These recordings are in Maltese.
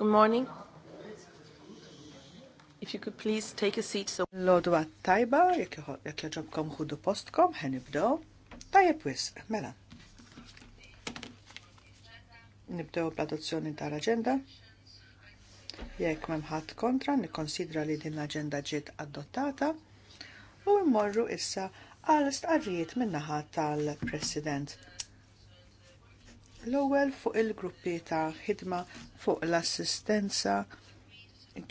Good morning. If you could please take a seat. So... Lodwa tajba, jek joġobkom ħudu postkom, ħenibdow. Tajab wis, mela. Nibdew bl-adozzjoni tal-agenda. Jekk memħat kontra, nikonsidra li din l-agenda ġiet adottata. u immorru issa għal stqarrijiet minnaħat tal-President. L-ewwel fuq il-gruppi ta' ħidma fuq l-assistenza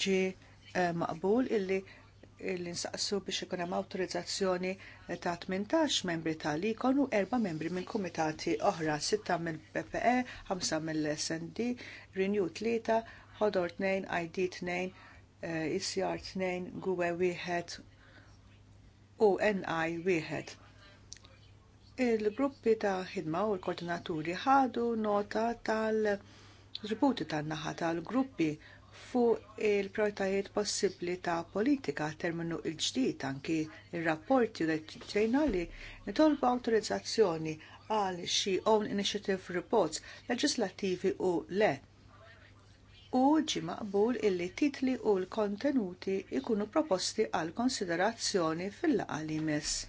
ġi eh, maqbul illi l-insaqsu biex ikun hemm awtorizzazzjoni ta' 18 membri tal-ikon u 4 membri minn kumitati oħra, 6 mill PPE, 5 mill-SND, Renew 3, Hodor 2, ID 2, ICR 2, GUE 1 u e NI 1 il-gruppi ta' ħidma u l-koordinaturi ħadu nota tal riputi tan-naħa tal-gruppi fuq il-prioritajiet possibbli ta' politika terminu il-ġdid anki il rapporti il u ċejna li nitolbu awtorizzazzjoni għal xi own initiative reports leġislattivi u le. U ġi maqbul illi titli u l-kontenuti ikunu proposti għal konsiderazzjoni fil-laqali mess.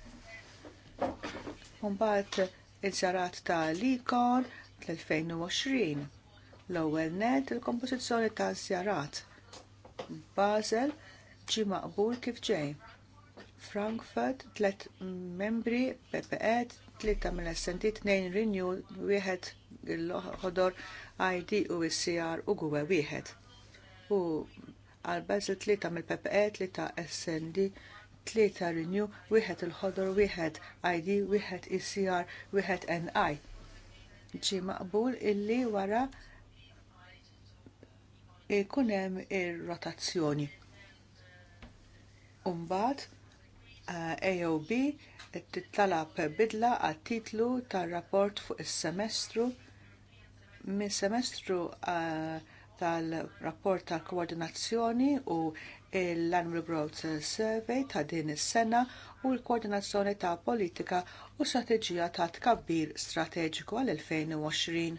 Mbagħad il-ġarat ta' Likon l-2020. L-ewwel net il-kompożizzjoni ta' żjarat. Basel ġi maqbul kif ġej. Frankfurt tliet membri PPE tlieta mill snt tnejn Renew wieħed il ħodor ID u CR u gwe wieħed. U għal Basel tlieta mill-PPE tlieta SND tlieta Renew, wieħed il-ħodor, wieħed ID, wieħed ICR, e wieħed NI. Ġi maqbul illi wara ikun hemm ir-rotazzjoni. Umbagħad eh, AOB titlalab bidla għat titlu tar-rapport fuq is-semestru mis semestru eh, tal-rapport tal-koordinazzjoni u l-Annual Growth Survey ta' din is-sena u l-koordinazzjoni ta' politika u strateġija ta' tkabbir strateġiku għal-2020.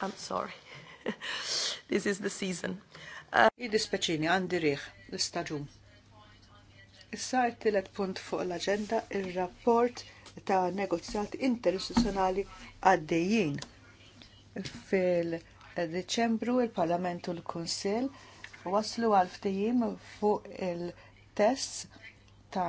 I'm sorry. This is the season. Uh, Id-dispeċini għandi riħ l-istaġun. Issa t-tielet punt fuq l-agenda il-rapport ta' negozjat interistituzzjonali għaddejjin. Fil-Deċembru il-Parlament u l-Kunsill waslu għal ftehim fuq il-tests ta'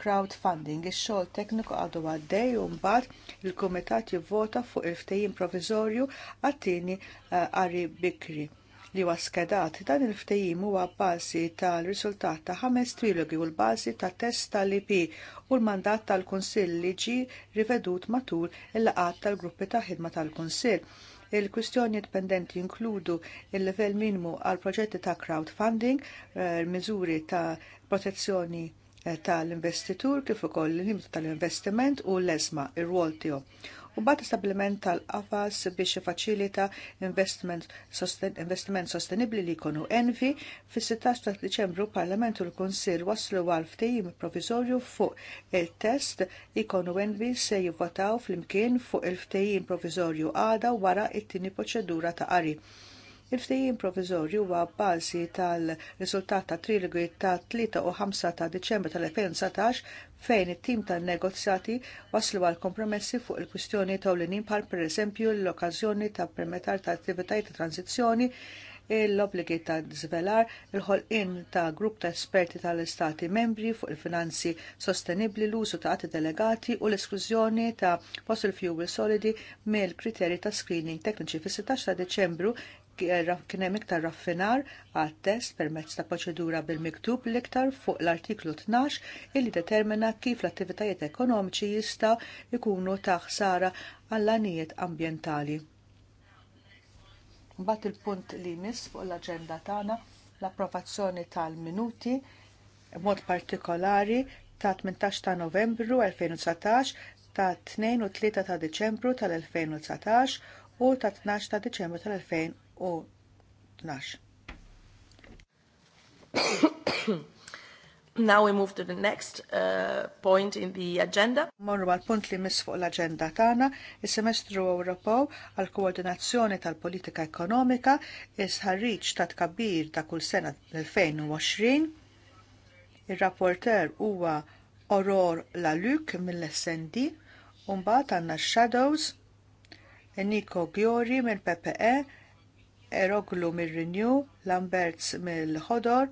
crowdfunding. Ix-xogħol tekniku għadu għaddej u mbagħad il-kumitat jivvota fuq il-ftehim proviżorju għat-tieni eh, bikri li waskedat. skedat dan il-ftehim huwa bażi tal-riżultat ta' ħames trilogi u l-bażi ta' test tal-IP u l-mandat tal-Kunsill li ġi rivedut matul il-laqat tal-gruppi ta' ħidma tal-Kunsill Il-kwistjoni dipendenti jinkludu il-level minimu għal proġetti ta' crowdfunding, eh, miżuri ta' protezzjoni eh, tal-investitur kif ukoll l-limitu tal-investiment u l-esma ir-rwol tiegħu u bat stabilment tal-qafas biex faċilita investment, sosten investiment sostenibli li jkunu envi fis-16 ta' Diċembru Parlament u l-Kunsill waslu għal ftehim provizorju fuq il-test li jkunu envi se jivvotaw flimkien fuq il-ftehim provizorju għada wara it-tieni proċedura ta' qari Il-ftehim provizorju huwa bbażi tal-riżultat ta' trilogi ta' 3 u 5 ta' Diċembru tal-2019 fejn it-tim tan-negozjati waslu għal kompromessi fuq il-kwistjoni tawlinin bħal pereżempju l-okkażjoni ta' permetar ta' attivitajiet ta' tranzizzjoni l-obligi ta' dżvelar, il-ħolqien ta' grupp ta' esperti tal-istati membri fuq il-finanzi sostenibli l-użu ta' atti delegati u l-esklużjoni ta' fossil fuel solidi mill kriteri ta' screening tekniċi fis-16 ta' Deċembru kien hemm iktar raffinar għat-test permezz ta' proċedura bil-miktub l-iktar fuq l-artiklu 12 illi determina kif l-attivitajiet ekonomiċi jista' jkunu ta' ħsara għall għanijiet ambjentali. Mbagħad il-punt li jmiss fuq l-aġenda tagħna l-approvazzjoni tal-minuti b'mod partikolari ta' 18 ta' Novembru 2019 ta' 2 u 3 ta' Deċembru tal-2019 u ta' 12 ta' Deċembru tal 2019 u 12. Now we move to the next uh, point in the agenda. Morru għal punt li mis fuq l-agenda tagħna, is-semestru Ewropew għal koordinazzjoni tal-politika ekonomika is-ħarriġ ta' tkabbir ta' kull sena 2020. Ir-rapporter huwa Auror Laluk mill-SND, u mbagħad għanna Shadows, Eniko Gjori mill PPE, Eroglu mir-Renew, Lamberts mill-Ħodor,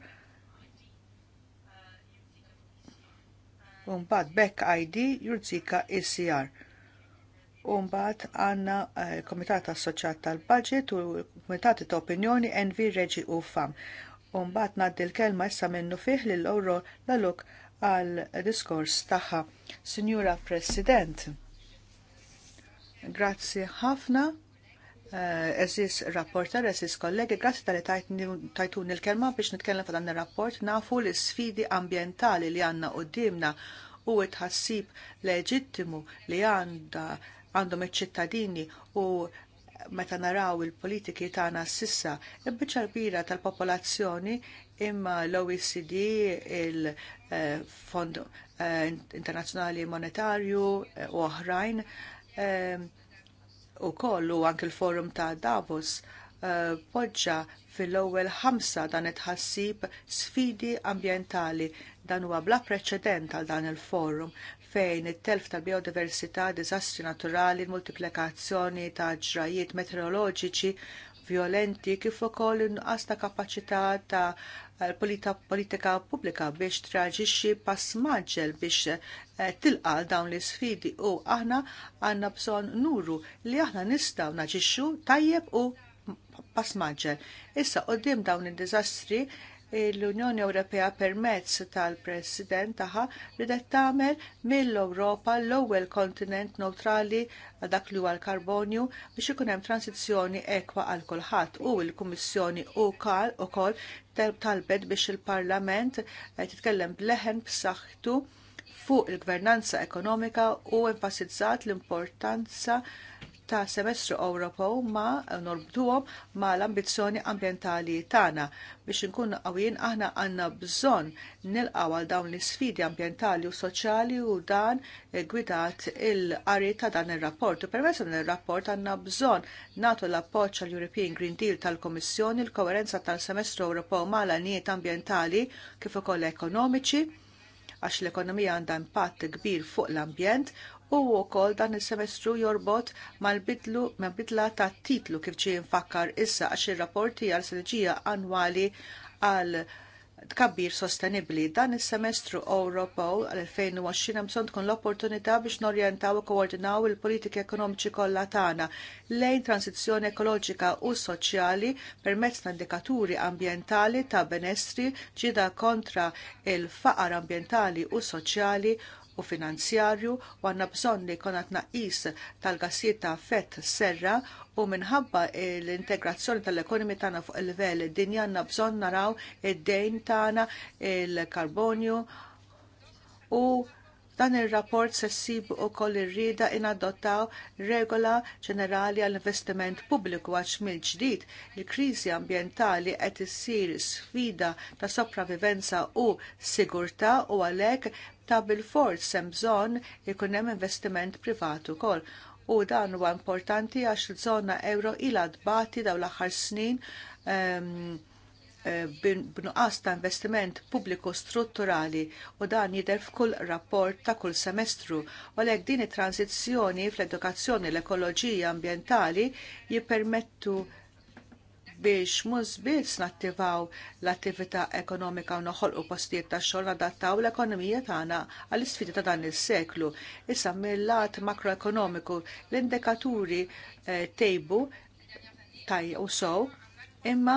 Umbat Beck ID, Jurzika ICR. Umbat għanna uh, Komitat Assoċjat tal-Budget u Komitati ta' Opinjoni NV Reġi u Fam. Umbat naddi l-kelma issa minnu fih li l orro l-luk għal diskors taħħa. Signora President, grazzi ħafna. Eh, eżis rapporter, eżis kollegi, grazzi tal tajtun il-kelma biex nitkellem fadan il-rapport nafu l sfidi ambientali li għanna u dimna u tħassib leġittimu li għanda għandhom iċ-ċittadini u meta naraw il-politiki tagħna sissa il-biċċa tal-popolazzjoni imma l-OECD, il-Fond eh, eh, Internazzjonali Monetarju u oħrajn u kollu anke l-forum ta' Davos eh, poġġa fil-ewwel ħamsa dan it-ħassib sfidi ambjentali dan huwa bla preċedent għal dan il-forum fejn it-telf tal-biodiversità, diżastri naturali, multiplikazzjoni ta' ġrajiet meteoroloġiċi violenti kif ukoll inqas ta' kapaċità ta' Eh, politika pubblika biex traġixxi pass maġġel biex eh, tilqal dawn l isfidi u aħna għandna bżonn nuru li aħna nistgħu naġixxu tajjeb u pass maġġel. Issa qudiem dawn id-diżastri l-Unjoni Ewropea permezz tal-President tagħha li tagħmel mill-Ewropa l-ewwel kontinent neutrali dak li huwa l-karbonju biex ikun hemm transizzjoni ekwa għal kulħadd u l-Kummissjoni wkoll ukoll talbet biex il-Parlament titkellem b'leħen b'saħħtu fuq il-gvernanza ekonomika u enfasizzat l-importanza ta' semestru Ewropew ma norbduhom ma l-ambizzjoni ambjentali tagħna. Biex inkunu qawwin aħna għandna bżonn nilqgħu għal dawn l-isfidi ambjentali u soċjali u dan gwidat il-qari ta' dan ir-rapport. U permezz dan ir-rapport għandna bżonn nagħtu l-appoġġ għall European Green Deal tal-Kommissjoni l-koerenza tal-semestru Ewropew ma l-għanijiet ambjentali kif ukoll ekonomiċi għax l-ekonomija għandha impatt kbir fuq l-ambjent u wkoll dan is-semestru jorbot mal-bidlu mal-bidla ta' titlu kif ġie nfakkar issa għax ir-rapporti għal strateġija annwali għal tkabbir sostenibbli. Dan is-semestru Ewropew għal 2020 hemm bżonn tkun l-opportunità biex norjentaw u koordinaw il-politiki ekonomiċi kollha tagħna lejn transizzjoni ekoloġika u soċjali permezz ta' indikaturi ambjentali ta' benestri ġida kontra il-faqar ambjentali u soċjali u finanzjarju u għanna bżonn li jkun tnaqqis tal-gassijiet ta' fett serra u minħabba l-integrazzjoni tal-ekonomi tagħna fuq il-livell dinja għandna bżonn naraw id-dejn tagħna il-karbonju u dan ir-rapport se ssib ukoll ir-rieda inadottaw regola ġenerali għall-investiment pubbliku għax mill-ġdid il-kriżi ambjentali qed issir sfida ta' sopravivenza u sigurtà u għalhekk ta' bil-forz sem bżonn ikun hemm investiment privatu kol. u dan huwa importanti għax il-żona euro ila dbati daw l-aħħar snin um, b'nuqqas ta' investiment pubbliku strutturali u dan jidher f'kull rapport ta' kull semestru u għalhekk din it-tranzizzjoni fl-edukazzjoni l-ekoloġija ambjentali jippermettu biex mhux biss nattivaw l-attività ekonomika u noħolqu postijiet ta' xogħol adattaw l-ekonomija tagħna għall isfidi ta' dan is-seklu. Issa mill-lat makroekonomiku l-indikaturi eh, tejbu taj u sow imma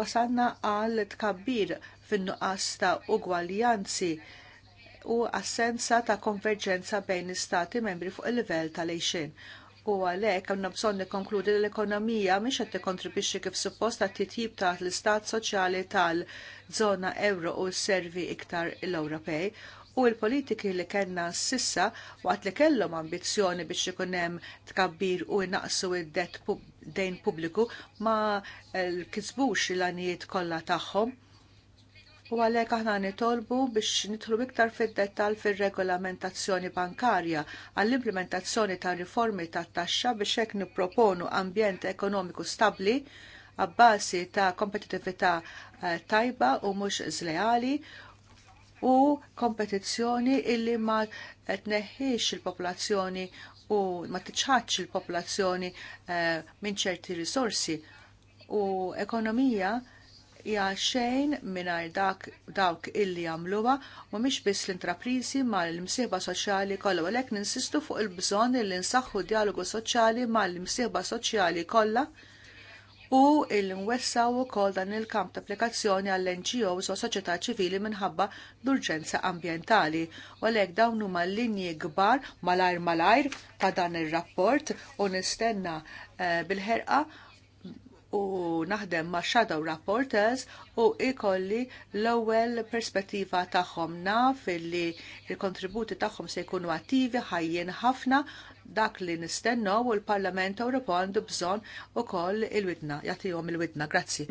wasalna għal tkabbir fin-nuqqas ta' ugwaljanzi u assenza ta' konverġenza bejn istati membri fuq il-livell tal-għejxin. U għalhekk għandna bżonn nikkonkludi li l-ekonomija miex qed tikkontribwixxi kif suppost għat titjib taħt l-istat soċjali tal zona euro u s-servi iktar l-Ewropej u l-politiki li kellna sissa waqt li kellhom ambizzjoni biex ikun hemm tkabbir u jnaqsu id-dejn pubbliku ma eh, l kisbux l-għanijiet kollha tagħhom U għalhekk aħna nitolbu biex nidħlu iktar fid-dettall fir-regolamentazzjoni bankarja għall-implementazzjoni ta' riformi ta' taxxa biex hekk nipproponu ambjent ekonomiku stabbli għabbasi ta' kompetitività eh, tajba u mhux zleali u kompetizzjoni illi ma tneħħiex il-popolazzjoni u ma tiċħatx il-popolazzjoni eh, minn ċerti risorsi u ekonomija hija xejn mingħajr dak dawk illi jagħmluha mhumiex biss l-intrapriżi mal l-imsieba soċjali kollha għalhekk ninsistu fuq il-bżonn li nsaħħu dialogu soċjali mal l-imsieba soċjali kollha u l nwessaw ukoll dan il-kamp ta' applikazzjoni għall ngos u soċjetà ċivili minħabba l-urġenza ambjentali. U għalhekk dawn huma linji kbar malajr malajr ta' dan ir-rapport u nistenna eh, bil-ħerqa u naħdem ma' shadow rapporters u ikolli l-ewwel perspettiva tagħhom naf illi il-kontributi tagħhom se jkunu attivi ħajjin ħafna dak li nistennu u l-Parlament Ewropew għandu bżonn ukoll il-widna. Jagħtihom il-widna. Grazzi.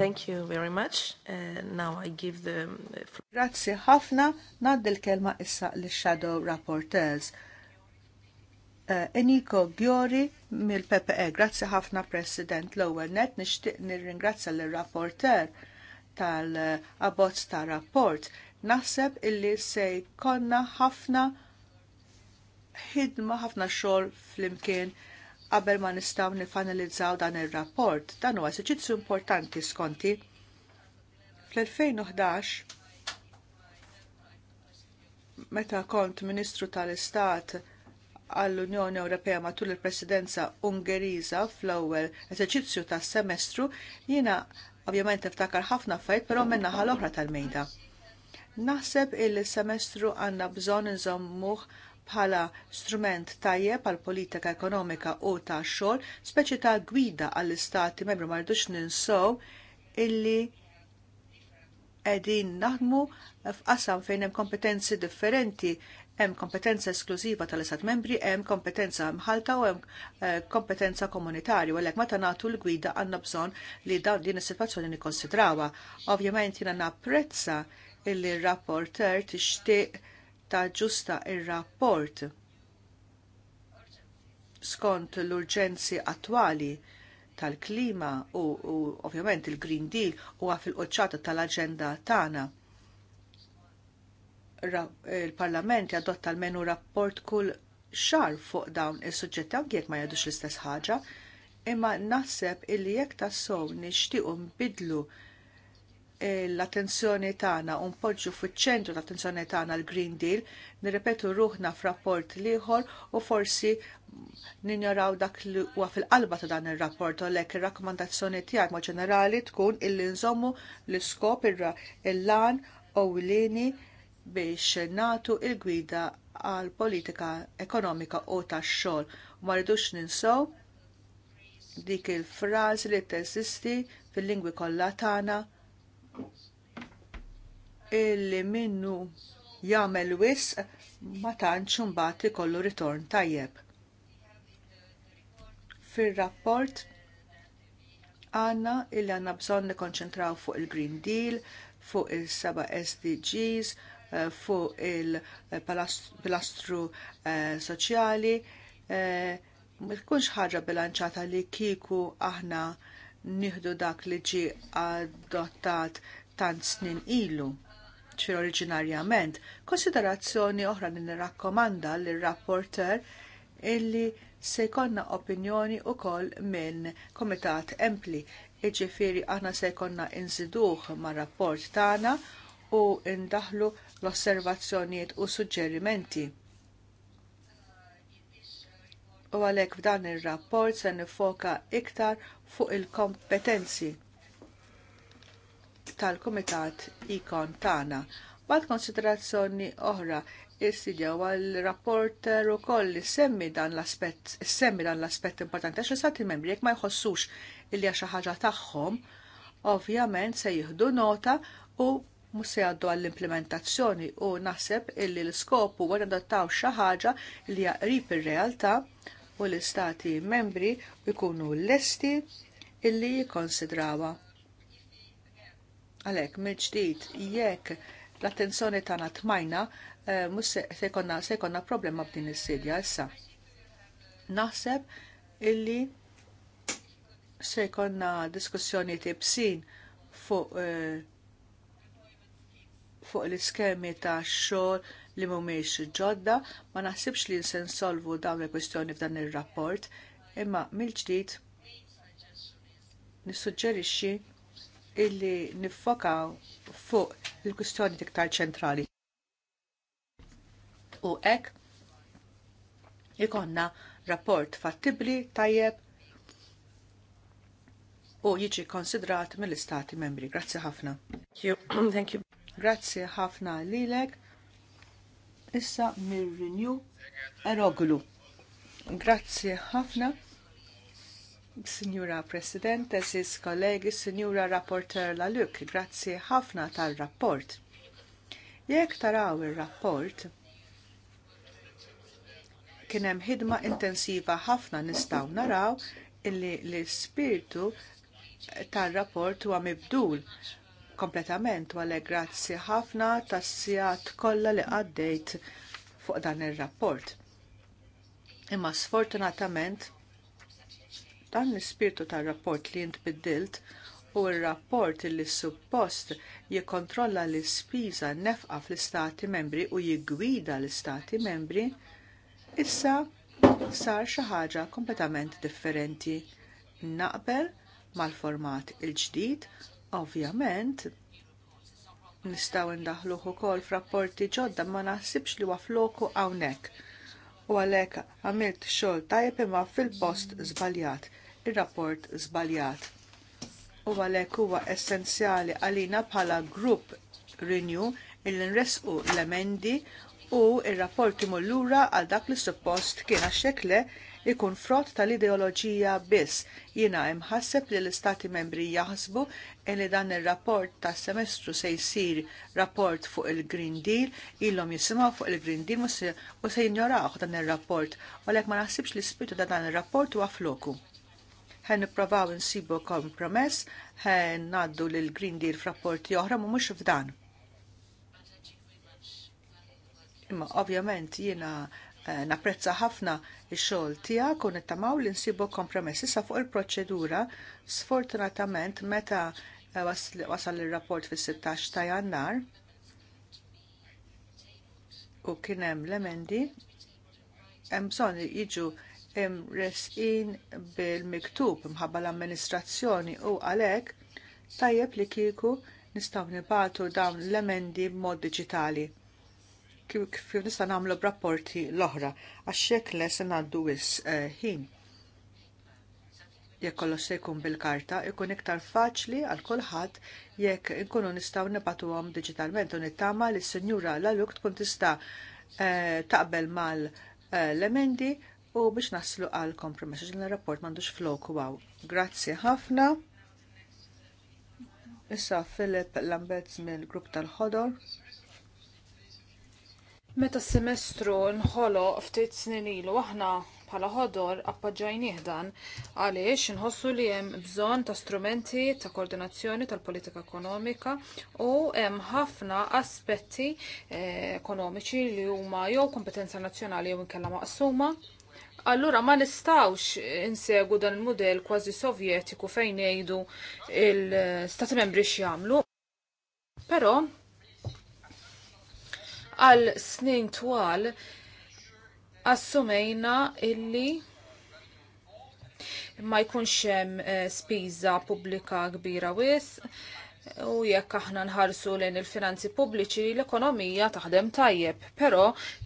Thank you very much. Uh, now I give the... Um, Grazzi ħafna. Naddi kelma issa l-Shadow Rapporteurs. Eh, Eniko Gjori mill-PPE. Grazzi ħafna President l-ewwel net nixtieq nirringrazzja l-rapporter tal-abbozz ta' rapport. Naħseb illi se jkollna ħafna ħidma ħafna xogħol flimkien qabel ma nistgħu nifanalizzaw dan ir-rapport. Dan huwa eżerċizzju importanti skonti. Fl-2011 meta kont Ministru tal-Istat għall-Unjoni Ewropea matul il-Presidenza Ungeriża fl-ewwel eżerċizzju tas-semestru jiena ovvjament niftakar ħafna affarijiet però minn naħa l-oħra tal-mejda. Naħseb il-semestru għandna bżonn inżommuh bħala strument tajjeb għal politika ekonomika u tax xogħol, speċi ta' gwida għall-istati membri ma rridux ninsow illi qegħdin naħdmu f'qasam fejn hemm kompetenzi differenti hemm kompetenza esklużiva tal-Istat membri, hemm kompetenza mħalta u hemm eh, kompetenza komunitarju, għalhekk meta nagħtu l-gwida għandna bżonn li dawn din is-sitwazzjoni nikkonsidrawha. Ovvjament jiena napprezza illi r-rapporter tixtieq taġġusta ir-rapport skont l-urġenzi attwali tal-klima u, ovvjament il-Green Deal huwa fil-qoċċata tal-aġenda tagħna il-Parlament jadotta l-menu rapport kull xar fuq dawn is-suġġetti anke jekk ma jadux l-istess ħaġa, imma naħseb illi jekk tassow nixtiequ nbidlu eh, l-attenzjoni tagħna u npoġġu fiċ-ċentru l-attenzjoni tagħna l-Green Deal, nirrepetu ruħna f'rapport ieħor u forsi ninjoraw dak li huwa fil-qalba ta' dan ir-rapport u lek ir-rakkomandazzjoni tiegħek ma' ġenerali tkun illi nżommu l-iskop il-lan u l-lini biex nagħtu l gwida għal politika ekonomika u tax-xogħol u ma rridux ninsew dik il-frażi li teżisti fil-lingwi kollha tagħna illi minnu jagħmel wisq ma tantx imbagħad ikollu ritorn tajjeb. Fir-rapport għandna illi għandna bżonn nikkonċentraw fuq il-Green Deal, fuq is seba SDGs, Eh, fuq il-pilastru eh, soċjali eh, ma tkunx ħaġa bilanċata li kiku aħna nieħdu dak li ġi adottat tant snin ilu ċir oriġinarjament, konsiderazzjoni oħra li nirrakkomanda l rapporter illi se jkollna opinjoni wkoll minn Komitat Empli. Iġifiri aħna se jkollna inżiduh mar rapport tagħna u ndaħlu l-osservazzjonijiet u suġġerimenti. U għalhekk f'dan ir-rapport se nifoka iktar fuq il-kompetenzi tal-Kumitat ikon tagħna. Bad konsiderazzjoni oħra, is-sidja għal-rapporter ukoll semmi dan l-aspett, semmi dan l-aspett importanti għax sati membri jek ma jħossux illi għaxa ħaġa tagħhom, ovvjament se jieħdu nota u mhux se jgħaddu għall-implementazzjoni u naħseb illi l-iskop huwa nadattaw xi ħaġa li hija qrib ir-realtà u l-istati membri jkunu l-esti illi jikkonsidrawha. Għalhekk mill-ġdid jekk l-attenzjoni tagħna tmajna eh, mhux se jkollna problema b'din is-sidja issa. Naħseb illi se jkollna diskussjoni tibsin fuq eh, fuq l-iskemi ta' xogħol li mhumiex ġodda, ma naħsibx li se nsolvu dawn il-kwistjoni f'dan ir-rapport, imma mill-ġdid nissuġġerixxi illi niffokaw fuq il-kwistjoni iktar ċentrali. U hekk ikonna rapport fattibli tajjeb u jiġi konsidrat mill-istati membri. Grazzi ħafna. Thank you. Grazzi ħafna lilek. Issa mir-renew Eroglu. Grazzi ħafna. Signora President, sis kollegi, Signora Rapporter Laluk, grazzi ħafna tal-rapport. Jekk taraw il-rapport, kien hemm ħidma intensiva ħafna nistgħu naraw illi l-ispirtu tar-rapport huwa mibdul kompletament u għalhekk grazzi ħafna tas-sijat kollha li għaddejt fuq dan ir-rapport. Imma sfortunatament dan l-ispirtu tar-rapport li biddilt u r-rapport li suppost jikkontrolla l-ispiża nefqa fl-istati membri u jiggwida l-istati membri, issa sar xi ħaġa kompletament differenti. Naqbel mal-format il-ġdid Ovvjament, nistgħu ndaħluh ukoll f'rapporti ġodda ma naħsibx li wafloku hawnhekk. U għalhekk għamilt xogħol tajjeb imma fil-post żbaljat, ir-rapport żbaljat. U għalhekk huwa essenzjali għalina bħala grupp Renew illi nresqu l-emendi u r rapport mullura għal dak li suppost kien għaxekle ikun frott tal-ideoloġija biss. Jina imħasseb li l-Istati membri jaħsbu li dan il-rapport ta' semestru se jisir rapport fuq il-Green Deal, illum jisimaw fuq il-Green Deal u se jignoraw dan il-rapport, u lek ma naħsibx li spirtu ta' dan il-rapport u għafloku ħen niprovaw nsibu kompromess, ħen naddu l Green Deal f'rapporti oħra mu mux f'dan. Imma ovvjament jiena eh, napprezza ħafna ix-xogħol tiegħek u nittamaw li nsibu kompromessi sa fuq il-proċedura sfortunatament meta eh, wasal ir-rapport fis-16 ta' Jannar u kien hemm l-emendi hemm bżonn jiġu imresqin bil-miktub minħabba l-amministrazzjoni u għalhekk tajjeb li kieku nistgħu nibagħtu dawn l-emendi b'mod diġitali kif nista' nagħmlu b'rapporti l-oħra għax hekk le se ngħaddu wis eh, ħin. Jekk kollox se jkun bil-karta, ikun iktar faċli għal kulħadd jekk inkunu nistgħu nibatuhom diġitalment u nittama li s-Sinjura Laluk tkun tista' eh, taqbel mal eh, lemendi u biex naslu għal kompromess ġin rapport m'għandux flok waw. Grazzi ħafna. Issa Filip Lambert mill-grupp tal-ħodor. Meta semestru nħolo ftit snin ilu aħna bħala ħodor appoġġajni dan għaliex inħossu li hemm bżonn ta' strumenti ta' koordinazzjoni tal-politika ekonomika u hemm ħafna aspetti eh, ekonomiċi li huma jew kompetenza nazzjonali jew inkella maqsuma. Allura ma nistawx insegu dan il-modell kważi sovjetiku fejn jgħidu l stati membri x'jagħmlu. Però għal snin twal assumejna illi ma jkunx hemm eh, spiża pubblika kbira wis u jekk aħna nħarsu lejn il-finanzi pubbliċi l-ekonomija taħdem tajjeb, però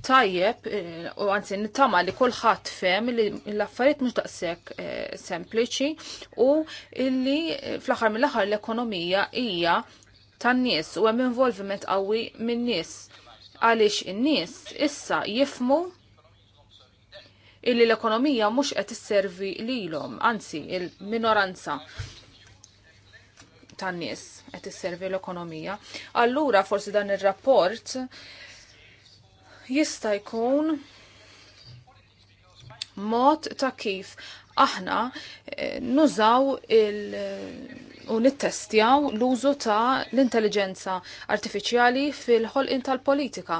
tajjeb eh, u anzi nittama li kulħadd fem li l-affarijiet mhux daqshekk eh, sempliċi u illi fl-aħħar mill-aħħar l-ekonomija hija tan-nies u hemm involvement qawwi min-nies għaliex in-nies issa jifmu illi l-ekonomija mhux qed isservi lilhom, anzi il-minoranza tan-nies qed isservi l-ekonomija. Allura forsi dan ir-rapport jista' jkun mod ta' kif aħna eh, nużaw il- u nittestjaw l-użu ta' l-intelligenza artifiċjali fil-ħolqin tal-politika.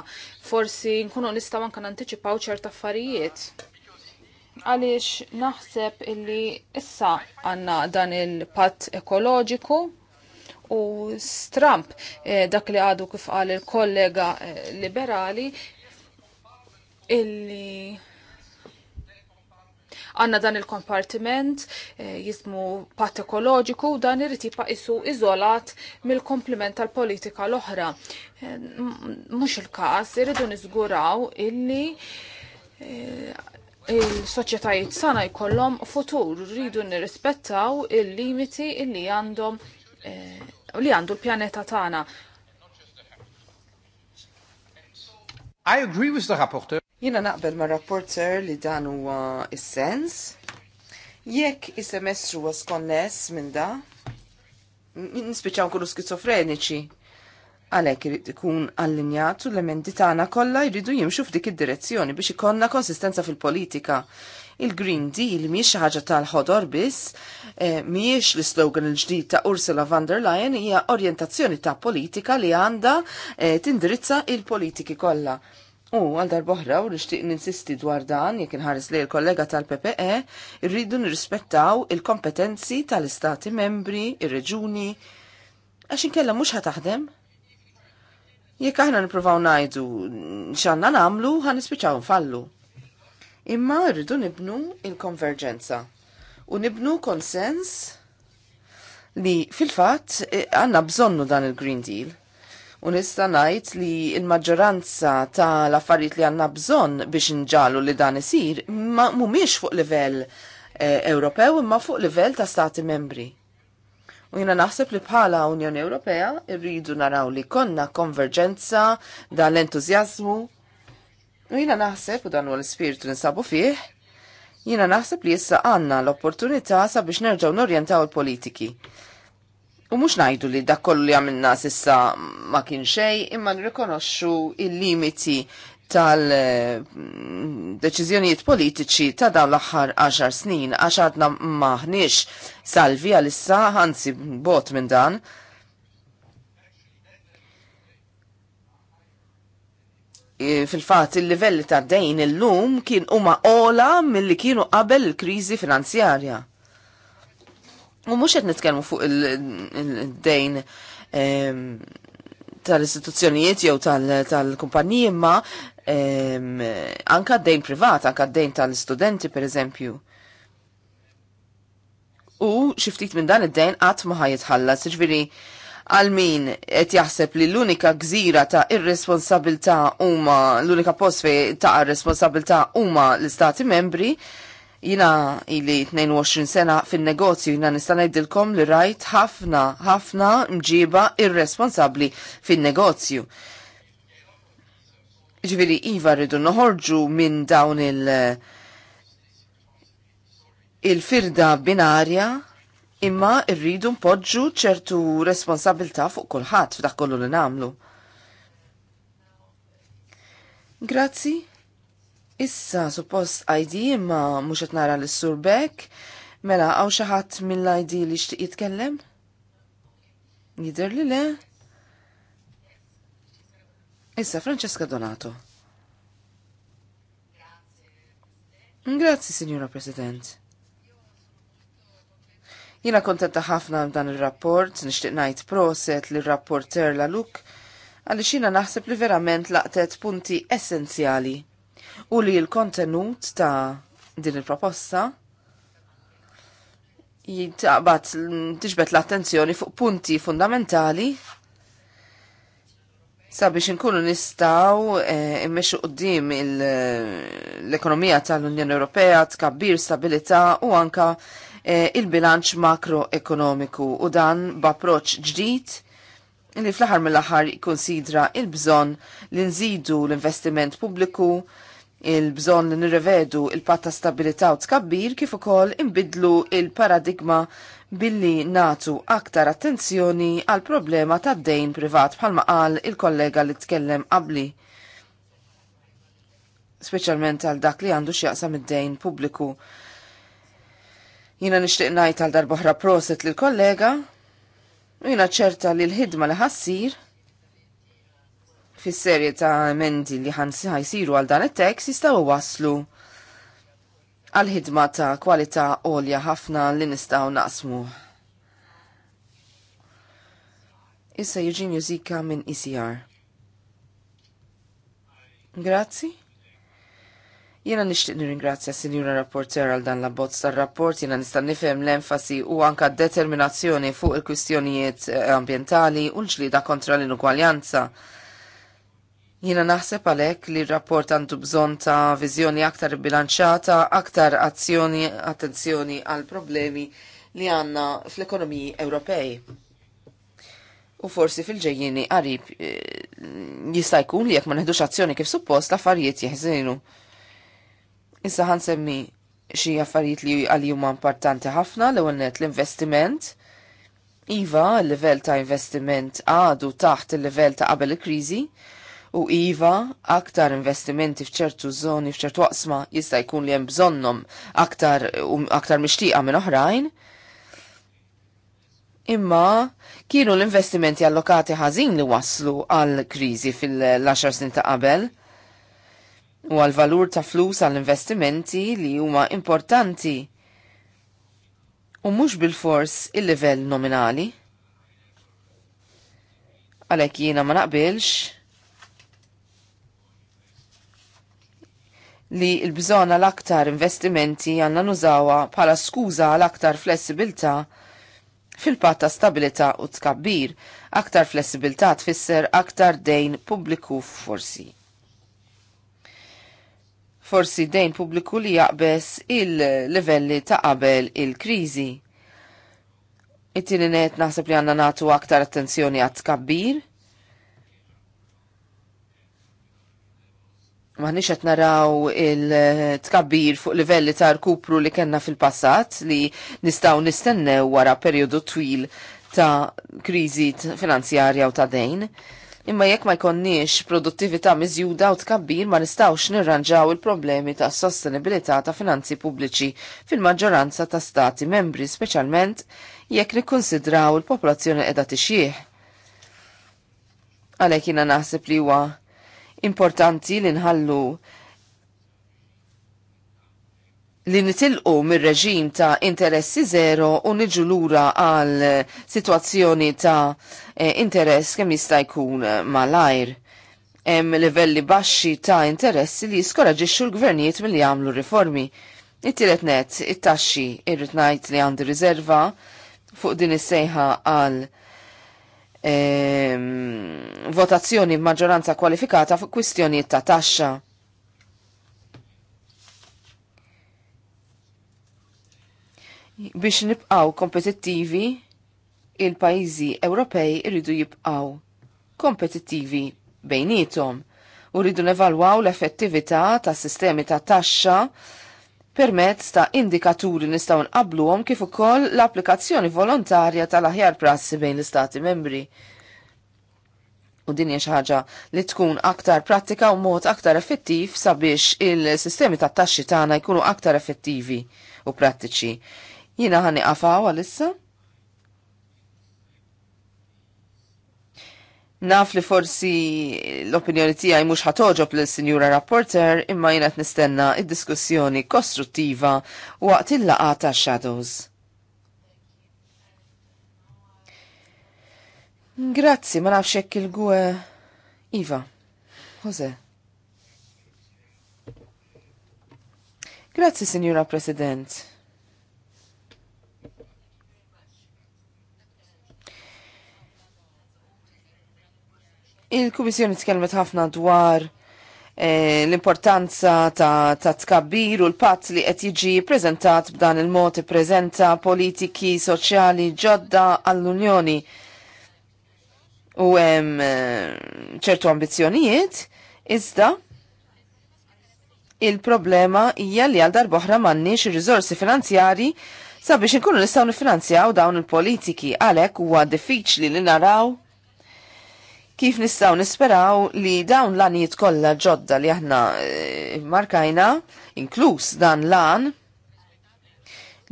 Forsi nkunu nistaw anka nanticipaw ċert affarijiet. Għaliex naħseb illi issa għanna dan il-pat ekoloġiku u Strump, eh, dak li għadu kif qal il-kollega eh, liberali illi għanna dan il-kompartiment eh, jismu pat ekoloġiku dan irrit jibqa' isu iżolat mill-kompliment tal-politika l-oħra. Eh, mhux il-każ, irridu niżguraw illi eh, il-soċjetajiet sana jkollhom futur, rridu nirrispettaw il-limiti illi għandhom li għandu l-pjaneta tagħna. I agree with the rapporteur. Jina naqbel ma' rapporter li dan huwa is-sens. Jekk is-semestru huwa skonness minn da, nispiċaw kullu skizofreniċi. għalhekk irid ikun allinjat u l-emendi tagħna kollha jridu jimxu f'dik id-direzzjoni biex ikonna konsistenza fil-politika. Il-Green Deal miex xi ħaġa tal-ħodor biss, eh, mhijiex miex l-slogan il-ġdid ta' Ursula von der Leyen hija orjentazzjoni ta' politika li għandha eh, tindirizza il-politiki kollha U għal darboħra u nishtiq ninsisti dwar dan jekk inħares li l-kollega tal-PPE irridu nirrispettaw il-kompetenzi tal-istati membri, ir-reġuni, għax inkella mhux ħataħdem. Jekk aħna nippruvaw ngħidu x'għandna nagħmlu ħanispiċċaw nfallu. Imma rridu nibnu il-konverġenza u nibnu konsens li fil-fatt eh, għandna bżonnu dan il-Green Deal U nista ngħid li l-maġġoranza tal affarijiet li għandna bżonn biex nġalu li dan isir ma mhumiex fuq livell eh, Ewropew imma fuq livell ta' stati membri. U jina naħseb li bħala Unjoni Ewropea irridu naraw li konna konverġenza dan l-entuzjazmu. U jina naħseb u dan u l spirtu ninsabu fih, jina naħseb li jissa għanna l-opportunità sabiex nerġaw norjentaw il-politiki. U mux najdu li dak kollu li għamilna sissa ma kien xej, imma nrikonoxxu il-limiti tal-deċizjonijiet mm, politiċi ta' dawn l-aħħar 10 snin, għax għadna maħniex salvi għal-issa, għansi bot minn dan. Fil-fat, il-livelli ta' dejn il-lum kien huma ola mill-li kienu qabel il-krizi finanzjarja. U mhux qed nitkellmu fuq il-dejn ehm, tal-istituzzjonijiet jew tal kumpanijiet imma ehm, anka d-dejn privat, anka d-dejn tal-studenti pereżempju. U xi ftit minn dan id-dejn għat ma ħajitħallas, jiġifieri għal min qed jaħseb li l-unika gżira ta' irresponsabilità huma l-unika post fejn ta' responsabilità huma l-istati membri, Jina ili 22 sena fin-negozju jina nista' ngħidilkom li rajt ħafna ħafna mġiba irresponsabbli fin-negozju. ġviri iva rridu noħorġu minn dawn il- il-firda binarja imma rridu npoġġu ċertu responsabilità fuq kulħadd f'dak kollu li nagħmlu. Grazzi, Issa, suppost ID imma mhux qed nara l surbek mela hawn xi ħadd mill-ID li xtieq jitkellem? Jidher li le? Issa, Francesca Donato. Grazzi, Signora President. Jina kontenta ħafna dan il-rapport, nishtiq najt proset li rapporter la luk, għalli xina naħseb li verament laqtet punti essenzjali u li l-kontenut ta' din il-proposta jitaqbat tiġbet l-attenzjoni fuq punti fundamentali sabiex inkunu nistaw eh, immexu qoddim l-ekonomija tal-Unjoni Ewropea tkabbir stabilità u anka eh, il-bilanċ makroekonomiku u dan b'approċċ ġdid li fl-aħħar mill-aħħar jikkonsidra il-bżonn li nżidu l-investiment pubbliku il-bżon nirrevedu il-patta stabilità u tkabbir kif ukoll imbidlu il-paradigma billi natu aktar attenzjoni għal problema ta' dejn privat bħalma qal il-kollega li tkellem qabli. Speċjalment għal dak li għandu x'jaqsam id-dejn pubbliku. Jina nixtieq ngħid għal darba proset lill kollega u jina ċerta li l-ħidma li ħassir fis-serje ta' emendi li ħajsiru għal dan it-tekst jistgħu waslu għal ħidma ta' kwalità għolja ħafna li nistgħu naqsmu. Issa jiġi mużika minn ICR. E Grazzi. Jena nishtiq nirringrazzja Sinjura Rapporter għal dan l-abbozz tar-rapport, jena nista' nifhem l-enfasi u anka determinazzjoni fuq il-kwistjonijiet eh, ambientali u l-ġlida kontra l-inugwaljanza. Jina naħseb għalek li r-rapport għandu bżon ta' viżjoni aktar bilanċata, aktar azzjoni, attenzjoni għal problemi li għanna fl-ekonomiji Ewropej. U forsi fil-ġejjini għarib eh, jista' jkun li jekk ma neħdux azzjoni kif suppost l-affarijiet jeħżinu. Issa semmi xi affarijiet li għal huma importanti ħafna l ewwel l-investiment. Iva, l-livell ta' investiment għadu taħt il-livell ta' qabel il-kriżi, il il kriżi U iva, aktar investimenti fċertu zoni, fċertu waqsma, jista' jkun li hemm bżonnhom aktar um, aktar mixtieqa minn oħrajn. Imma kienu l-investimenti allokati ħażin li waslu għal kriżi fil-10 snin ta' qabel u għal valur ta' flus għall investimenti li huma importanti u mhux bil-fors il-livell nominali. Għalhekk jiena ma naqbilx li l-bżon għal-aktar investimenti għanna nużawa bħala skuża għal-aktar flessibilta fil-pat ta' stabilita u tkabbir, aktar flessibilta tfisser aktar dejn pubbliku forsi. Forsi dejn pubbliku li jaqbess il-livelli ta' qabel il-krizi. It-tini naħseb li għanna natu aktar attenzjoni għat tkabbir, maħniċ qed naraw il-tkabbir fuq livelli ta' rkupru li kena fil-passat li nistaw nistennew wara periodu twil ta' krizi finanzjarja u ta' dejn. Imma jekk ma jkonniex produttività miżjuda u tkabbir ma nistawx nirranġaw il-problemi ta' sostenibilità ta' finanzi pubbliċi fil-maġġoranza ta' stati membri speċjalment jekk nikkonsidraw il-popolazzjoni qiegħda tixjih. Għalhekk jiena naħseb li huwa importanti li nħallu li nitilqu mir reġim ta' interessi zero u niġu lura għal situazzjoni ta' eh, interess kemm jista' jkun malajr. Hemm livelli baxxi ta' interessi li jiskoraġixxu l-gvernijiet milli jagħmlu riformi. It-tielet net, it-taxxi irrid ngħid li għandi riserva fuq din is-sejħa għal Ehm, votazzjoni b'maġġoranza kwalifikata fuq kwistjonijiet ta' taxxa. Biex nibqaw kompetittivi, il-pajjiżi Ewropej iridu jibqaw kompetittivi bejnietom u rridu nevalwaw l-effettività ta' sistemi ta' taxxa permezz ta' indikaturi nistgħu nqabluhom kif ukoll l-applikazzjoni volontarja tal-aħjar prassi bejn l-istati membri. U din hija xi ħaġa li tkun aktar prattika u mod aktar effettiv sabiex il-sistemi tat-taxxi tagħna jkunu aktar effettivi u prattiċi. Jiena ħani qafaw għalissa? issa? Naf li forsi l-opinjoni tiegħi mhux ħatoġob lil sinjura Rapporter imma jiena nistenna id-diskussjoni kostruttiva waqt il-laqgħa Shadows. Grazzi, ma nafx hekk il-gwe Iva. Jose. Grazzi, Sinjura President. Il-Kummissjoni tkellmet ħafna dwar eh, l-importanza ta', ta tkabbir u l pat li qed jiġi prezentat b'dan il-mod ippreżenta politiki soċjali ġodda għall-Unjoni u hemm eh, ċertu ambizzjonijiet, iżda il-problema hija li għal darboħra m'għandniex ir-riżorsi finanzjari sabiex inkunu nistgħu nifinanzjaw dawn il-politiki għalhekk huwa diffiċli li naraw kif nistaw nisperaw li dawn l-anijiet kollha ġodda li aħna eh, markajna, inkluż dan lan,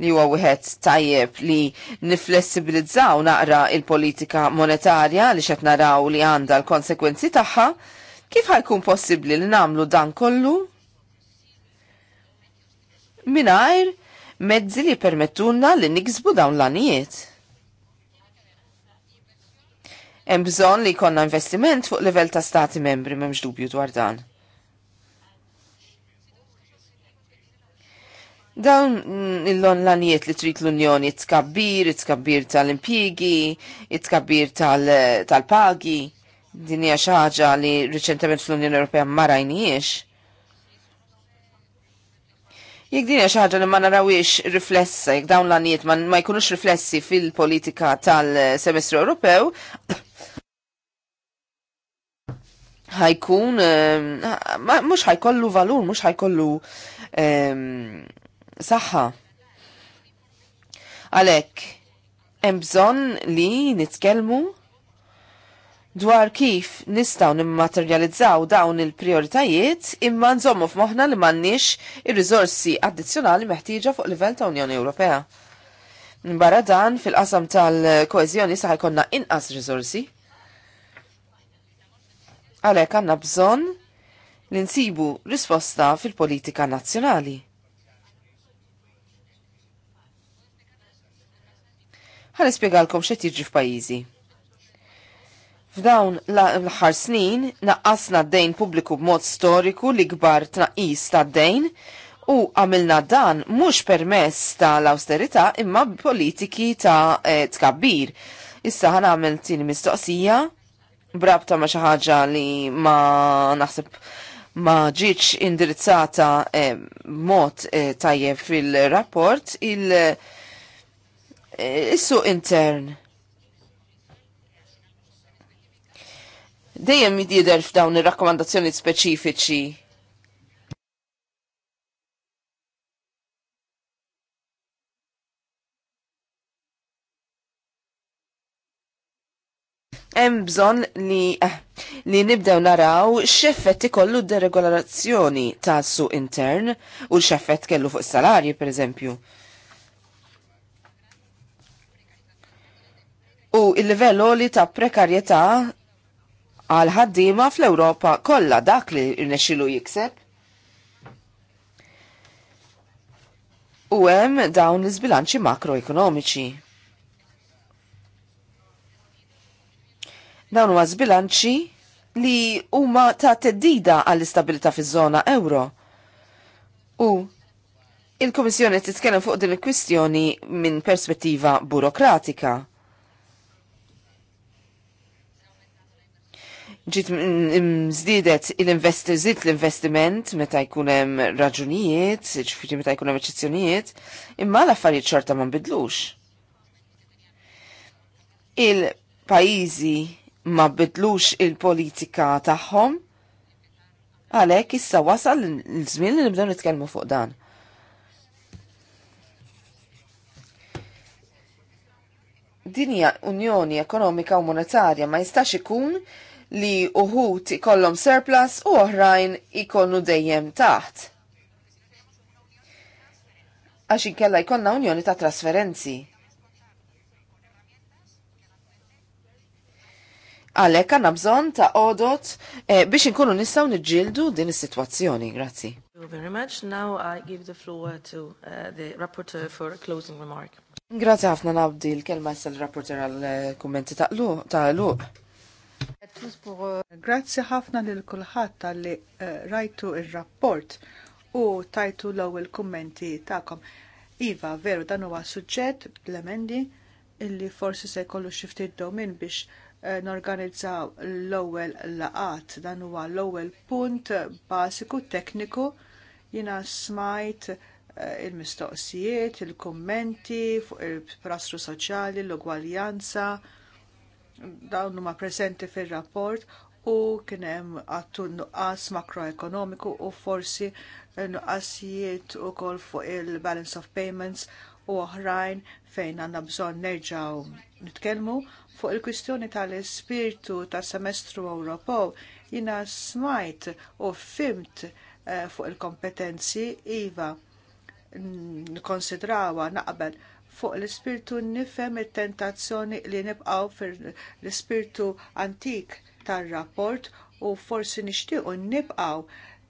li huwa wieħed tajjeb li niflessibilizzaw naqra il-politika monetarja li xed naraw li għandha l-konsekwenzi tagħha, kif ħajkun possibbli li nagħmlu dan kollu? Mingħajr mezzi li permettuna li niksbu dawn l-anijiet. Hemm bżonn li jkollna investiment fuq livell ta' stati membri m'hemmx dubju dwar dan. Dawn l-onlanijiet li trid l-Unjoni tkabbir, tkabbir tal-impjigi, tkabbir tal-pagi, din hija xi ħaġa li riċentement fl-Unjoni Ewropea ma rajniex. Jekk din hija xi ħaġa li ma narawiex riflessa, jekk dawn l-għanijiet ma jkunux riflessi fil-politika tal-semestru Ewropew, ħajkun, mux ehm, ħajkollu valur, mux ħajkollu ehm, saħħa. Għalek, bżonn li nitkelmu dwar kif nistaw nimmaterializzaw dawn il-prioritajiet imma nżommu f'moħna li m'għandniex ir-riżorsi addizzjonali meħtieġa fuq livell ta' Unjoni Ewropea. Barra dan fil-qasam tal koezjoni saħ jkollna inqas riżorsi. Għalhekk għandna bżonn li nsibu risposta fil-politika nazzjonali. Għal nispjegalkom xe jiġri f'pajjiżi. F'dawn l-aħħar snin naqqasna d-dejn pubbliku b'mod storiku li kbar tnaqis ta' dejn u għamilna dan mhux permess tal austerita imma politiki ta' eh, tkabbir. Issa ħana għamil tini mistoqsija brabta ma xi ħaġa li ma naħseb ma ġiċ indirizzata eh, mod eh, tajjeb fil-rapport il eh, issu intern. Dejjem jidher f'dawn ir-rakkomandazzjoni speċifiċi hemm bżonn li eh, li nibdew naraw x'effett ikollu deregolazzjoni tas-suq intern u x'effett kellu fuq is-salarji pereżempju. U il-livell li ta' prekarjetà għal ħaddiema fl-Ewropa kollha dak li rnexxilu jikseb. U hemm dawn l-iżbilanċi makroekonomiċi. Dawn huwa żbilanċi li huma ta' teddida għall-istabilità fiż-żona euro. U il-Komissjoni titkellem fuq din il-kwistjoni minn perspettiva burokratika. ġit mżdidet il-investi, l-investiment meta jkunem raġunijiet, ġifiri meta jkunem eċezzjonijiet, imma l-affarijiet xorta ma nbidlux. Il-pajizi ma bidlux il-politika tagħhom. Għalhekk issa wasal l-żmien li nibdew nitkellmu fuq dan. Dinja Unjoni Ekonomika u Monetarja ma jistax ikun li uħut ikollhom surplus u oħrajn ikollu dejjem taħt. Għax inkella jkollna unjoni ta' trasferenzi. Għalhekk għandna bżonn ta' odot eh, biex inkunu nistgħu niġġieldu din is-sitwazzjoni. Grazzi. Thank very much. Now I give the floor to uh, the rapporteur for a closing remark. Grazie ħafna nabdi l-kelma jessa l-rapporteur għal-kommenti eh, ta' luq. Grazie ħafna lil kulħadd tal-li eh, rajtu il-rapport u tajtu l-ewwel kummenti tagħkom. Iva, veru dan huwa suġġett l emendi illi forsi se jkollu xi ftit domin biex Eh, norganizzaw l-ewwel laqat dan huwa l-ewwel punt bażiku tekniku jiena smajt eh, il-mistoqsijiet, il-kommenti fuq il-prastru soċjali, l-ugwaljanza, dawn huma preżenti fir-rapport u kien hemm għattu nuqqas makroekonomiku u forsi nuqqasijiet ukoll fuq il-balance of payments u oħrajn fejn għandna bżonn nerġaw nitkellmu fuq il-kwistjoni tal-ispirtu tas semestru Ewropew jiena smajt u fimt eh, fuq il-kompetenzi iva nkonsidrawa naqbel fuq l-ispirtu nifhem it-tentazzjoni li nibqgħu l ispirtu antik tar-rapport u forsi nixtiequ nibqgħu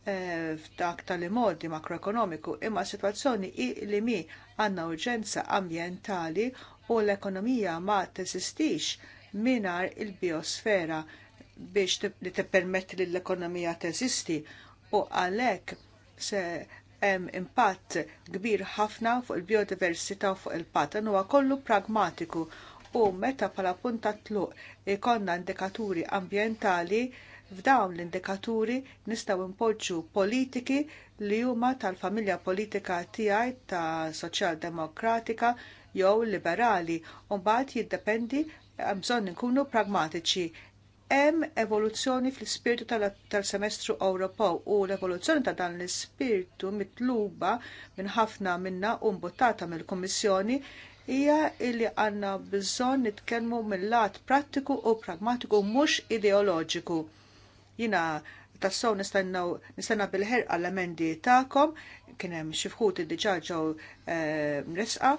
Eh, f'dak tal-modi makroekonomiku imma s-sitwazzjoni li mi għandna urġenza ambjentali u l-ekonomija ma teżistix mingħajr il-biosfera biex li tippermetti li l-ekonomija teżisti u għalhekk se hemm impatt kbir ħafna fuq il-biodiversità u fuq il-pattern huwa kollu pragmatiku u meta bħala punta tluq ikonna indikaturi ambjentali F'dawn l-indikaturi nistgħu impoġġu politiki li huma tal-familja politika tiegħi ta' Demokratika jew liberali u mbagħad jiddependi bżonn inkunu pragmatiċi hemm evoluzzjoni fl-ispirtu tal-semestru Ewropew u l-evoluzzjoni ta' dan l-ispirtu mitluba minn ħafna minna u mbuttata mill-Kummissjoni hija li għandna bżonn nitkellmu mill-lat prattiku u pragmatiku mhux ideoloġiku. Jina tassow nistennaw nistenna bil-ħerqa l-emendi ta'kom, kienem xifħut id dġaġaw ġew eh, mresqa,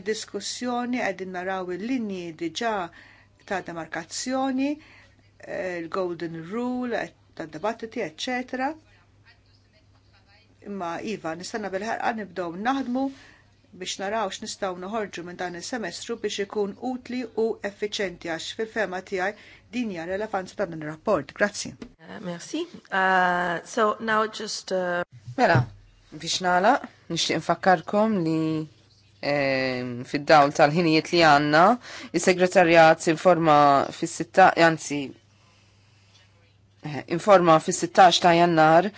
id-diskussjoni għedin naraw il-linji diġa ta' demarkazzjoni, eh, il-golden rule, ta' dibattiti, eccetera imma Iva, nistanna bil-ħarqa nibdow naħdmu biex naraw x'nistgħu noħorġu minn dan is-semestru biex ikun utli u effiċenti għax fil-fema tiegħi din hija relevanza ta' dan ir-rapport. Grazzi. Uh, merci. Uh, so now just uh, Mela, biex nagħlaq, nixtieq infakkarkom li ehm, fid-dawl tal-ħinijiet li għandna, is segretarjat informa fis-sitta, anzi, eh, informa fis-16 ta' jannar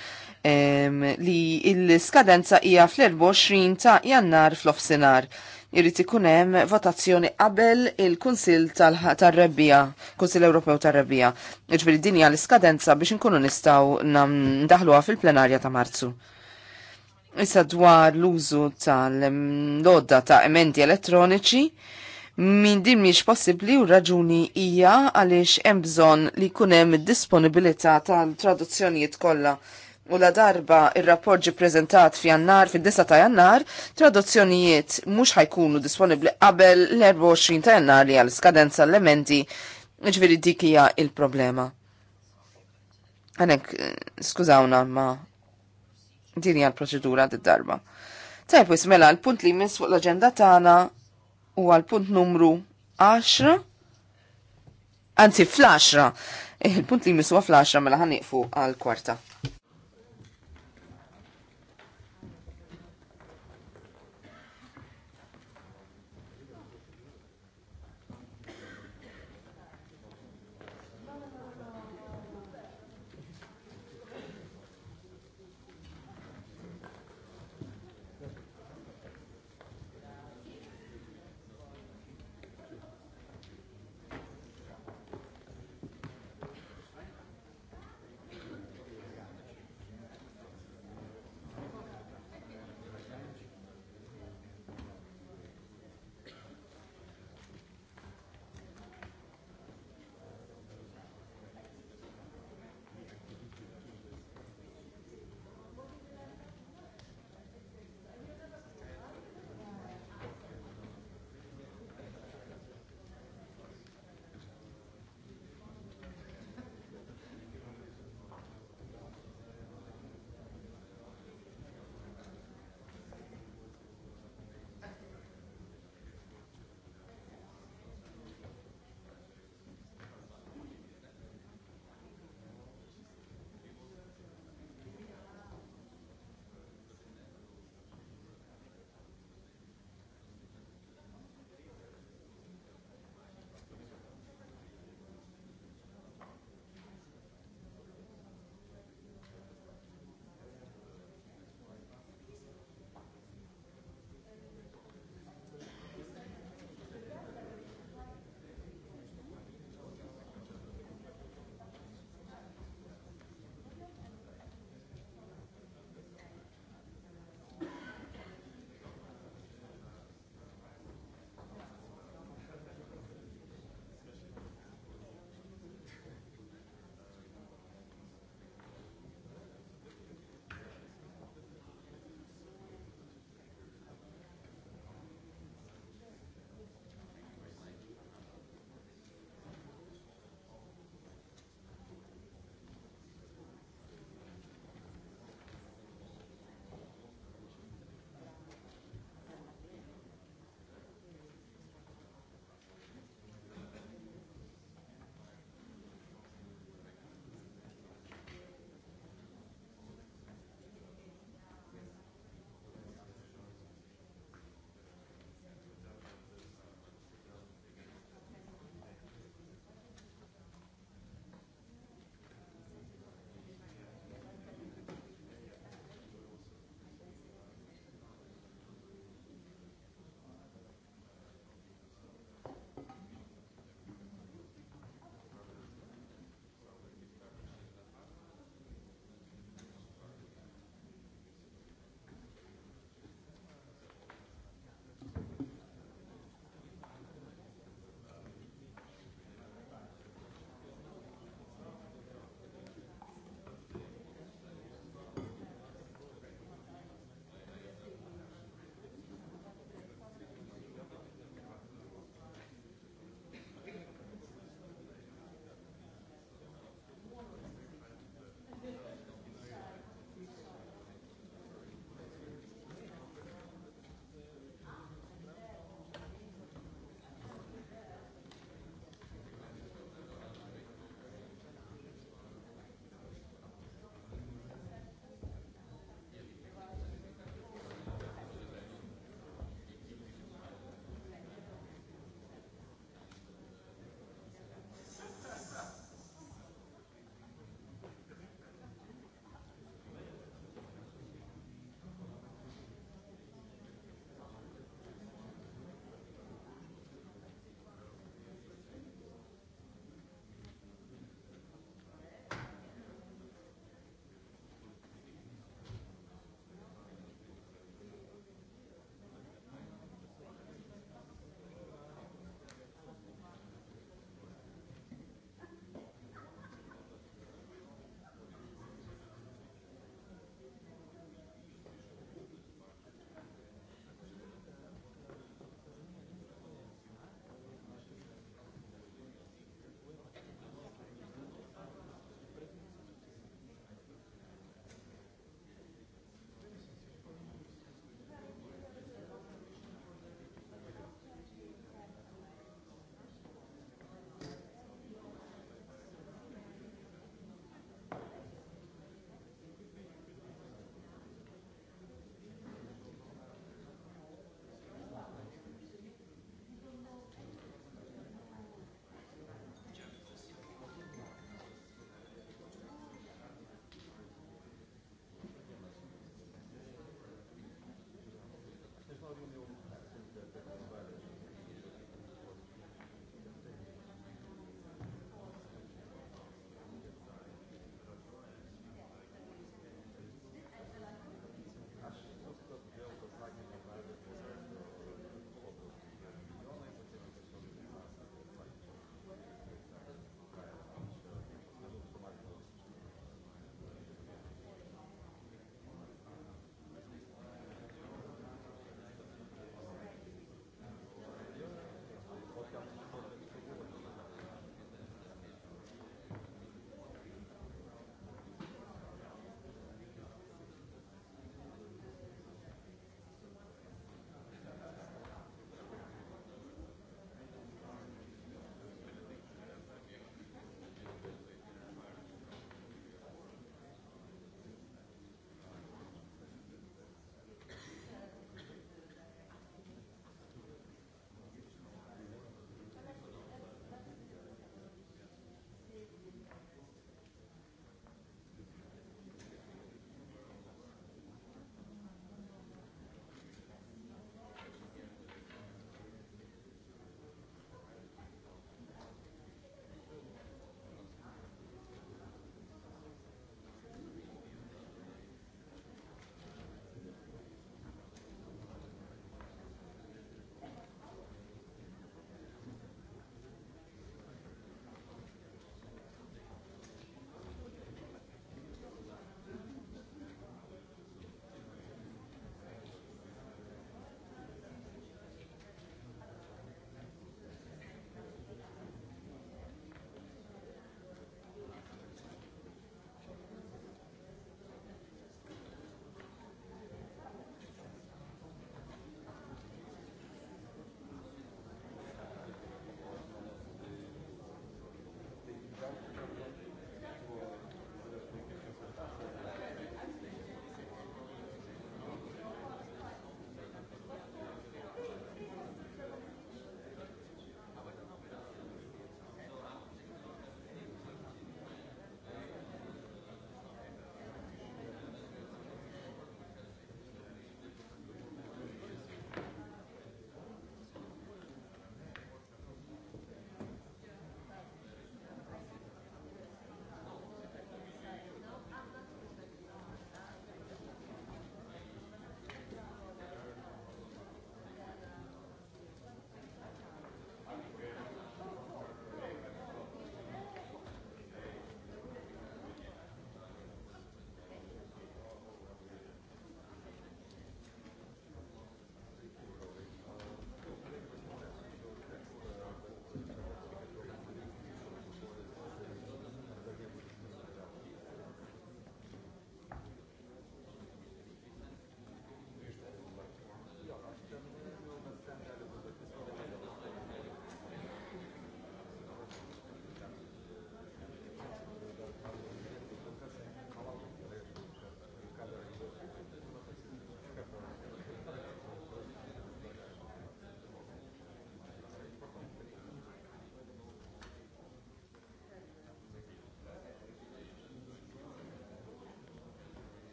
li il-skadenza hija fl-24 ta' jannar fl-ofsinar. Irrit ikun hemm votazzjoni qabel il-Kunsill tar-Rebbija, Kunsill Ewropew tar-Rebbija. Iġbiri din hija l-iskadenza biex inkunu nistgħu ndaħluha fil-plenarja ta' Marzu. Issa dwar l-użu tal-lodda ta' emendi elettroniċi, min din miex possibli u raġuni hija għaliex hemm bżonn li jkun hemm id-disponibilità tal-traduzzjonijiet kollha U la darba il-rapport ġi prezentat fi jannar, fil-9 ta' jannar, traduzzjonijiet mux ħajkunu disponibli qabel l-24 ta' jannar li għal-skadenza l emendi ġviri dik hija il-problema. Għanek, skużawna ma din hija l-proċedura d-darba. Tajb, jismela l-punt li jmiss fuq l-agenda tagħna u għal-punt numru 10, anzi fl-10, eh, il-punt li jmiss huwa fl-10 mela ħaniqfu għal-kwarta.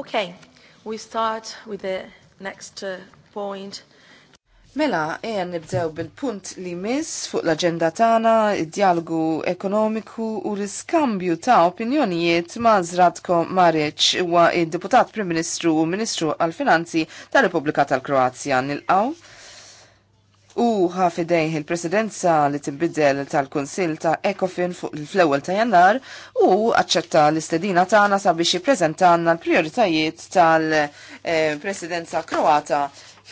Okay, we start with the next uh, point. Mela, eja nibdew bil-punt li mis fuq l-agenda tana, id dialgu ekonomiku u riskambju ta' opinjonijiet ma' Zratko Maric huwa id-deputat Prim Ministru u Ministru għal-Finanzi ta' repubblika tal-Kroazja nil-għaw miftuħa fidejh il-presidenza li timbidel tal-Kunsil ta' Ecofin fuq l flewel ta' jannar u aċċetta l-istedina tagħna sabiex jippreżentanna l-prioritajiet tal-presidenza Kroata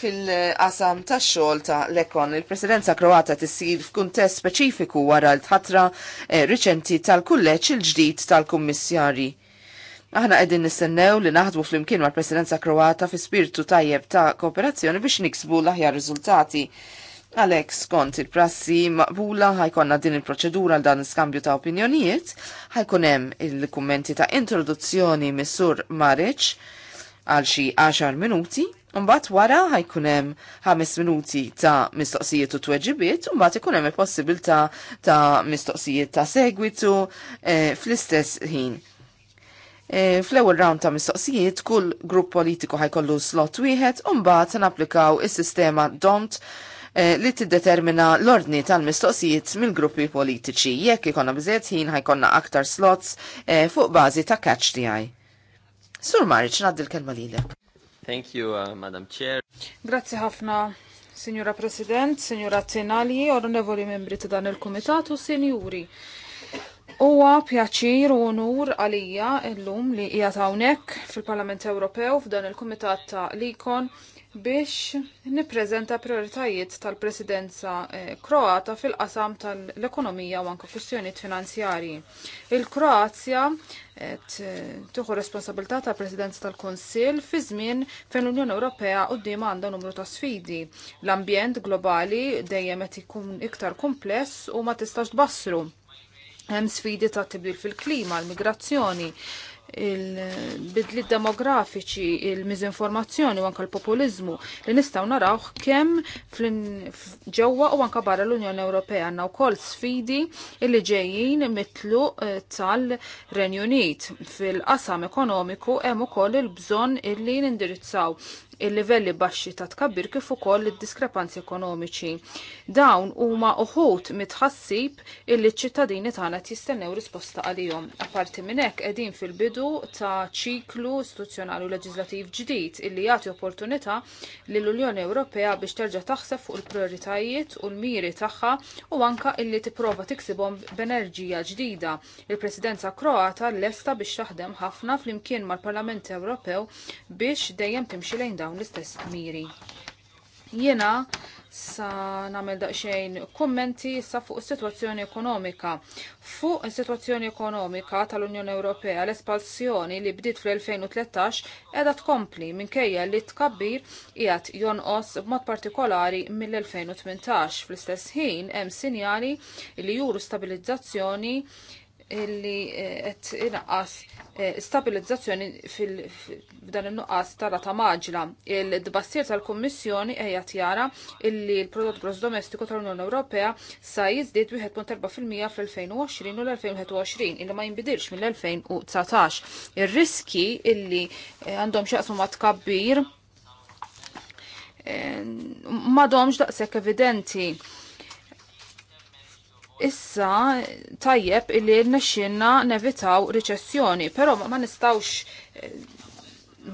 fil-qasam ta' xogħol ta' Lekon. Il-presidenza Kroata tissir f'kuntest speċifiku wara l-tħatra eh, riċenti tal-kulleġġ il-ġdid tal-kummissjari. Aħna qegħdin nistennew li naħdmu flimkien mal-Presidenza Kroata fi spirtu tajjeb ta' kooperazzjoni biex niksbu l-aħjar riżultati. Alex, skont il-prassi maqbula ħajkonna din il-proċedura dan skambju ta' opinjonijiet, ħajkun hemm il-kummenti ta' introduzzjoni missur Maric għal xi 10 minuti, Mbagħad wara ħajkun hemm ħames minuti ta' mistoqsijiet u tweġibiet, u mbagħad ikun hemm il-possibilità ta' mistoqsijiet ta' segwitu e, fl-istess ħin. E, Fl-ewwel round ta' mistoqsijiet kull grupp politiku ħajkollu slot wieħed u mbagħad napplikaw is-sistema DONT Eh, li tiddetermina l-ordni tal-mistoqsijiet mill-gruppi politiċi. Jekk ikonna bżiet ħin ħajkonna aktar slots eh, fuq bażi ta' catch tiegħi. Sur Marriċ, naddi l-kelma lilek. Thank you, uh, Madam Chair. Grazzi ħafna, Signora President, Signora Tenali, onorevoli membri ta' dan il-Komitatu, Sinjuri. Huwa pjaċir u onur għalija l-lum li hija hawnhekk fil-Parlament Ewropew f'dan il-Kumitat ta' Likon biex nippreżenta prioritajiet tal-presidenza eh, Kroata fil-qasam tal-ekonomija u anka kwistjonijiet finanzjarji. Il-Kroazja eh, tieħu responsabilità tal-presidenza tal-Kunsill fi żmien fejn l-Unjoni Ewropea quddiem għandha numru ta' sfidi. L-ambjent globali dejjem qed ikun iktar kumpless u ma tistax tbassru hemm sfidi ta' tibdil fil-klima, l-migrazzjoni, il-bidli demografiċi, il-mizinformazzjoni u anka l-populizmu li nistaw naraw kemm ġewwa u anka barra l-Unjoni Ewropea għandna wkoll sfidi li ġejjin mitlu eh, tal-Renju Unit. Fil-qasam ekonomiku hemm ukoll il-bżonn illi nindirizzaw il-livelli baxxi ta' tkabbir kif ukoll id-diskrepanzi ekonomiċi. Dawn huma uħut mitħassib illi ċ-ċittadini tagħna jistennew risposta għalihom. Apparti minn hekk qegħdin fil-bidu ta' ċiklu istituzzjonali u leġislativ ġdid illi jagħti opportunità lill unjoni Ewropea biex terġa' taħseb fuq il-prioritajiet u l-miri tagħha u anka illi tipprova tiksibhom b'enerġija ġdida. Il-Presidenza Kroata lesta biex taħdem ħafna flimkien mal-Parlament Ewropew biex dejjem timxi lejn dawn l-istess miri. Jiena sa nagħmel daqsxejn kummenti sa fuq is-sitwazzjoni ekonomika. Fuq is-sitwazzjoni ekonomika tal-Unjoni Ewropea l-espansjoni li bdiet fl-2013 qiegħda tkompli minkejja li tkabbir qiegħed jonqos b'mod partikolari mill-2018. Fl-istess ħin hemm sinjali li juru stabilizzazzjoni illi eh, qed inqas eh, stabilizzazzjoni f'dan in-nuqqas ta' rata maġla. Il-dbassir tal-Kummissjoni hija tjara illi l-prodott gross domestiku tal-Unjoni Ewropea sa jiżdied 1.4% fl-2020 u l-2021 illi ma jinbidilx mill-2019. Ir-riski illi eh, għandhom xaqsmu ma tkabbir madomx daqshekk evidenti issa tajjeb illi rnexxinna nevitaw riċessjoni, però ma nistawx eh,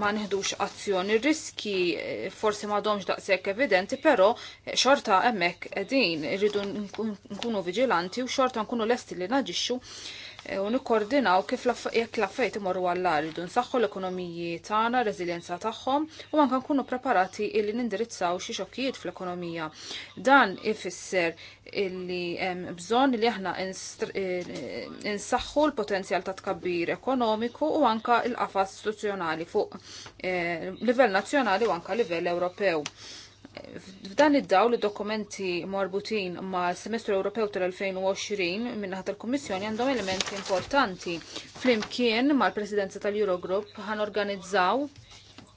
ma nħidux azzjoni riski eh, forsi m'għadhomx daqshekk evidenti, però eh, xorta hemmhekk qegħdin irridu nkunu viġilanti u xorta nkunu lesti li naġixxu Eh, u nikkoordinaw kif jekk l imorru għall-għar nsaħħu l-ekonomiji tagħna, reżiljenza tagħhom u anke nkunu preparati illi nindirizzaw xi xokkijiet fl-ekonomija. Dan ifisser illi hemm bżonn li aħna eh, eh, insaħħu l-potenzjal ta' tkabbir ekonomiku u anke l-qafas istituzzjonali fuq livell nazzjonali u anke livell Ewropew. F'dan id-dawl id-dokumenti marbutin ma' semestru Ewropew tal-2020 minnaħat tal-Kummissjoni għandhom elementi importanti. Flimkien mal-Presidenza tal-Eurogroup ħan organizzaw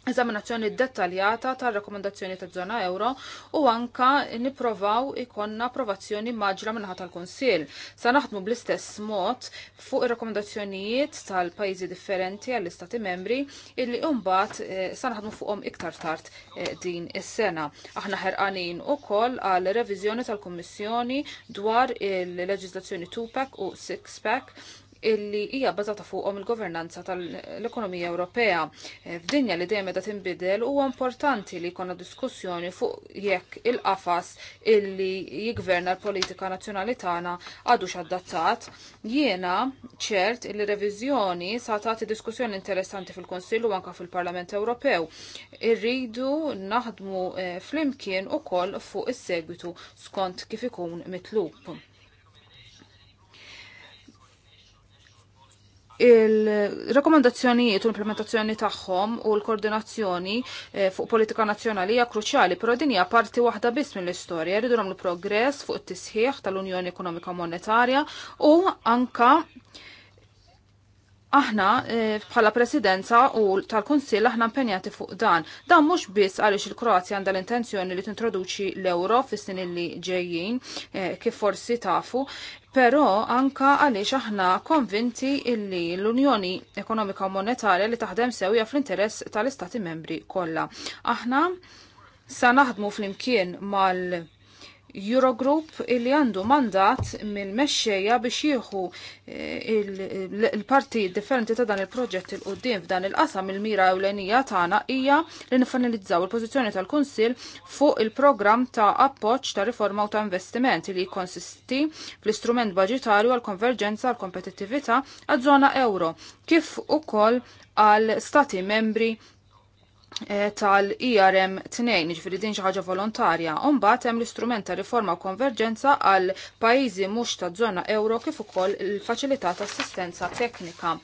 eżaminazzjoni dettaljata tar rekomendazzjoni ta' zona euro u anka niprovaw ikonna approvazzjoni maġra minnaħa tal-Konsil. Sa naħdmu bl-istess mod fuq ir rekomendazzjonijiet tal-pajjiżi differenti għall-istati membri illi umbat eh, sa naħdmu fuqhom iktar tard eh, din is-sena. Aħna ħerqanin ukoll għal reviżjoni tal-Kummissjoni dwar il leġizlazzjoni 2-pack u 6-pack illi hija bbażata fuqhom il-governanza tal-ekonomija Ewropea. E, f'dinja li dejjem qed tinbidel huwa importanti li jkollna diskussjoni fuq jekk il-qafas illi jigverna l-politika nazzjonali tagħna għadux adattat. Jiena ċert li reviżjoni sa tagħti diskussjoni interessanti fil-Konsill u anke fil-Parlament Ewropew. Irridu naħdmu e, flimkien ukoll fuq is-segwitu skont kif ikun mitlub. il-rekomendazzjonijiet u l-implementazzjoni tagħhom u l-koordinazzjoni eh, fuq politika nazzjonali hija kruċjali, però din hija parti waħda biss mill-istorja. jridu nagħmlu progress fuq it-tisħiħ tal-Unjoni Ekonomika Monetarja u anka aħna eh, bħala presidenza u tal-Kunsill aħna impenjati fuq dan. Dan mhux biss għaliex il-Kroazja għandha l-intenzjoni li tintroduċi l-euro fis-snin li ġejjin eh, kif forsi tafu, però anka għaliex aħna konvinti illi l-Unjoni Ekonomika u Monetarja li taħdem sewja fl-interess tal-Istati membri kollha. Aħna sa naħdmu fl-imkien mal- Eurogroup illi għandu mandat mill-mexxejja biex jieħu eh, il-parti differenti ta' dan il-proġett il-qoddim f'dan il-qasam il-mira ewlenija tagħna hija li nifanalizzaw il-pożizzjoni tal-Kunsill fuq il-programm ta' appoġġ ta' riforma u ta' investimenti li jikkonsisti fl-istrument budġetarju għal konverġenza għal kompetittività għaż-żona euro kif ukoll għal stati membri Eh, tal-IRM 2, ġifiri din ħaġa volontarja. Umbat hemm l-istrument ta' riforma u konverġenza għal pajjiżi mhux ta' żona euro kif ukoll il-faċilità ta' assistenza teknika.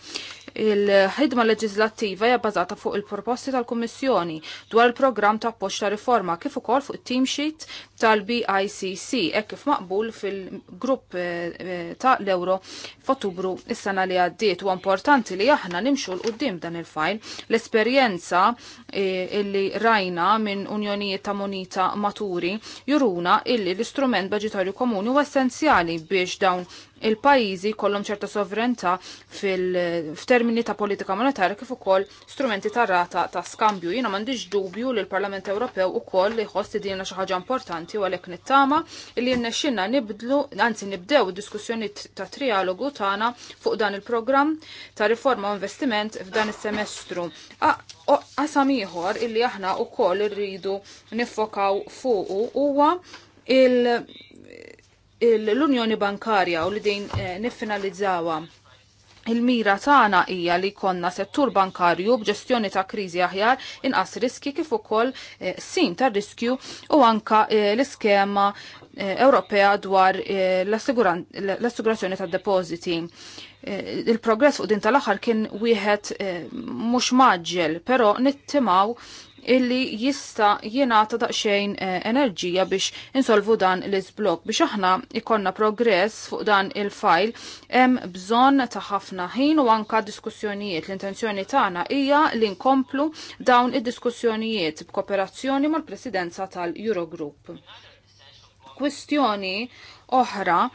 Il-ħidma leġislattiva hija bbażata fuq il-proposti tal-Kummissjoni dwar il-programm ta' appoġġ ta' riforma kif ukoll fuq it-team sheet tal-BICC hekk kif maqbul fil-grupp eh, eh, ta' l-Euro f'Ottubru is-sena li għaddiet u importanti li aħna nimxu l qudiem dan il-fajl l-esperjenza eh, illi rajna minn unjonijiet ta' monita maturi juruna illi l-istrument budgetarju komuni u essenzjali biex dawn il-pajjiżi kollom ċerta sovrenta fil-termini ta' politika monetarja kif ukoll strumenti ta' rata ta' skambju. Jiena m'għandix dubju li l-Parlament Ewropew ukoll jħoss tidilna xi ħaġa importanti u għalhekk nittama li nnexxinna nibdlu anzi nibdew diskussjoni ta' trialogu tagħna fuq dan il-programm ta' riforma u investiment f'dan is-semestru. Qasam ieħor illi aħna wkoll irridu niffokaw fuqu huwa il- l-Unjoni Bankarja u li din eh, niffinalizzawa il-mira tagħna hija li konna settur bankarju b'ġestjoni ta' kriżi aħjar inqas riski kif ukoll eh, sin ta' riskju u anka eh, l-iskema Ewropea dwar l-assigurazzjoni tad depożiti il-progress fuq din tal-aħħar kien wieħed mhux maġġel, però nittimaw illi jista jenata daqxejn eh, enerġija biex insolvu dan l-izblok. Biex aħna ikonna progress fuq dan il-fajl, hemm bżonn ta' ħafna ħin u anka diskussjonijiet. L-intenzjoni tagħna hija li nkomplu dawn id-diskussjonijiet b'kooperazzjoni mal-Presidenza tal-Eurogroup. Kwistjoni oħra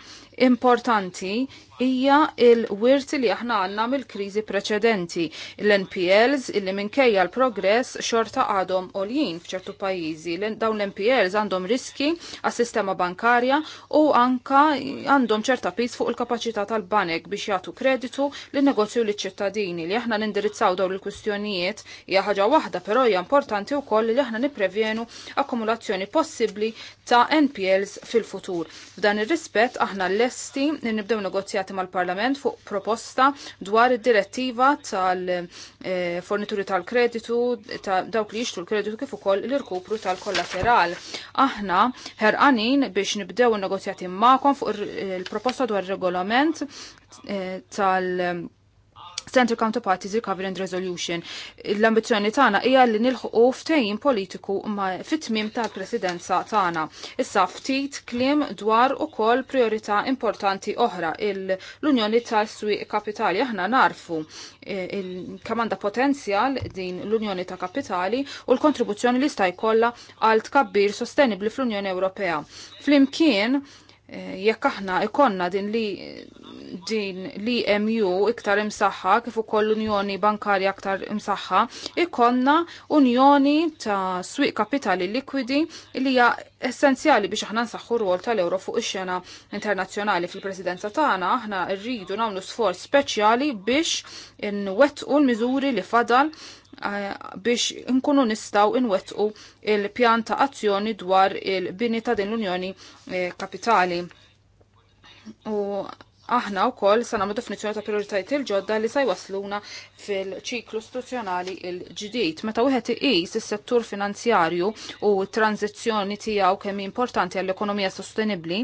importanti hija il-wirt li aħna għanna mill-kriżi preċedenti, l-NPLs illi minkejja l-progress xorta għadhom oljin f'ċertu pajjiżi. Dawn l-NPLs għandhom riski għas sistema bankarja u anka għandhom ċerta pis fuq il-kapacità tal-banek biex jagħtu kreditu li negozju li ċittadini li aħna nindirizzaw dawn il-kwistjonijiet hija ħaġa waħda, però hija importanti wkoll li aħna nipprevjenu akkumulazzjoni possibbli ta' NPLs fil-futur. F'dan ir-rispett aħna lesti li nibdew negozjati mal-Parlament fuq proposta dwar id-direttiva tal-fornituri eh, tal-kreditu ta' dawk li jixtru l-kreditu kif ukoll l-irkupru tal-kollateral. Aħna herqanin biex nibdew negozjati magħkom fuq il-proposta dwar regolament eh, tal- Center Counterparties Recovery and Resolution. L-ambizjoni tagħna hija li nilħu ftehim politiku ma fit-tmiem tal-presidenza tagħna. Issa ftit kliem dwar ukoll priorità importanti oħra l-Unjoni tal-Swieq Kapitali. Aħna narfu eh, kamanda potenzjal din l-Unjoni ta' Kapitali u l-kontribuzzjoni li sta jkollha għal tkabbir sostenibbli fl-Unjoni Ewropea. Flimkien Eh, jekk aħna ikonna din li din li MU iktar imsaħħa kif ukoll Unjoni Bankarja iktar imsaħħa, ikonna Unjoni ta' Swiq Kapitali Likwidi li hija essenzjali biex aħna nsaħħu rwol tal-euro fuq ix-xena internazzjonali fil-presidenza tagħna aħna rridu nagħmlu sforz speċjali biex nwettqu l-miżuri li fadal Eh, biex nkunu nistaw inwetqu il-pjan ta' azzjoni dwar il-bini ta' din l-Unjoni eh, Kapitali. U aħna u koll sanamu definizjoni ta' prioritajiet il-ġodda li sa' jwasluna fil-ċiklu istituzjonali il-ġdijt. Meta wieħed iqis is-settur finanzjarju u tranzizjoni tiegħu kemm importanti għall-ekonomija sostenibbli,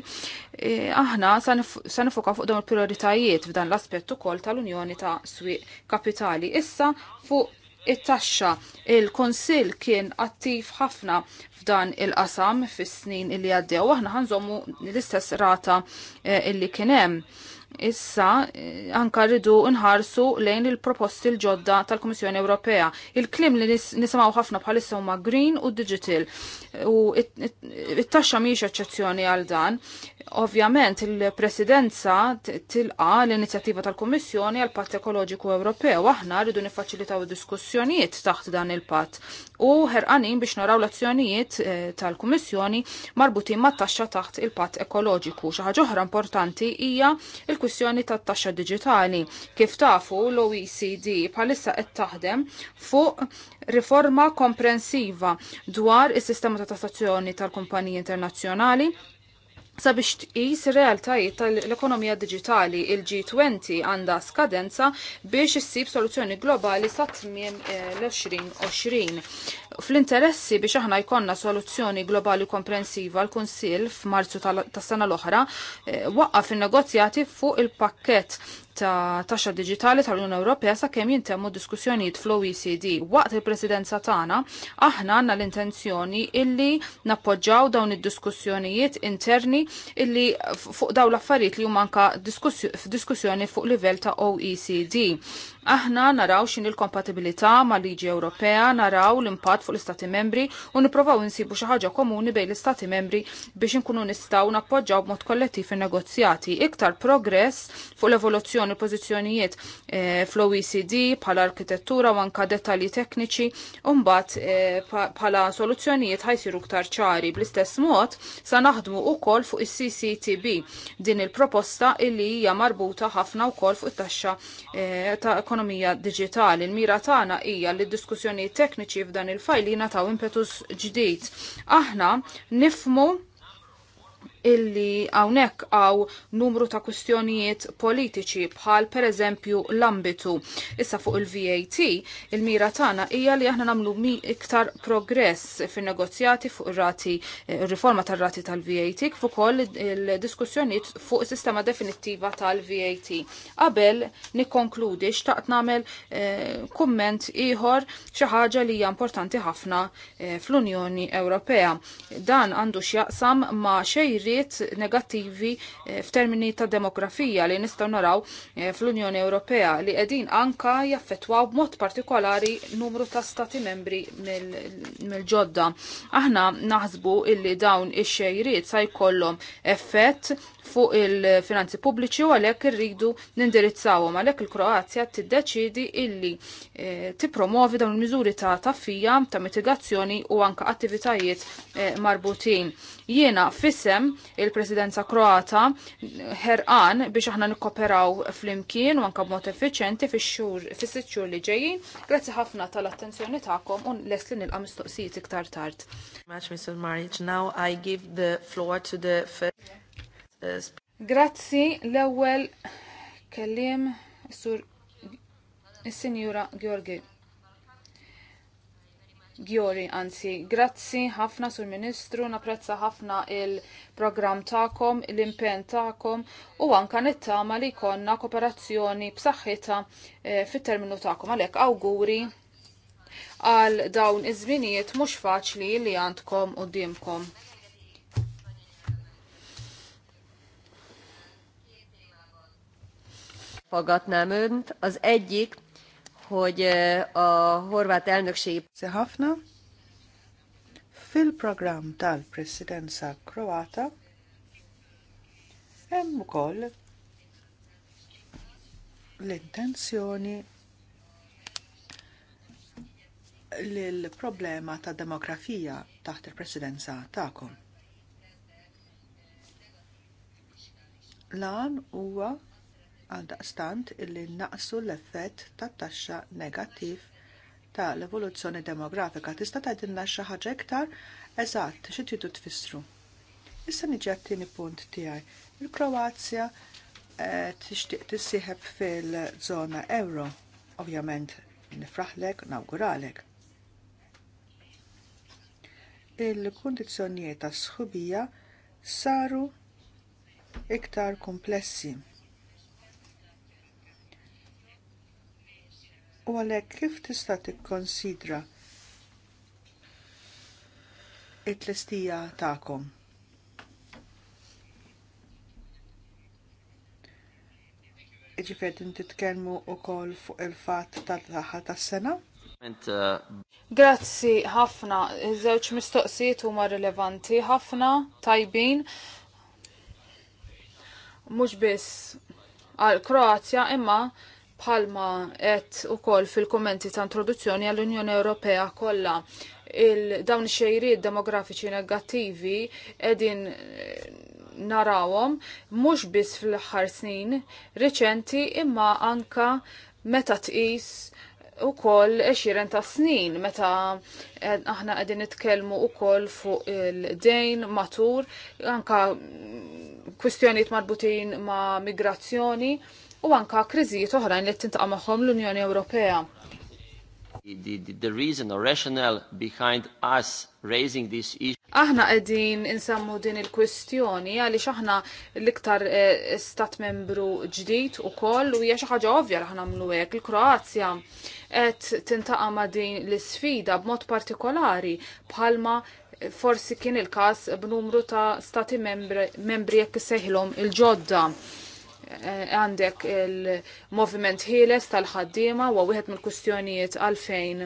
eh, aħna sa nifoka fuq dawn il-prioritajiet f'dan l-aspett ukoll tal-Unjoni ta' Swieq Kapitali. Issa fuq it-taxxa. Il-Konsil kien attiv ħafna f'dan il-qasam fis-snin illi għaddew, aħna ħanżommu l-istess rata eh, illi kien hemm. Issa eh, anka rridu nħarsu lejn il-proposti l-ġodda tal-Kummissjoni Ewropea. Il-klim li nisimgħu ħafna bħalissa huma green u digital u it-taxxa mhijiex eċċezzjoni għal dan. Ovvjament il-Presidenza tilqa l-inizjattiva tal-Kommissjoni għal Patt Ekoloġiku Ewropew. Aħna rridu nifaċilitaw diskussjonijiet taħt dan il-patt u ħerqanin biex naraw l-azzjonijiet eh, tal-Kummissjoni marbutin ma' taxxa taħt il-patt ekoloġiku. Xi ħaġa oħra importanti hija l-kwistjoni tat-taxxa diġitali. Kif tafu l-OECD bħalissa qed taħdem fuq riforma komprensiva dwar is-sistema ta' tassazzjoni tal-kumpaniji internazzjonali sabiex tqis realtajiet tal-ekonomija digitali il-G20 għandha skadenza biex issib soluzzjoni globali sa tmiem eh, l-2020. Fl-interessi biex aħna jkonna soluzzjoni globali komprensiva l-Kunsill f'Marzu tas-sena l-oħra eh, waqqaf fin negozjati fuq il-pakkett ta' taxxa digitali tal-Unjoni Ewropea sakemm jintemmu diskussjonijiet fl-OECD. Waqt il-Presidenza tagħna aħna għandna l-intenzjoni illi nappoġġaw dawn id-diskussjonijiet interni illi fuq dawn l-affarijiet li huma anka f'diskussjoni fuq livell ta' OECD. Aħna naraw xin il-kompatibilità ma' liġi Ewropea, naraw l impat fuq l-Istati membri u niprofaw insibu xi ħaġa komuni bejn l-Istati membri biex inkunu nistgħu nappoġġaw b'mod kollettiv in-negozjati. Iktar progress fuq l-evoluzzjoni pożizzjonijiet eh, fl-OECD bħala arkitettura u anka dettalji tekniċi u mbagħad eh, bħala soluzzjonijiet ħajsiru ktar ċari. Bl-istess mod sa naħdmu ukoll fuq is-CCTB din il-proposta illi hija marbuta ħafna wkoll fuq it-taxxa eh, ta' l-ekonomija digitali. Il-mira tagħna hija li d-diskussjoni tekniċi f'dan il-fajl jingħataw impetus ġdid. Aħna nifmu illi hawnhekk għaw numru ta' kwistjonijiet politiċi bħal per eżempju l-ambitu. Issa fuq il-VAT, il-mira tagħna hija li aħna nagħmlu iktar progress fin-negozjati fuq rati eh, riforma tar-rati tal-VAT fuq ukoll il-diskussjonijiet fuq sistema definittiva tal-VAT. Qabel nikkonkludi xtaqt nagħmel eh, komment ieħor xi ħaġa li hija importanti ħafna eh, fl-Unjoni Ewropea. Dan għandu x'jaqsam ma' xejri effettijiet negattivi eh, f'termini ta' demografija li nistgħu naraw eh, fl-Unjoni Ewropea li qegħdin anka jaffettwaw b'mod partikolari numru ta' stati membri mill-ġodda. Aħna naħsbu illi dawn ix-xejriet sa jkollhom effett fuq il-finanzi pubbliċi u għalhekk irridu nindirizzawhom għalhekk il-Kroazja tiddeċidi illi eh, tippromovi dawn il-miżuri ta' taffija ta' mitigazzjoni u anka attivitajiet eh, marbutin. Jiena fissem il-Presidenza Kroata herqan eh, biex aħna nikkoperaw fl-imkien u anka b'mod effiċenti fix-xhur fis-sitt xhur li ġejjin. Grazzi ħafna tal-attenzjoni tagħkom u les li nilqa' mistoqsijiet iktar tard. Much, Mr. Maric. Now I give the floor to the Grazzi l-ewwel kellim sur is-Sinjura Gjorgi. Gjori, anzi, grazzi ħafna sur Ministru, napprezza ħafna il-program ta'kom, l-impen ta'kom u anka nittama li konna kooperazzjoni b'saħħitha e, fit-terminu ta'kom. Għalek, awguri għal dawn iż-żminijiet mhux faċli li għandkom u dimkom. fogadnám önt. Az egyik, hogy a horvát elnökség... Hafna, fil-program tal-presidenza kroata, hemm ukoll l-intenzjoni l-problema ta' demografija taħt il-presidenza tagħkom. Lan huwa għaldaqstant illi naqsu l-effett tat taxxa negattiv ta' l-evoluzzjoni demografika. Tista' tgħidilna xi ħaġa iktar eżatt xi tridu tfissru. Issa niġi għat-tieni punt tiegħi. Il-Kroazja eh, tixtieq tissieħeb fil-żona euro, ovvjament nifraħlek, nawguralek. Il-kundizzjonijiet tas-sħubija saru iktar komplessi. U għalhekk kif tista' tikkonsidra it-tlestija tagħkom? Ġifed inti titkellmu wkoll fuq il-fatt tal-taħħa tas-sena? Uh, Grazzi ħafna, iż-żewġ mistoqsijiet huma rilevanti ħafna, tajbin. Mhux biss għal Kroatja imma bħalma qed ukoll fil-kummenti ta' introduzzjoni għall-Unjoni Ewropea kollha il-dawn xejrid demografiċi negattivi qegħdin eh, narawhom mhux biss fl-aħħar snin riċenti imma anka meta tqis ukoll għexieren ta' snin meta eh, aħna qegħdin nitkellmu ukoll fuq il-dejn matur anka kwistjonijiet marbutin ma' migrazzjoni u anka kriżijiet oħrajn li tintaqa' magħhom l-Unjoni Ewropea. The, the, the reason or rationale behind us raising this issue. Aħna qegħdin insammu din il-kwistjoni għaliex aħna l-iktar eh, stat membru ġdid ukoll u hija xi ħaġa ovvja li nagħmlu hekk. Il-Kroazja qed tintaqa' ma' din l-isfida b'mod partikolari bħalma forsi kien il-każ b'numru ta' stati membri jekk seħilhom il-ġodda. Eh, għandek il-moviment ħieles tal-ħaddiema u wieħed mill-kustjonijiet għalfejn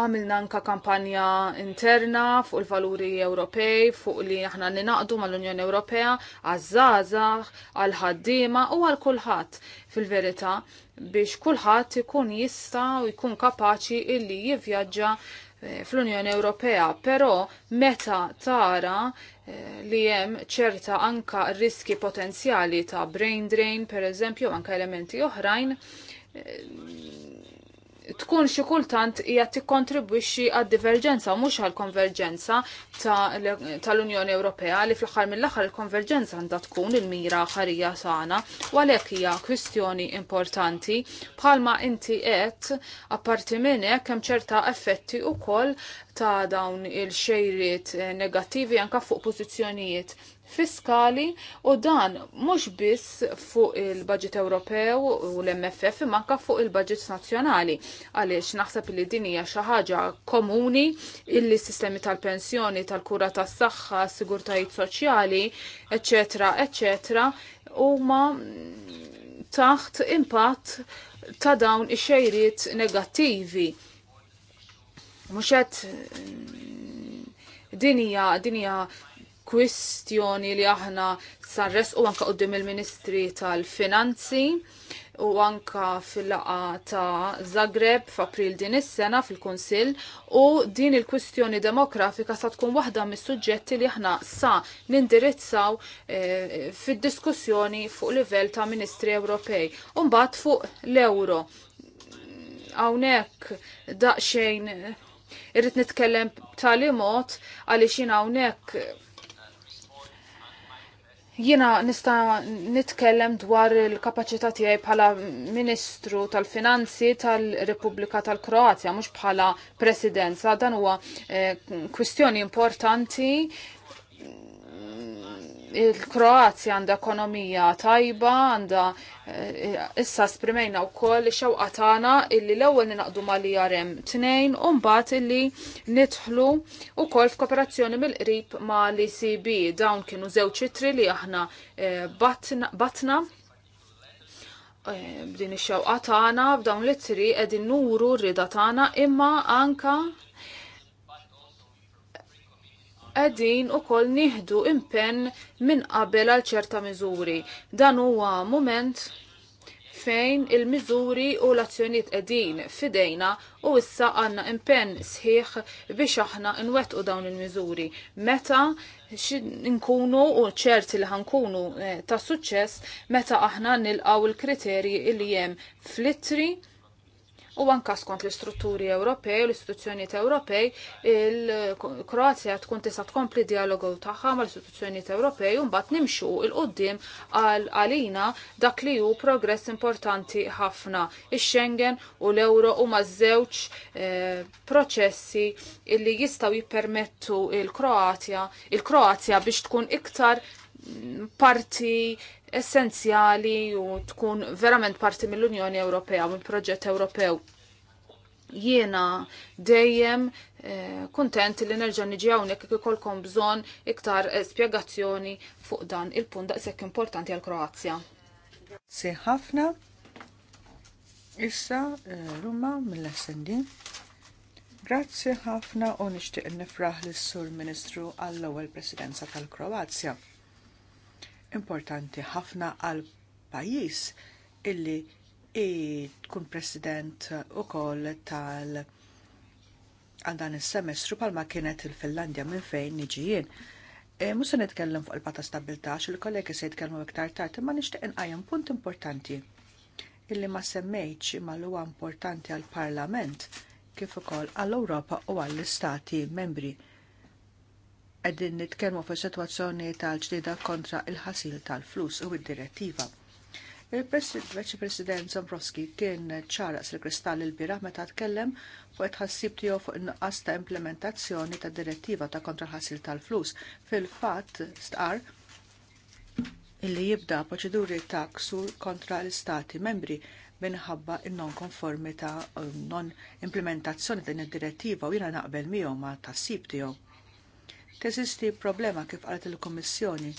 għamilna anka kampanja interna fuq il-valuri Ewropej, fuq li aħna ninaqdu mal-Unjoni Ewropea, għazzazax, għal-ħaddima u għal kulħadd fil-verità biex kulħadd ikun jista' u jkun kapaċi illi jivvjaġġa fl-Unjoni Ewropea, però meta tara eh, li hemm ċerta anka riski potenzjali ta' brain drain, per eżempju, anka elementi oħrajn, eh, tkun xi kultant hija tikkontribwixxi għad-diverġenza mhux għall-konverġenza tal-Unjoni Ewropea li fl-aħħar mill-aħħar il-konverġenza għandha tkun il-mira ħarija sana u għalhekk hija kwistjoni importanti bħalma inti qed apparti minn hekk hemm ċerta effetti wkoll ta' dawn il-xejriet negattivi anke fuq pożizzjonijiet fiskali u dan mhux biss fuq il-budget Ewropew u l-MFF manka fuq il-budget nazzjonali għaliex naħseb li din hija xi ħaġa komuni illi sistemi tal-pensjoni, tal-kura tas-saħħa, sigurtajiet soċjali, eċetera, eċetera, huma taħt impatt ta' dawn ix-xejriet negattivi. Mhux qed dinija dinija kwistjoni li aħna sarres u anka qoddim il-Ministri tal-Finanzi u anka fil-laqa ta' Zagreb f'April din is-sena fil-Kunsill u din il-kwistjoni demografika sa tkun waħda mis-suġġetti li aħna sa nindirizzaw e, fid-diskussjoni fuq livell ta' Ministri Ewropej. u mbagħad fuq l-euro. Hawnhekk daqsxejn eh, irrid nitkellem b'tali mod għaliex jien hawnhekk Jiena nista' nitkellem dwar il-kapaċità tiegħi bħala Ministru tal-Finanzi tal-Repubblika tal-Kroazja mhux bħala Presidenza dan huwa eh, kwistjoni importanti il-Kroazja għandha ekonomija tajba, għandha eh, issa sprimejna wkoll koll xewqa tagħna illi l-ewwel ninaqdu mal-IRM tnejn u mbagħad illi nidħlu wkoll f'kooperazzjoni mill-qrib mal-ECB. Dawn kienu żewġ ċitri li aħna eh, batna eh, b'din ix-xewqa tagħna b'dawn l-ittri qegħdin nuru r-rida tagħna imma anka qegħdin ukoll nieħdu impenn minn qabel għal ċerta miżuri. Dan huwa moment fejn il-miżuri u l-azzjonijiet qegħdin fidejna u issa għandna impenn sħiħ biex aħna nwettqu dawn il-miżuri. Meta nkunu u ċerti li ħankunu eh, ta' suċċess meta aħna nilqaw il-kriterji li jem flittri. ittri u anka skont l-istrutturi Ewropej u l-istituzzjonijiet Ewropej il-Kroazja tkun tista' tkompli dialogu tagħha mal-istituzzjonijiet Ewropej u mbagħad nimxu il qudiem għal għalina dak li hu progress importanti ħafna. Ix-Schengen u l-Euro maż żewġ eh, proċessi illi jistgħu jippermettu il-Kroatja il-Kroazja biex tkun iktar parti essenzjali u tkun verament parti mill-Unjoni Ewropea, mill-proġett Ewropew. Jiena dejjem eh, kontent li nerġa' niġi hawnhekk kif ikolkom bżonn iktar eh, spjegazzjoni fuq dan il-punt daqshekk importanti għal Kroazja. Grazzi ħafna. Issa eh, Ruma mill-SND. Grazzi ħafna u nixtieq nifraħ lis sur Ministru għall-ewwel Presidenza tal-Kroazja importanti ħafna għal pajjiż illi i tkun president ukoll tal għal dan is-semestru palma kienet il-Finlandja minn fejn niġijien. E, Musa nitkellem fuq il-pata stabilta il-kollegi se jitkellmu iktar tard, imma nixtieq inqajjem punt importanti illi ma semmejtx imma huwa importanti għall parlament kif ukoll għall-Ewropa u għall-Istati membri qegħdin nitkellmu fi sitwazzjoni tal-ġdida kontra il-ħasil tal-flus u id direttiva Il-Viċi President Zombrowski kien ċaraq s kristall il-bira meta tkellem fuq it-ħassib tiegħu fuq in-nuqqas ta' implementazzjoni tad direttiva ta' kontra ħasil tal-flus. Fil-fatt stqar illi jibda proċeduri ta' ksur kontra l-Stati membri minħabba il-non-konformita non-implementazzjoni din id-direttiva u jiena naqbel miegħu ma' tassib tiegħu teżisti problema kif qalet il-Kummissjoni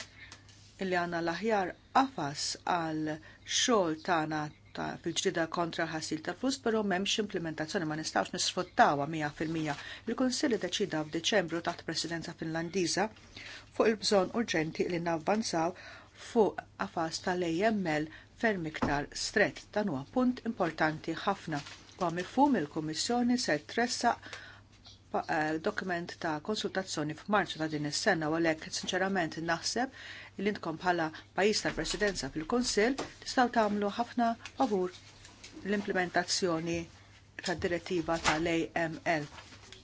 illi għanna l-aħjar għafas għal xogħol tagħna ta' fil-ġdida kontra ħasil ta' flus, pero m'hemmx implementazzjoni ma nistax nisfottawa 100%. fil-mija. Il-Kunsill deċida f'Deċembru taħt Presidenza Finlandiża fuq il-bżonn urġenti li navvanzaw fuq għafas tal-AML ferm iktar strett. Dan huwa punt importanti ħafna. Għamifum mifhum il-Kummissjoni se tressaq Eh, dokument ta' konsultazzjoni f'Marzu ta' din is-sena u għalhekk sinċerament naħseb li intkom bħala pajjiż tal-Presidenza fil-Kunsill tistgħu tagħmlu ħafna favur l-implementazzjoni tad-direttiva tal-AML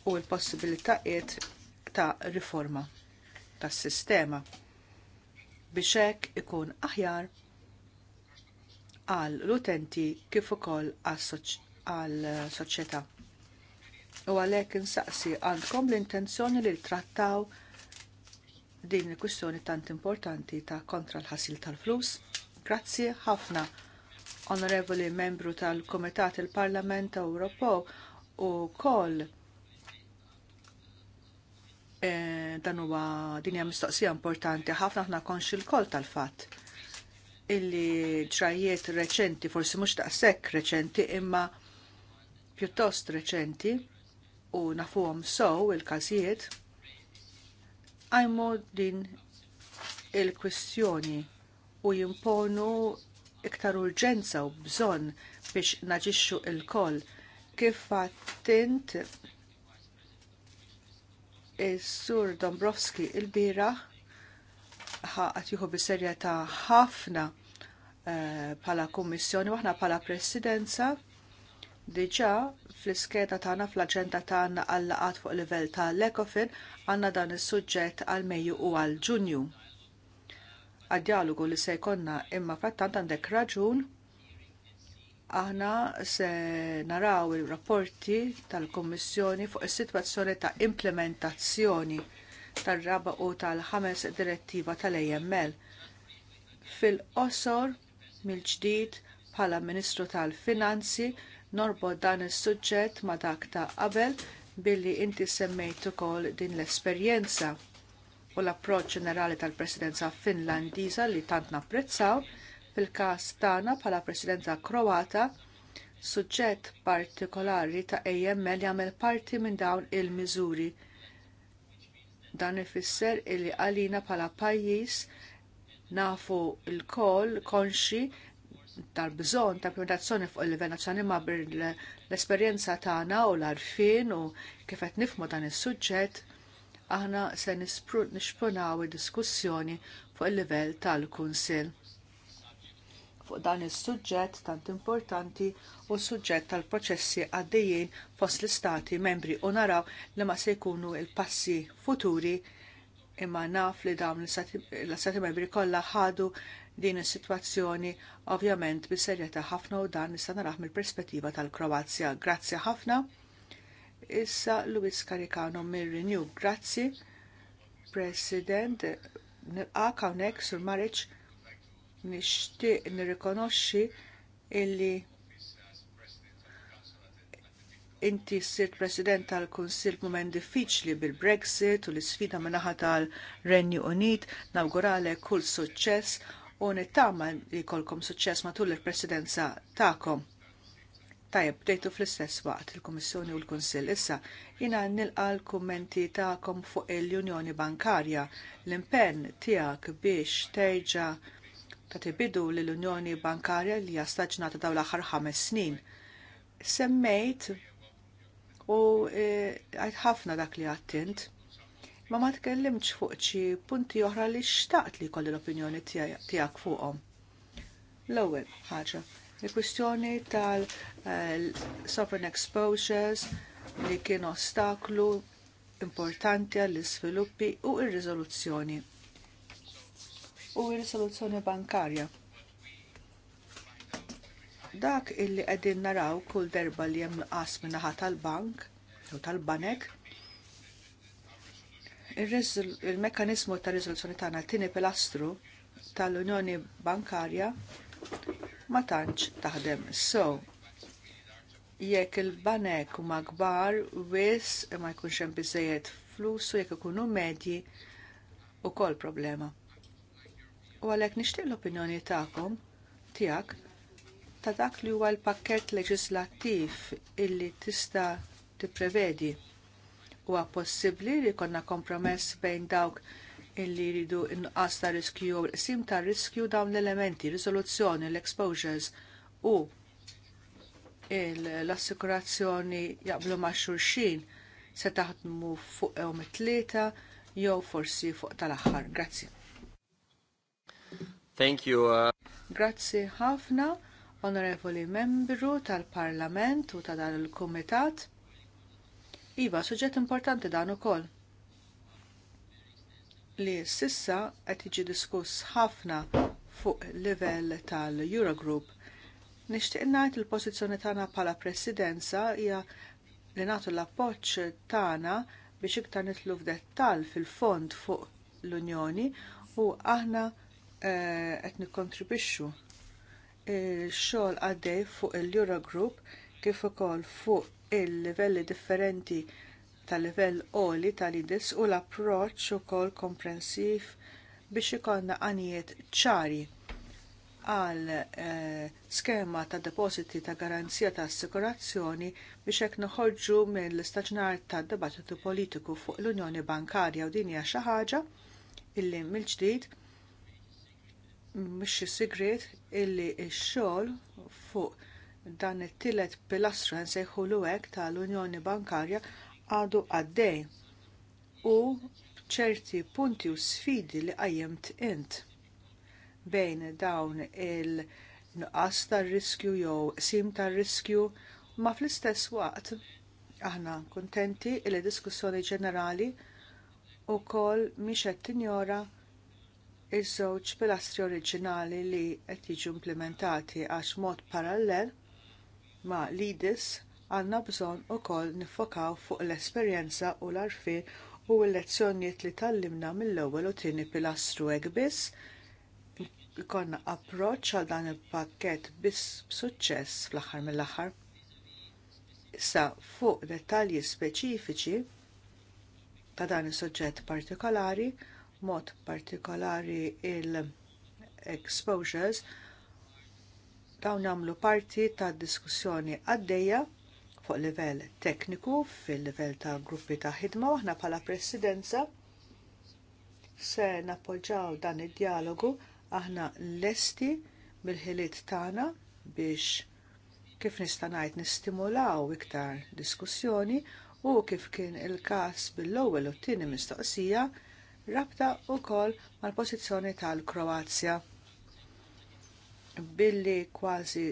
u l-possibilitajiet ta' riforma tas-sistema biex hekk ikun aħjar għall utenti kif ukoll għall soċjetà U għalhekk insaqsi għandkom l-intenzjoni li trattaw din il-kwistjoni tant importanti ta' kontra l-ħasil tal-flus. Grazzi ħafna, onorevoli membru tal-Komitat il-Parlament Ewropew u koll e, dan huwa din hija mistoqsija importanti ħafna aħna konx il-koll tal-fatt illi ġrajiet reċenti, forsi mhux daqshekk reċenti, imma pjuttost reċenti, u nafuhom sow il-każijiet għajmu din il-kwistjoni u jimponu iktar urġenza u bżonn biex naġixxu il-koll kif għattint is-sur Dombrovski il-biraħ ħaqat juhu serjetà ħafna eh, bħala kummissjoni u aħna bħala presidenza Diġà fl-iskeda tagħna fl-aġenda tagħna għal laqat fuq livell tal ecofin għandna dan is-suġġett għal Mejju u għal Ġunju. Għad-dialogu li se jkollna imma frattant għandek raġun aħna se naraw ir rapporti tal kummissjoni fuq is-sitwazzjoni ta' implementazzjoni tar-raba u tal-ħames direttiva tal-AML. Fil-qosor mill-ġdid bħala Ministru tal-Finanzi norbod dan is-suġġett ma' dak ta' qabel billi inti semmejt ukoll din l-esperjenza u l-approċċ ġenerali tal-Presidenza Finlandiża li tant napprezzaw fil-każ tagħna bħala Presidenza Kroata suġġett partikolari ta' AML li jagħmel parti minn dawn il-miżuri. Dan ifisser illi għalina bħala pajjiż nafu l-kol konxi tal-bżon ta' prenotazzjoni fuq il-livell nazzjonali ma' l-esperjenza tagħna u l-arfin u kif qed nifhmu dan is-suġġett aħna se nixprunaw id-diskussjoni fuq il-livell tal-Kunsill. Fuq dan is-suġġett tant importanti u suġġett tal-proċessi għaddejjin fost l-istati membri u naraw li ma se jkunu il-passi futuri imma naf li dawn l istati Membri kollha ħadu din is-sitwazzjoni ovvjament bi serjetà ħafna u dan nista' naraħ mill-perspettiva tal-Kroazja. Grazzi ħafna. Issa Luis Caricano mir-Renew. Grazzi. President, nilqak hawnhekk sur Mariċ nixtieq nirrikonoxxi illi inti sirt president tal konsil mument diffiċli bil-Brexit u l-sfida minnaħa tal-Renju Unit, nawgurale kull suċċess u nittama li kolkom suċċess matul il-presidenza ta'kom. Tajab, bdejtu fl-istess waqt il-Komissjoni u l konsil issa jina nilqa l-kummenti ta'kom fuq il-Unjoni Bankarja l-impenn tijak biex terġa ta' tibidu l-Unjoni Bankarja li jastaġnata daw l-axar ħames snin. Semmejt u e, għajt ħafna dak li għattint. Ma ma tkellimċ fuq xi punti oħra li xtaqt li kolli l-opinjoni tiegħek fuqhom. L-ewwel ħaġa, il-kwistjoni tal-sovereign e, exposures li kien ostaklu importanti għall sviluppi u ir rizoluzzjoni U ir rizoluzzjoni bankarja dak illi qegħdin naraw kull darba li hemm qas min-naħa tal-bank jew tal-banek il-mekkanizmu ta' riżoluzzjoni tagħna tieni pilastru tal-Unjoni Bankarja ma tantx taħdem. So, jekk il-banek huma kbar wis ma jkunx hemm biżejjed flusu jekk ikunu medji ukoll problema. U għalhekk nixtieq l-opinjoni tagħkom tiegħek ta' dak li huwa l-pakket leġislattiv illi tista' tipprevedi. Huwa possibbli li jkollna kompromess bejn dawk illi jridu inqas ta' riskju u l-qsim ta' riskju dawn l-elementi, riżoluzzjoni, l-exposures u l-assikurazzjoni jaqblu ma' xulxin se taħdmu fuq ew mit-tlieta jew forsi fuq tal-aħħar. Grazzi. Thank you. Uh... Grazzi ħafna onorevoli membru tal-Parlament u ta' dan il-Kumitat. Iva, suġġett importanti dan ukoll li sissa qed jiġi diskuss ħafna fuq livell tal-Eurogroup. Nixtieq ngħid il-pożizzjoni tagħna bħala presidenza hija li nagħtu l-appoġġ tagħna biex iktar nitlu f'dettall fil-fond fuq l-Unjoni u aħna eh, qed nikkontribixxu il-xogħol għaddej fuq il-Eurogroup kif ukoll fuq il-livelli differenti tal-livell oli tal-IDIS u l-approċċ ukoll komprensiv biex ikollna għanijiet ċari għal eh, skema ta' depositi ta' garanzija ta' assikurazzjoni biex hekk noħorġu mill istaġnar tad dibattitu politiku fuq l-Unjoni Bankarja u din hija xi ħaġa illi mill-ġdid mhix sigret illi x-xogħol fuq dan it-tielet pilastru l hekk tal-Unjoni Bankarja għadu għaddej u b'ċerti punti u sfidi li qajjemt int bejn dawn il-nuqqas tar-riskju jew sim tar-riskju ma fl-istess waqt aħna kuntenti li diskussjoni ġenerali wkoll mhix qed tinjora iż-żewġ pilastri oriġinali li qed jiġu implementati għax mod parallel ma' lidis għandna bżonn ukoll niffokaw fuq l-esperjenza u l-arfin u l-lezzjonijiet li tallimna mill-ewwel u tieni pilastru hekk biss ikonna approċċ għal dan il-pakket biss b'suċċess fl-aħħar mill-aħħar. Issa fuq dettalji speċifiċi ta' dan is-suġġett partikolari mod partikolari il-exposures, dawn għamlu parti ta' diskussjoni għaddejja fuq livell tekniku, fil-livell ta' gruppi ta' ħidma, aħna bħala presidenza se nappoġġaw dan id-dialogu aħna lesti bil-ħiliet tagħna biex kif nista' ngħid nistimulaw iktar diskussjoni u kif kien il-każ bil-ewwel u t-tieni mistoqsija rabta wkoll mal-pożizzjoni tal-Kroazja. Billi kważi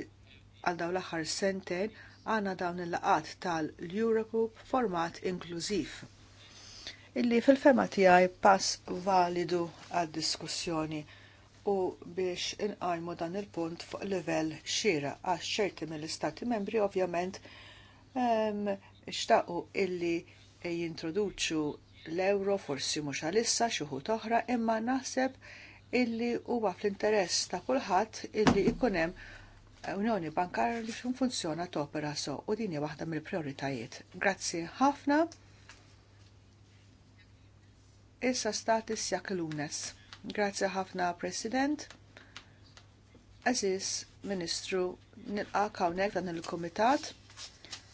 għal dawn l-aħħar sentejn għandna dawn il-laqat tal-Eurogroup format inklużiv. Illi fil-fema tiegħi pass validu għad-diskussjoni u biex inqajmu dan il-punt fuq livell xira għax ċerti mill-istati membri ovvjament ehm, xtaqu illi jintroduċu l-euro forsi mhux għalissa xi ħut oħra imma naħseb illi huwa fl-interess ta' kulħadd illi jkun hemm Unjoni Bankarja li funzjona topera so u din hija waħda mill-prioritajiet. Grazzi ħafna. Issa statis jaklunes. Grazzi ħafna President. Aziz Ministru nilqa' hawnhekk dan il-Kumitat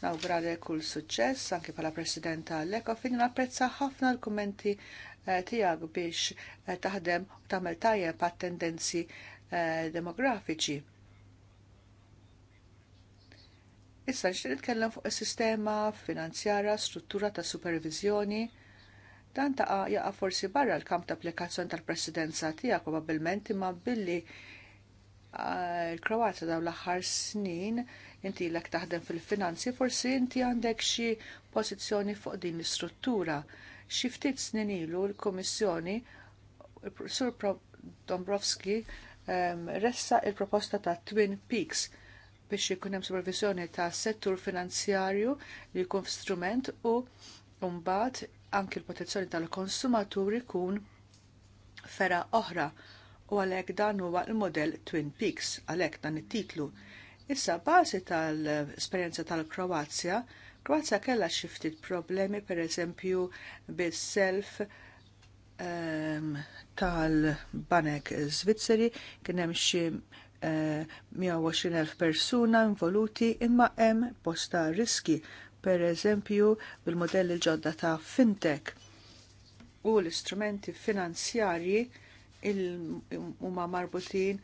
nawgurale kull suċċess anki bħala President tal-Ekofin napprezza ħafna l-kummenti eh, tiegħek biex eh, taħdem u tagħmel tajjeb għat-tendenzi eh, demografiċi. Issa nixtieq nitkellem fuq is-sistema finanzjara, struttura ta' supervizjoni. Dan ta' jaqa' forsi barra l-kamp ta' applikazzjoni tal-presidenza tiegħek probabbilment imma billi il kroatja dawn l-aħħar snin inti l taħdem fil-finanzi forsi inti għandek xi pożizzjoni fuq din l-istruttura. Xi ftit snin ilu l-Kummissjoni Sur Dombrovski ressa il-proposta ta' Twin Peaks biex jikunem hemm supervisjoni ta' settur finanzjarju li jkun strument u mbagħad anki l-protezzjoni tal-konsumatur ikun fera oħra u għalhekk dan huwa l-modell Twin Peaks għalhekk dan it-titlu. Issa bażi tal-esperjenza tal-Kroazja, Kroazja kellha xi ftit problemi pereżempju bis-self um, tal-Banek Zvizzeri kien hemm xi uh, eh, 120.000 persuna involuti imma hemm posta riski pereżempju bil-modelli ġodda ta' fintech u l-istrumenti finanzjarji huma marbutin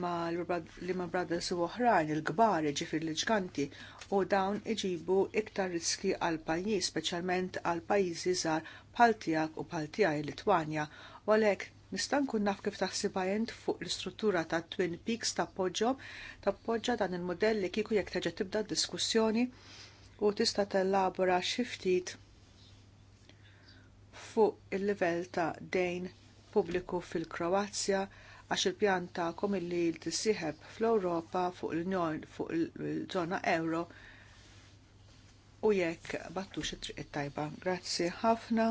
ma l Brothers u oħrajn il-kbar ġifir l-ġganti u dawn iġibu iktar riski għal pajjiż speċjalment għal pajjiżi żgħar bħal tiegħek u bħal tiegħi Litwanja. U għalhekk nista' nkun naf kif taħsibha int fuq l-istruttura ta' Twin Peaks ta' tappoġġa dan il-modell li kieku jekk teġa' tibda d diskussjoni u tista' tellabora xi ftit fuq il-livell ta' dejn pubbliku fil-Kroazja għax il-pjan tagħkom illi tisieħeb fl-Ewropa fuq l il-żona Ewro u jekk battux it-triq it-tajba. Grazzi ħafna.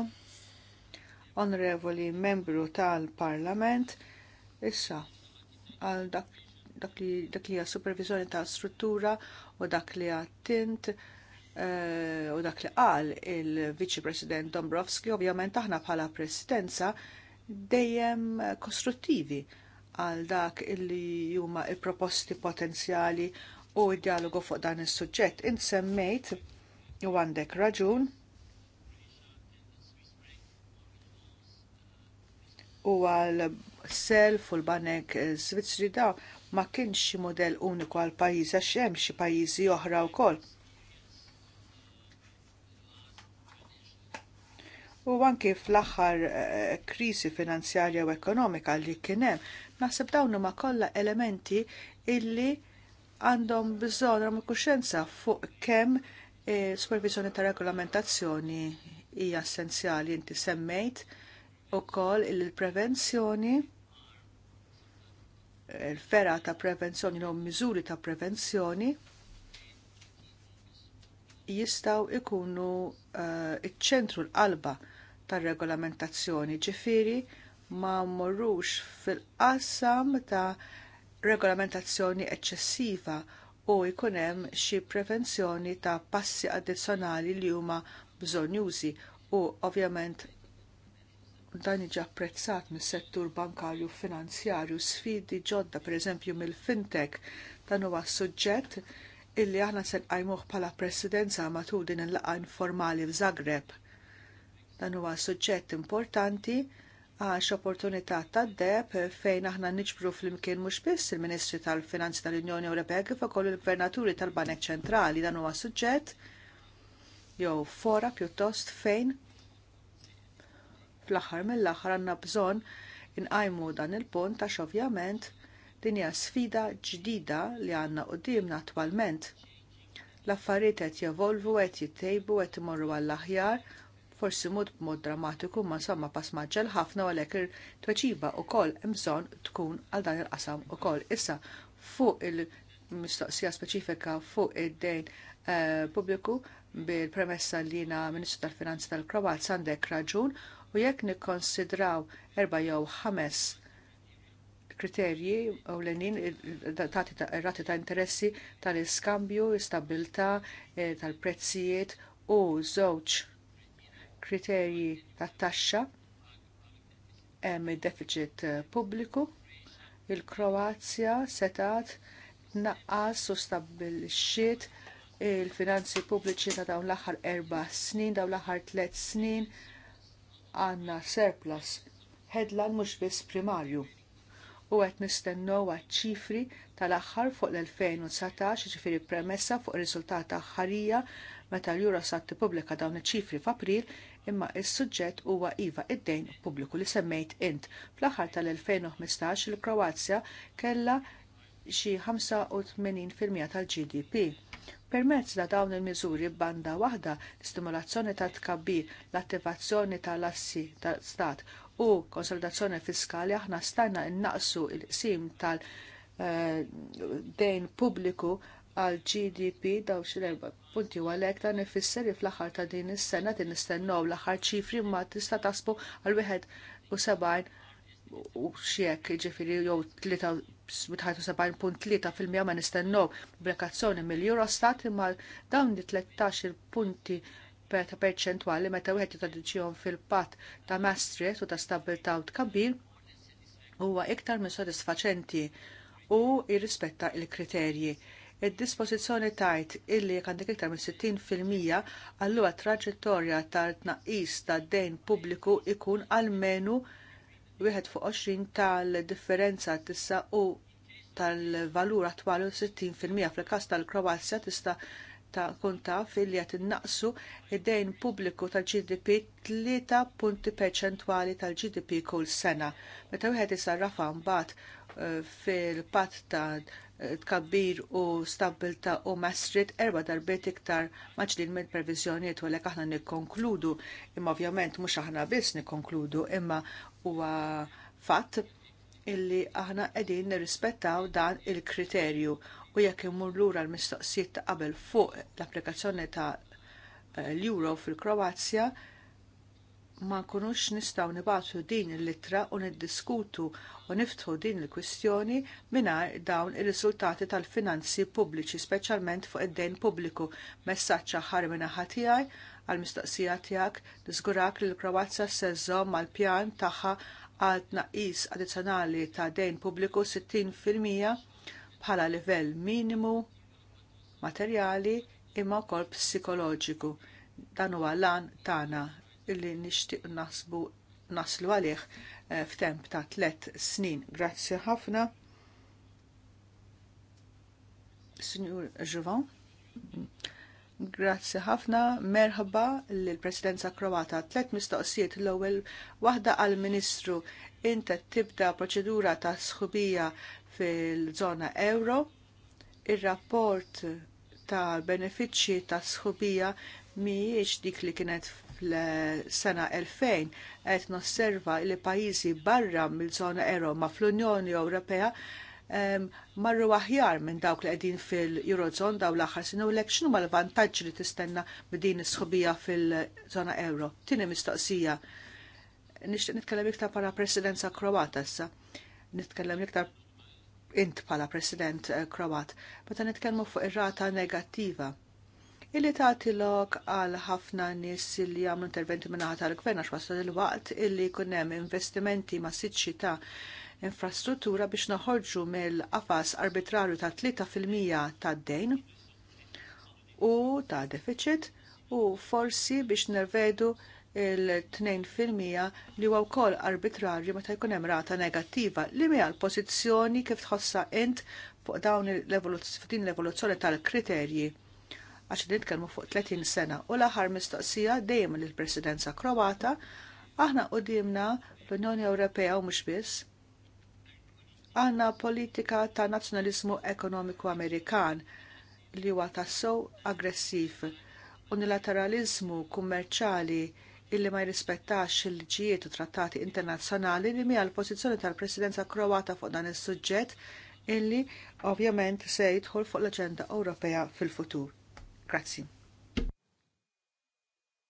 Onorevoli membru tal-Parlament, issa għal dak, dak li dak li supervizjoni ta' struttura u dak li għattint eh, u dak li qal il-Viċi President Dombrovski, ovvjament aħna bħala presidenza dejjem kostruttivi għal dak illi huma il-proposti potenzjali u dialogu fuq dan is-suġġett. Insemmejt u għandek raġun u għal self u l-banek Svizzri da ma kienx model uniku għal pajjiż għaxem hemm xi pajjiżi oħra wkoll U anki fl-aħħar eh, krisi finanzjarja u ekonomika li kienem, naħseb dawnu ma kollha elementi illi għandhom bżonn għandhom kuxenza fuq kemm eh, supervisjoni ta' regolamentazzjoni hija essenzjali inti semmejt ukoll il-prevenzjoni il-fera ta' prevenzjoni u miżuri ta' prevenzjoni jistaw ikunu eh, iċ-ċentru l-qalba tar-regolamentazzjoni, ġifieri ma mmorrux fil-qassam ta' regolamentazzjoni eċċessiva u jkun hemm xi prevenzjoni ta' passi addizzjonali li huma bżonjużi u ovvjament dan iġi apprezzat mis-settur bankarju finanzjarju sfidi ġodda pereżempju mill-fintech dan huwa suġġett illi aħna se nqajmuh bħala presidenza matul din il-laqgħa informali f'Zagreb Dan huwa suġġett importanti għax opportunità tad deb fejn aħna niġbru flimkien mhux biss il-Ministri tal-Finanzi tal-Unjoni Ewropea kif ukoll il-Gvernaturi tal-Banek Ċentrali dan huwa suġġett jew fora pjuttost fejn fl-aħħar mill-aħħar għandna bżonn inqajmu dan il-punt għax ovvjament din hija sfida ġdida li għandna qudiemna attwalment. L-affarijiet qed jevolvu qed jittejbu qed imorru għall aħjar forsi mod b'mod drammatiku ma insomma pass maġġel ħafna u għalhekk il-tweċiba wkoll hemm bżonn tkun għal dan il-qasam ukoll. Issa fuq il-mistoqsija speċifika fuq id-dejn eh, pubbliku bil-premessa li jiena Ministru tal-Finanzi tal-Kroat għandek raġun u jekk nikkonsidraw erba' jew ħames kriterji u l-enin rati ta' interessi tal-iskambju, stabilta, eh, tal-prezzijiet u żewġ kriterji ta' taxxa hemm id-deficit eh, pubbliku, il-Kroazja setat tnaqqas u stabbilixxiet il-finanzi pubbliċi ta' dawn l-aħħar erba' snin, dawn l-aħħar tliet snin għandna surplus headline mhux biss primarju u qed nistennu għat ċifri tal-aħħar fuq l-2019 ċifri premessa fuq ir-riżultat aħħarija meta l-Eurostat tippubblika dawn iċ-ċifri f'April imma is-suġġett huwa iva id-dejn pubbliku li semmejt int. Fl-aħħar tal-2015 il-Kroazja kellha xi 85% tal-GDP. Permezz da dawn il-miżuri banda waħda l-istimulazzjoni ta' tkabbir, l-attivazzjoni tal-assi tal-stat u konsolidazzjoni fiskali aħna stajna innaqsu il-qsim tal-dejn eh, pubbliku għal GDP daw xil punti u għalek dan ifisser fl aħħar ta' din is-sena din nistennew l-aħħar ċifri ma tista' tasbu għal wieħed u sebgħin u xiek ġifiri jew 73.3% ma nistennew blekazzjoni mill-Eurostat imma dawn li 13 il punti ta' perċentwali meta wieħed ta' fil-patt ta' Maastricht u ta' stabilità u tkabbir huwa iktar minn sodisfaċenti u jirrispetta il-kriterji. Id-dispożizzjoni tajt illi għandek iktar minn 60% allura traġettorja tal-tnaqqis tad dejn pubbliku ikun almenu wieħed fuq 20 tal-differenza tissa u tal-valur attwali 60% fil-każ tal-Kroazja tista' ta' konta fil-li għat innaqsu id-dejn pubbliku tal-GDP 3 punti perċentwali tal-GDP kull sena. Meta wieħed isarrafa mbagħad eh, fil-patt ta' tkabbir u stabilta u masrit erba darbiet iktar maġlin minn previżjonijiet u għalhekk aħna nikkonkludu imma ovvjament mhux aħna biss nikkonkludu imma huwa fatt illi aħna qegħdin nirrispettaw dan il-kriterju u jekk imur lura l-mistoqsijiet ta' qabel fuq l-applikazzjoni ta' l-Euro fil-Kroazja, ma nkunux nistgħu nibatu din il-litra u niddiskutu u niftħu din il-kwistjoni mingħajr dawn ir-riżultati tal-finanzi pubbliċi, speċjalment fuq id-dejn pubbliku. Messaġġ aħħar minn tiegħi għall mistoqsija tiegħek niżgurak li l-Kroazja sezzom mal-pjan tagħha għal tnaqqis addizzjonali ta' dejn pubbliku 60 fil-mija bħala livell minimu materjali imma wkoll psikoloġiku. Dan huwa lan tagħna illi nixtieq nasbu naslu għalih eh, f'temp ta' tlet snin. Grazzi ħafna. Signor Jovan. Grazzi ħafna, merħba l-Presidenza Kroata. Tlet mistoqsijiet l-ewwel waħda għal-Ministru. Inta tibda proċedura ta' sħubija fil-żona euro, ir-rapport ta' benefiċċji ta' sħubija mhijiex dik li kienet fl-sena 2000 qed nosserva li pajjiżi barra mill-żona euro ma' fl-Unjoni Ewropea marru aħjar minn dawk li qegħdin fil-Eurozone daw l-aħħar sinu lek x'nu mal-vantaġġ li tistenna b'din sħubija fil-żona euro. Tieni mistoqsija. Nixtieq nitkellem iktar para presidenza Kroata issa. Nitkellem iktar int bħala President eh, Kroat, meta nitkellmu fuq ir-rata negattiva illi tagħti lok għal ħafna nies li jagħmlu interventi minnaħa tal-gvern għax wasal il-waqt illi jkun hemm investimenti massiċċi ta' infrastruttura biex naħorġu mill-qafas arbitrarju ta' 3% tad dejn u ta' deficit u forsi biex nervedu il-2% li huwa wkoll arbitrarju meta jkun hemm rata negattiva li mija l-pożizzjoni kif tħossha int fuq dawn din l-evoluzzjoni tal-kriterji għax nitkellmu fuq 30 sena u l-aħħar mistoqsija dejjem lill-Presidenza Kroata aħna qudiemna l-Unjoni Ewropea u mhux biss għandna politika ta' nazzjonaliżmu ekonomiku Amerikan li huwa tassew aggressiv unilateralizmu kummerċali illi ma jirrispettax il-ġijiet u trattati internazzjonali li mija l-pożizzjoni tal-Presidenza Kroata fuq dan is-suġġett illi ovvjament se jidħol fuq l-Aġenda Ewropea fil-futur. Grazzi.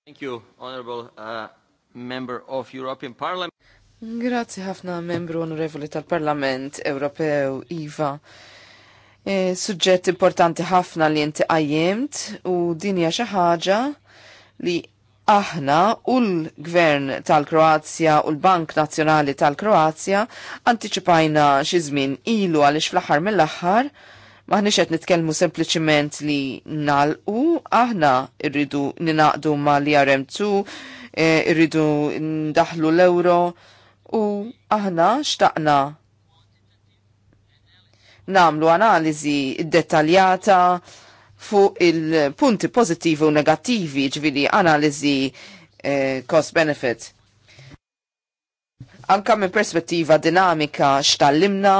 Thank you, Honorable uh, Member of European Parliament. Grazzi ħafna membru onorevoli tal-Parlament Ewropew Iva. E, Suġġett importanti ħafna li inti għajjemt u dinja xi ħaġa li aħna u l-Gvern tal-Kroazja u l-Bank Nazzjonali tal-Kroazja antiċipajna xi żmien ilu għaliex fl-aħħar mill-aħħar maħniex qed nitkellmu sempliċiment li nalqu, aħna rridu ninaqdu ma li RM2, irridu e, ndaħlu l-euro u aħna xtaqna namlu analiżi dettaljata fuq il-punti pozittivi u negattivi ġvili analizi eh, cost-benefit. Anka minn perspettiva dinamika xtallimna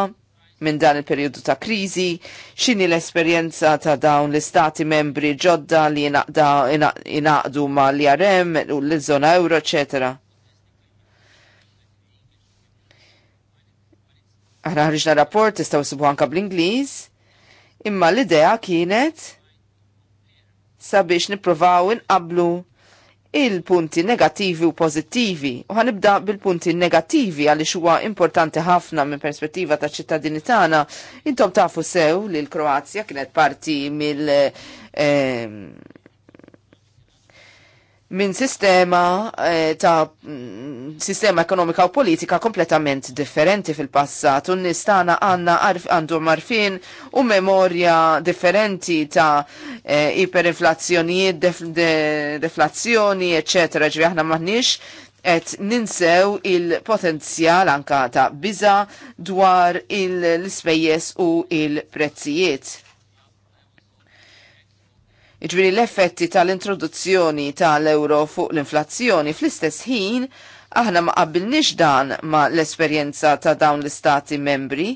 minn dan il-periodu ta' krizi, xini l-esperienza ta' dawn l-istati membri ġodda li jinaqdu ma' l-jarem u l-zona euro, eccetera. Aħna ħriġna rapport, istaw sibu anka bl-Ingliż, imma l-idea kienet sabiex niprovaw inqablu il-punti negativi u pozittivi. U ħanibda bil-punti negativi għaliex huwa importanti ħafna minn perspettiva ta' ċittadini tagħna. Intom tafu sew li l-Kroazja kienet parti mill- eh, minn sistema eh, ta' mm, sistema ekonomika u politika kompletament differenti fil-passat. Un nistana għanna għandu marfin u memorja differenti ta' eh, iperinflazzjonijiet, def, de, deflazzjoni, eccetera. Ġvi aħna maħnix et ninsew il-potenzjal anka ta' biza dwar il-spejjes u il-prezzijiet Iġbiri l-effetti tal-introduzzjoni tal-euro fuq l-inflazzjoni fl-istess ħin, aħna ma qabbilniex dan ma l-esperjenza ta' dawn l-istati membri.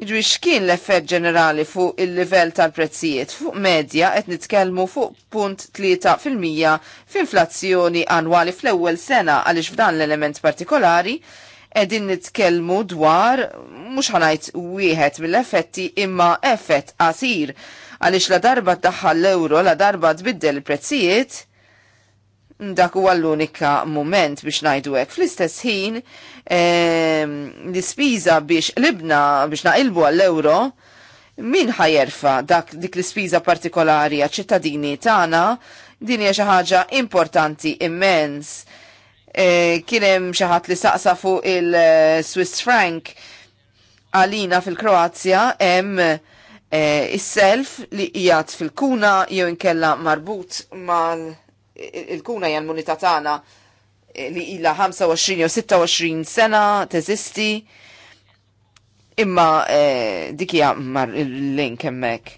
Iġbiri xkien l-effett ġenerali fuq il-livell tal-prezzijiet fuq medja qed nitkellmu fuq punt 3 fil-mija f'inflazzjoni annwali fl-ewwel sena għaliex f'dan l-element partikolari edin nitkellmu dwar mhux ħanajt wieħed mill-effetti imma effett qasir għaliex la darba taħħa l-euro, la darba tbiddel il-prezzijiet, dak huwa l-unika moment biex ngħidu hekk. Fl-istess ħin l-ispiża biex libna biex naqilbu għall-euro min ħajerfa dak dik l-ispiża partikolari għaċ-ċittadini tagħna din hija xi ħaġa importanti immens. E, kien hemm xi ħadd li saqsa fuq il-Swiss franc għalina fil-Kroazja hemm E, is-self li jgħat fil-kuna jew inkella marbut mal il-kuna hija munita tana tagħna e, li ilha 25 jew 26 sena teżisti imma e, dik hija link hemmhekk.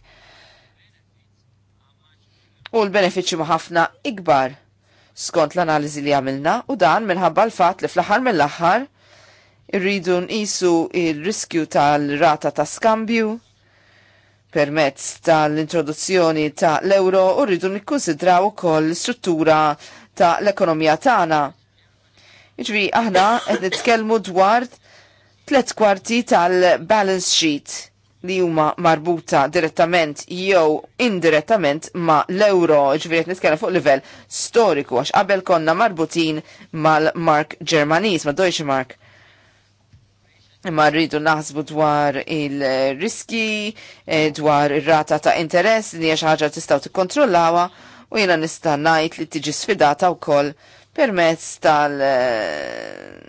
U l-benefiċċju ma' ħafna ikbar skont l-analiżi li għamilna u dan minħabba l-fatt li fl-aħħar mill-aħħar irridu nqisu il-riskju tal-rata ta' skambju Permezz tal-introduzzjoni ta' l-euro u rridu nikkonsidraw ukoll l-istruttura ta' l-ekonomija tagħna. Iġri aħna qed nitkellmu dwar tliet kwarti tal-balance sheet li huma marbuta direttament jew indirettament ma l-euro, ġifieri qed nitkellem fuq livell storiku għax qabel konna marbutin mal-Mark Ġermaniż, ma' Deutsche Mark imma rridu naħsbu dwar il-riski, eh, dwar ir-rata ta' interess li hija ħaġa tistgħu tikkontrollawha u jiena nista' ngħid li tiġi sfidata wkoll permezz tal eh,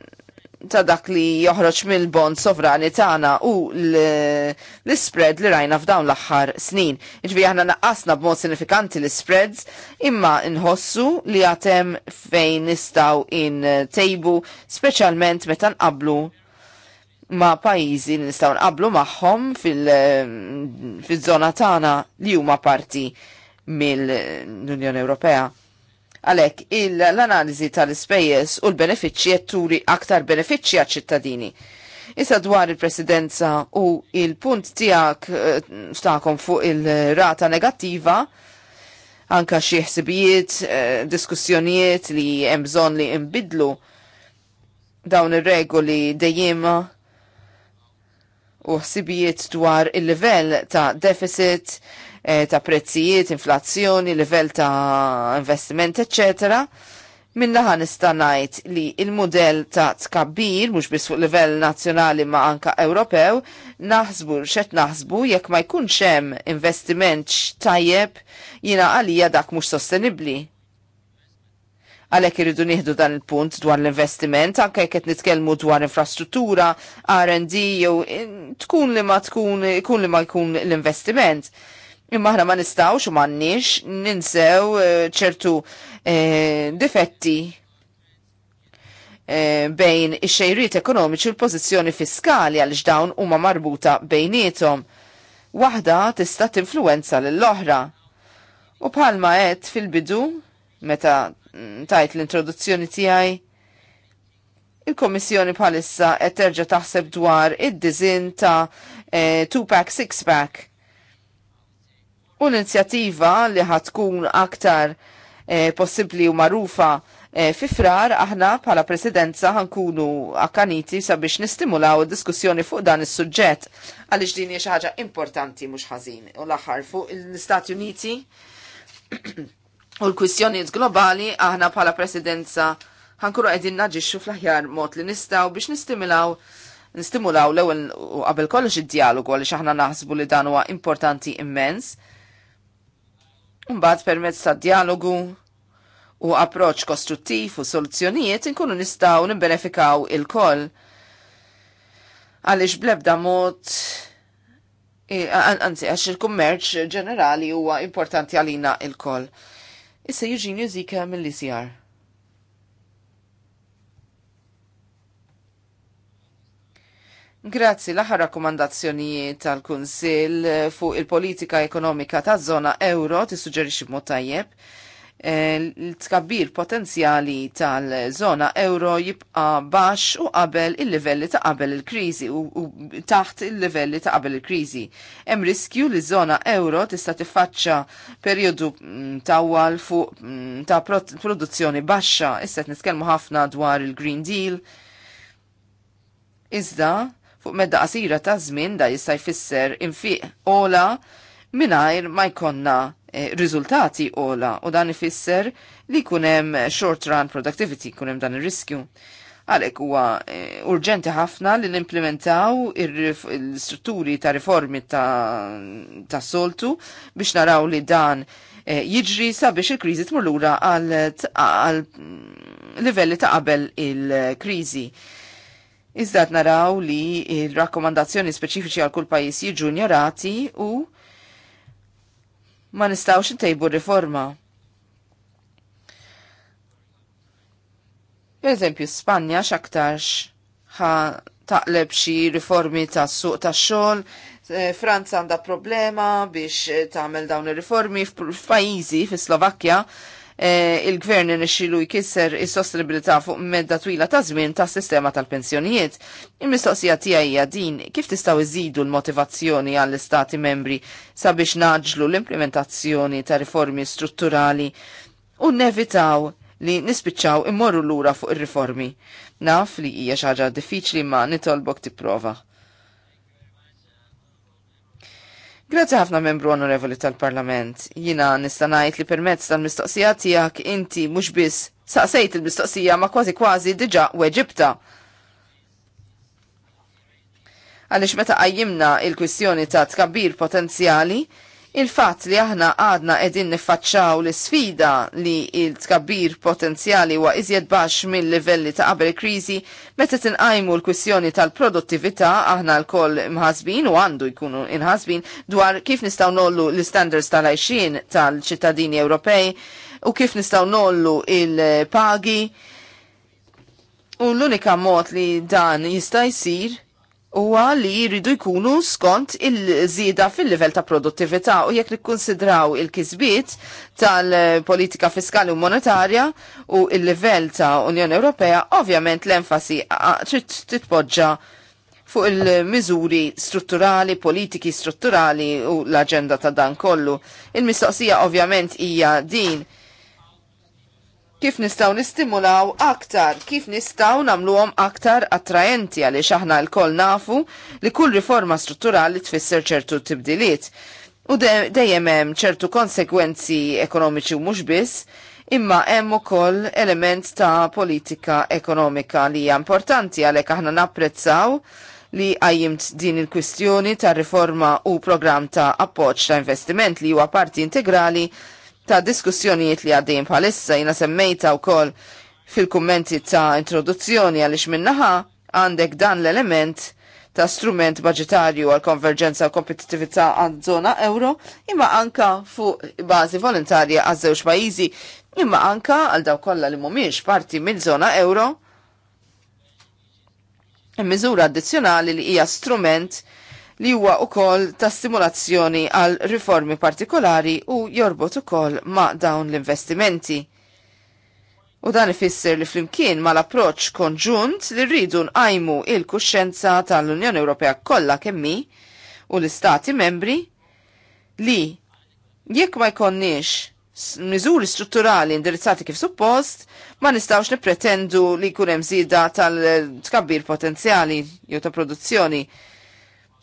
ta' dak li joħroġ mill-bond sovrani tagħna u l-spread li rajna f'dawn l-aħħar snin. Iġbi aħna naqqasna b'mod sinifikanti l-spreads imma nħossu li għatem fejn nistaw in tejbu speċjalment meta nqablu ma' pajizi li nistaw nqablu magħhom fil-żona fil ehm, tagħna li huma parti mill-Unjoni Ewropea. Għalek, l-analizi tal-ispejjeż u l-benefiċċji qed aktar benefiċċji għal ċittadini Issa dwar il-presidenza u il-punt tiegħek stakom eh, fuq il-rata negattiva, anka xi ħsibijiet, eh, diskussjonijiet li hemm bżonn li imbidlu dawn ir-regoli dejjema u ħsibijiet dwar il-livell ta' deficit, eh, ta' prezzijiet, inflazzjoni, livell ta' investiment, etc. Minnaħa nista' ngħid li il-mudell ta' tkabbir mhux biss fuq livell nazzjonali ma' anka Ewropew, naħsbu xet naħsbu jekk ma jkunx hemm investiment tajjeb jiena għalija dak mhux sostenibbli Għalhekk irridu nieħdu dan il-punt dwar l-investiment, anke jekk qed nitkellmu dwar infrastruttura, R&D jew tkun li ma tkun ikun li ma jkun l-investiment. Imma aħna ma nistgħux u m'għandniex ninsew eh, ċertu eh, difetti eh, bejn ix-xejriet ekonomiċi u l-pożizzjoni fiskali għal dawn huma marbuta bejnietom. Waħda tista' tinfluwenza lill-oħra. U bħalma qed fil-bidu meta tajt l-introduzzjoni tiegħi. Il-Komissjoni bħalissa qed terġa' taħseb dwar id-diżin ta' 2-pack, e, 6-pack. U l-inzjattiva li ħatkun aktar e, possibbli u marufa e, fi frar aħna bħala presidenza ħankunu akkaniti sabiex nistimulaw diskussjoni fuq dan is-suġġett għaliex din hija xi ħaġa importanti mhux ħażin. U l-aħħar fuq l-Istati Uniti U l-kwistjonijiet globali aħna bħala presidenza ħankuru qegħdin naġixxu fl-aħjar mod li nistgħu biex nistimilaw nistimulaw l-ewwel u qabel kollox id-dialogu għaliex aħna naħsbu li dan huwa importanti immens. Mbagħad permezz ta' dialogu u approċ kostruttiv u soluzzjonijiet inkunu nistgħu nibbenefikaw il-koll. Għaliex blebda mod anzi għax il-kummerċ ġenerali huwa importanti għalina il-koll. Issa Eugenio Zika mill-ICR. Grazzi l-aħħar rakkomandazzjonijiet tal-Kunsill fuq il-politika ekonomika ta' zona euro tissuġġerixxi b'mod tajjeb Eh, l-tkabbir potenzjali tal-zona euro jibqa baxx u qabel il-livelli ta' qabel il-krizi u, taħt il-livelli ta' qabel il-krizi. Hemm riskju li zona euro tista' tiffaċċa perjodu mm, tawwal fuq mm, ta' produzzjoni baxxa. Issa nitkellmu ħafna dwar il-Green Deal. Iżda fuq medda qasira ta' żmien da jista' jfisser infiq ola Minajr ma jkollna eh, riżultati ola u dan ifisser li kunem short run productivity kunem dan ir-riskju. Għalek huwa eh, urġenti ħafna li l-implementaw il-strutturi ta' riformi ta', soltu biex naraw li dan eh, jiġri sabiex il-krizi tmur lura għal livelli ta' qabel il-krizi. Iżda naraw li il-rakkomandazzjoni speċifiċi għal kull pajis jiġu njarati u ma nistawx intejbu riforma. Per eżempju, Spanja xaktarx ħa taqleb xi riformi tas suq tax xogħol, eh, Franza għandha problema biex tagħmel dawn ir-riformi f'pajjiżi fis-Slovakkja Eh, il-gvern nixxilu jkisser is-sostenibilità fuq medda twila ta' żmien ta' sistema tal-pensjonijiet. Il-mistoqsija tiegħi hija din kif tistgħu iżidu l-motivazzjoni għall-istati membri sabiex naġlu l-implementazzjoni ta' riformi strutturali u nevitaw li nispiċċaw immorru lura fuq ir-riformi. Naf li hija xi ħaġa diffiċli ma nitolbok tipprova. Grazzi ħafna membru onorevoli tal-Parlament. Jina nistanajt li permezz tal-mistoqsija tijak inti mux biss saqsejt il-mistoqsija ma kważi kważi diġa weġibta. Għalix meta qajjimna il-kwistjoni ta' tkabbir potenzjali, Il-fatt li aħna għadna edin nifacċaw l-sfida li il-tkabbir potenzjali wa iżjed baxx mill-livelli ta' qabel krizi, meta tinqajmu l-kwissjoni tal-produttività aħna l-koll imħasbin u għandu jkunu imħasbin dwar kif nistaw nollu l-standards tal-għajxin tal-ċittadini Ewropej u kif nistaw nollu il-pagi. U l-unika mod li dan jista' jsir huwa li jridu jkunu skont il-żieda fil-livell ta' produttività u jekk nikkonsidraw il-kisbiet tal-politika fiskali u monetarja u il-livell ta' Unjoni Ewropea, ovvjament l-enfasi titpoġġa fuq il-miżuri strutturali, politiki strutturali u l-agenda ta' dan kollu. Il-mistoqsija ovvjament hija din kif nistaw nistimulaw aktar, kif nistaw namluhom aktar attrajenti għaliex aħna l-koll nafu li kull riforma strutturali tfisser ċertu tibdiliet. U dejjem hemm ċertu konsekwenzi ekonomiċi u mhux biss, imma hemm ukoll element ta' politika ekonomika li hija importanti għalhekk aħna napprezzaw li għajjimt din il-kwistjoni ta' riforma u program ta' appoċ ta' investiment li huwa parti integrali ta' diskussjonijiet li għaddejn bħalissa jina semmejta wkoll fil-kummenti ta' introduzzjoni għaliex minnaħa għandek dan l-element ta' strument budgetarju għal konverġenza u kompetitività għal zona euro, imma anka fuq bażi volontarja għaż żewġ pajjiżi, imma anka għal daw kollha li mhumiex parti mill-żona euro. Miżura addizzjonali li hija strument li huwa ukoll ta' stimulazzjoni għal riformi partikolari u jorbot ukoll ma' dawn l-investimenti. U dan ifisser li flimkien ma l-approċ konġunt li rridu nqajmu il-kuxenza tal-Unjoni Ewropea kollha kemmi u l-Istati membri li jekk ma jkonniex miżuri strutturali indirizzati kif suppost, ma nistawx nipretendu li jkun hemm żieda tal-tkabbir potenzjali jew ta' produzzjoni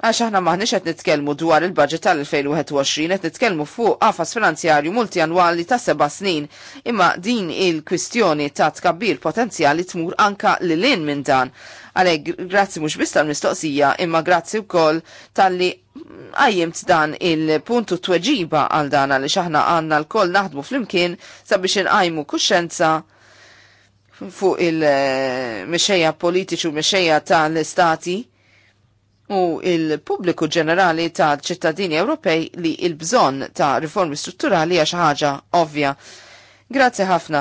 Għax aħna maħniex qed nitkellmu dwar il-budget tal-2021 qed nitkellmu fuq għafas finanzjarju multianwali ta' seba' snin, imma din il-kwistjoni ta' tkabbir potenzjali tmur anka l-in minn dan. Għalhekk grazzi mhux biss tal-mistoqsija, imma grazzi wkoll tal-li għajjimt dan il-puntu tweġiba għal dan għaliex aħna għandna l-koll naħdmu flimkien sabiex inqajmu kuxenza fuq il-mexxejja politiċi u mexxejja tal-istati u il-pubbliku ġenerali ta' ċittadini Ewropej li il-bżon ta' riformi strutturali għax ħaġa ovvja. Grazzi ħafna.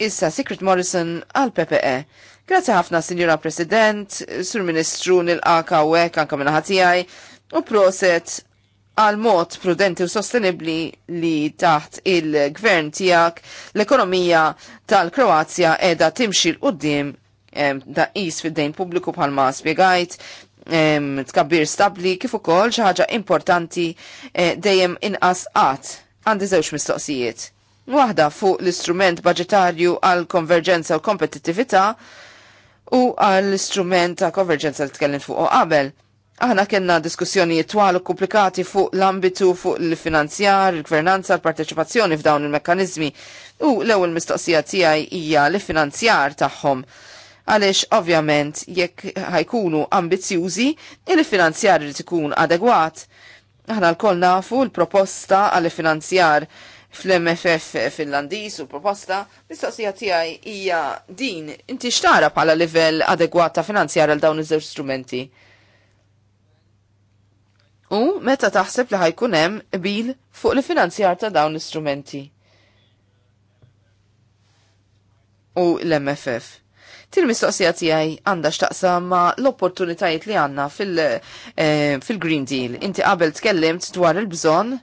Issa Secret Morrison għal PPE. Grazzi ħafna, Signora President, Sur Ministru nil-AKA u ek anka minna u proset għal mod prudenti u sostenibli li taħt il-gvern tijak l-ekonomija tal-Kroazja edha timxil d-dim is fid-dejn pubbliku bħalma spiegajt, tkabbir stabli kif ukoll xi ħaġa importanti eh, dejjem inqas qatt. Għandi żewġ mistoqsijiet. Waħda fuq l-istrument budgetarju għal konverġenza u kompetittività u għall istrument ta' konverġenza li tkellim fuq qabel. Aħna kena diskussjonijiet twal u komplikati fuq l-ambitu, fuq l-finanzjar, il-gvernanza, l-parteċipazzjoni f'dawn il-mekkanizmi. U l-ewwel mistoqsija tiegħi hija l-finanzjar tagħhom għaliex ovvjament jekk ħajkunu ambizjużi, il-finanzjar li ikun adegwat. Aħna l-koll nafu l-proposta għal-finanzjar fl-MFF finlandis u proposta, mistoqsija tiegħi hija din inti xtara bħala livell adegwat ta' finanzjar għal dawn iż strumenti. U meta taħseb li ħajkun hemm bil fuq li finanzjar ta' dawn l-istrumenti. U l-MFF. Til mistoqsija tiegħi għandha x'taqsam ma l-opportunitajiet li għandna eh, fil-Green Deal. Inti qabel tkellimt dwar il-bżonn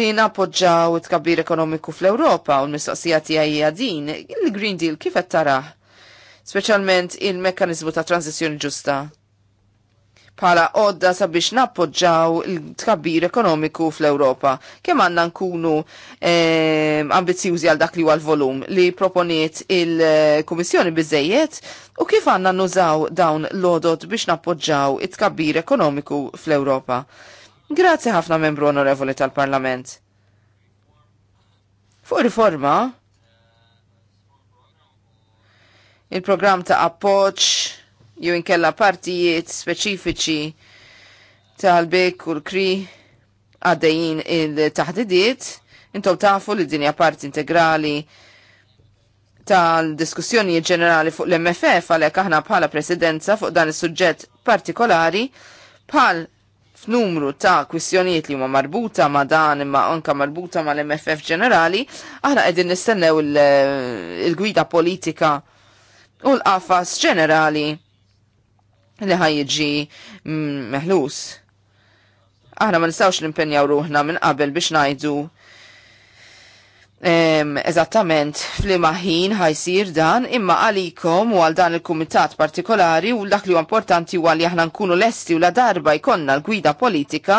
li napoġġaw it-kabbir ekonomiku fl-Ewropa u l-mistoqsija tiegħi hija din, il-Green Deal kif qed Specialment Speċjalment il-mekkaniżmu ta' transizzjoni ġusta bħala odda sabiex nappoġġaw il-tkabbir ekonomiku fl-Ewropa. Kemm għandna nkunu eh, ambizjużi għal dak li huwa l-volum li proponiet il-Kummissjoni biżejjed u kif għandna nużaw dawn l-odot biex nappoġġaw it-tkabbir ekonomiku fl-Ewropa. Grazzi ħafna membru onorevoli tal-Parlament. Fuq riforma, il-programm ta' appoġġ jew inkella partijiet speċifiċi tal-bek u l-kri għaddejjin il-taħdidiet, intom tafu li dinja parti integrali tal-diskussjoni ġenerali fuq l-MFF għalek aħna bħala presidenza fuq dan is-suġġett partikolari bħal f'numru ta' kwistjonijiet li huma marbuta ma' dan imma anka marbuta ma' l-MFF ġenerali, aħna qegħdin nistennew il-gwida politika u l-qafas ġenerali li ħajġi mm, meħlus. Aħna ma nistawx nimpenjaw ruħna minn qabel biex najdu eżattament fl-ima ħin ħajsir dan imma għalikom u għal dan il-kumitat partikolari u dak li huwa importanti u għalli aħna nkunu lesti u la darba jkonna l-gwida politika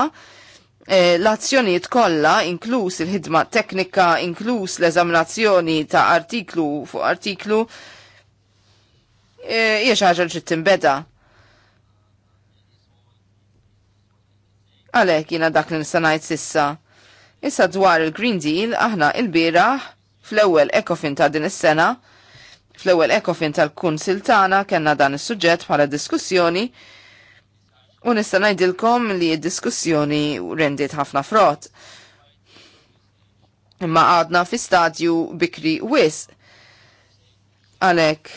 eh, l-azzjonijiet kollha inkluż il-ħidma teknika, inkluż l-eżaminazzjoni ta' artiklu fuq artiklu, eh, hija xi ħaġa li tinbeda Għalek jina dak li nistanajt sissa. Issa dwar il-Green Deal aħna il-biraħ fl-ewwel ekofin ta' din is-sena fl-ewwel ekofin tal-Kunsil tagħna kellna dan is-suġġett bħala diskussjoni u nista' ngħidilkom li d-diskussjoni rendiet ħafna frott. Imma għadna fi stadju bikri wis. Għalhekk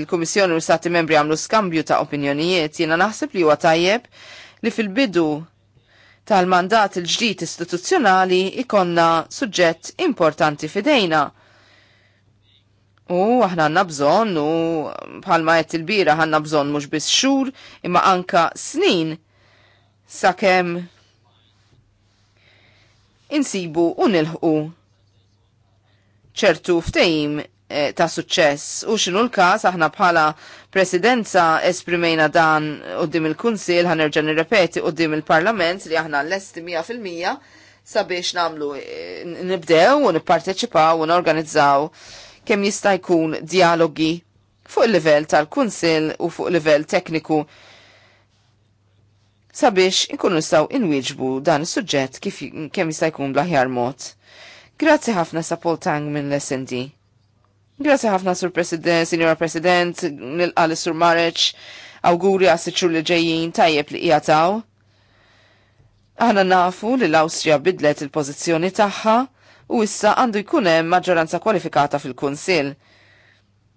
il-Kummissjoni u stati membri għamlu skambju ta' opinjonijiet jiena naħseb li huwa tajjeb li fil-bidu tal-mandat il-ġdid istituzzjonali ikonna suġġett importanti fidejna. U aħna għanna bżon, u bħalma għet il-bira għanna bżon mux bis xur, imma anka snin, sakem insibu u nilħu ċertu ftejim eh, ta' suċċess u xinu l-kas aħna bħala presidenza esprimejna dan dim il-Kunsil ir-repeti nirrepeti dim il-Parlament li aħna l-esti 100% sabiex namlu eh, nibdew u nipparteċipaw u norganizzaw kemm jista' jkun dialogi fuq il-livell tal-Kunsil u fuq il-livell tekniku sabiex inkunu nistaw inwiġbu dan is-suġġett kif kemm jista' jkun bl-aħjar mod. Grazzi ħafna sa Paul Tang minn l-SND. Grazie ħafna, Sur President, Signora President, nil għalli Sur Mareċ, awguri għas li ġejjin tajjeb li jgħataw. Aħna nafu li l-Awstrija bidlet il-pożizzjoni tagħha u issa għandu jkun hemm maġġoranza kwalifikata fil-Kunsill.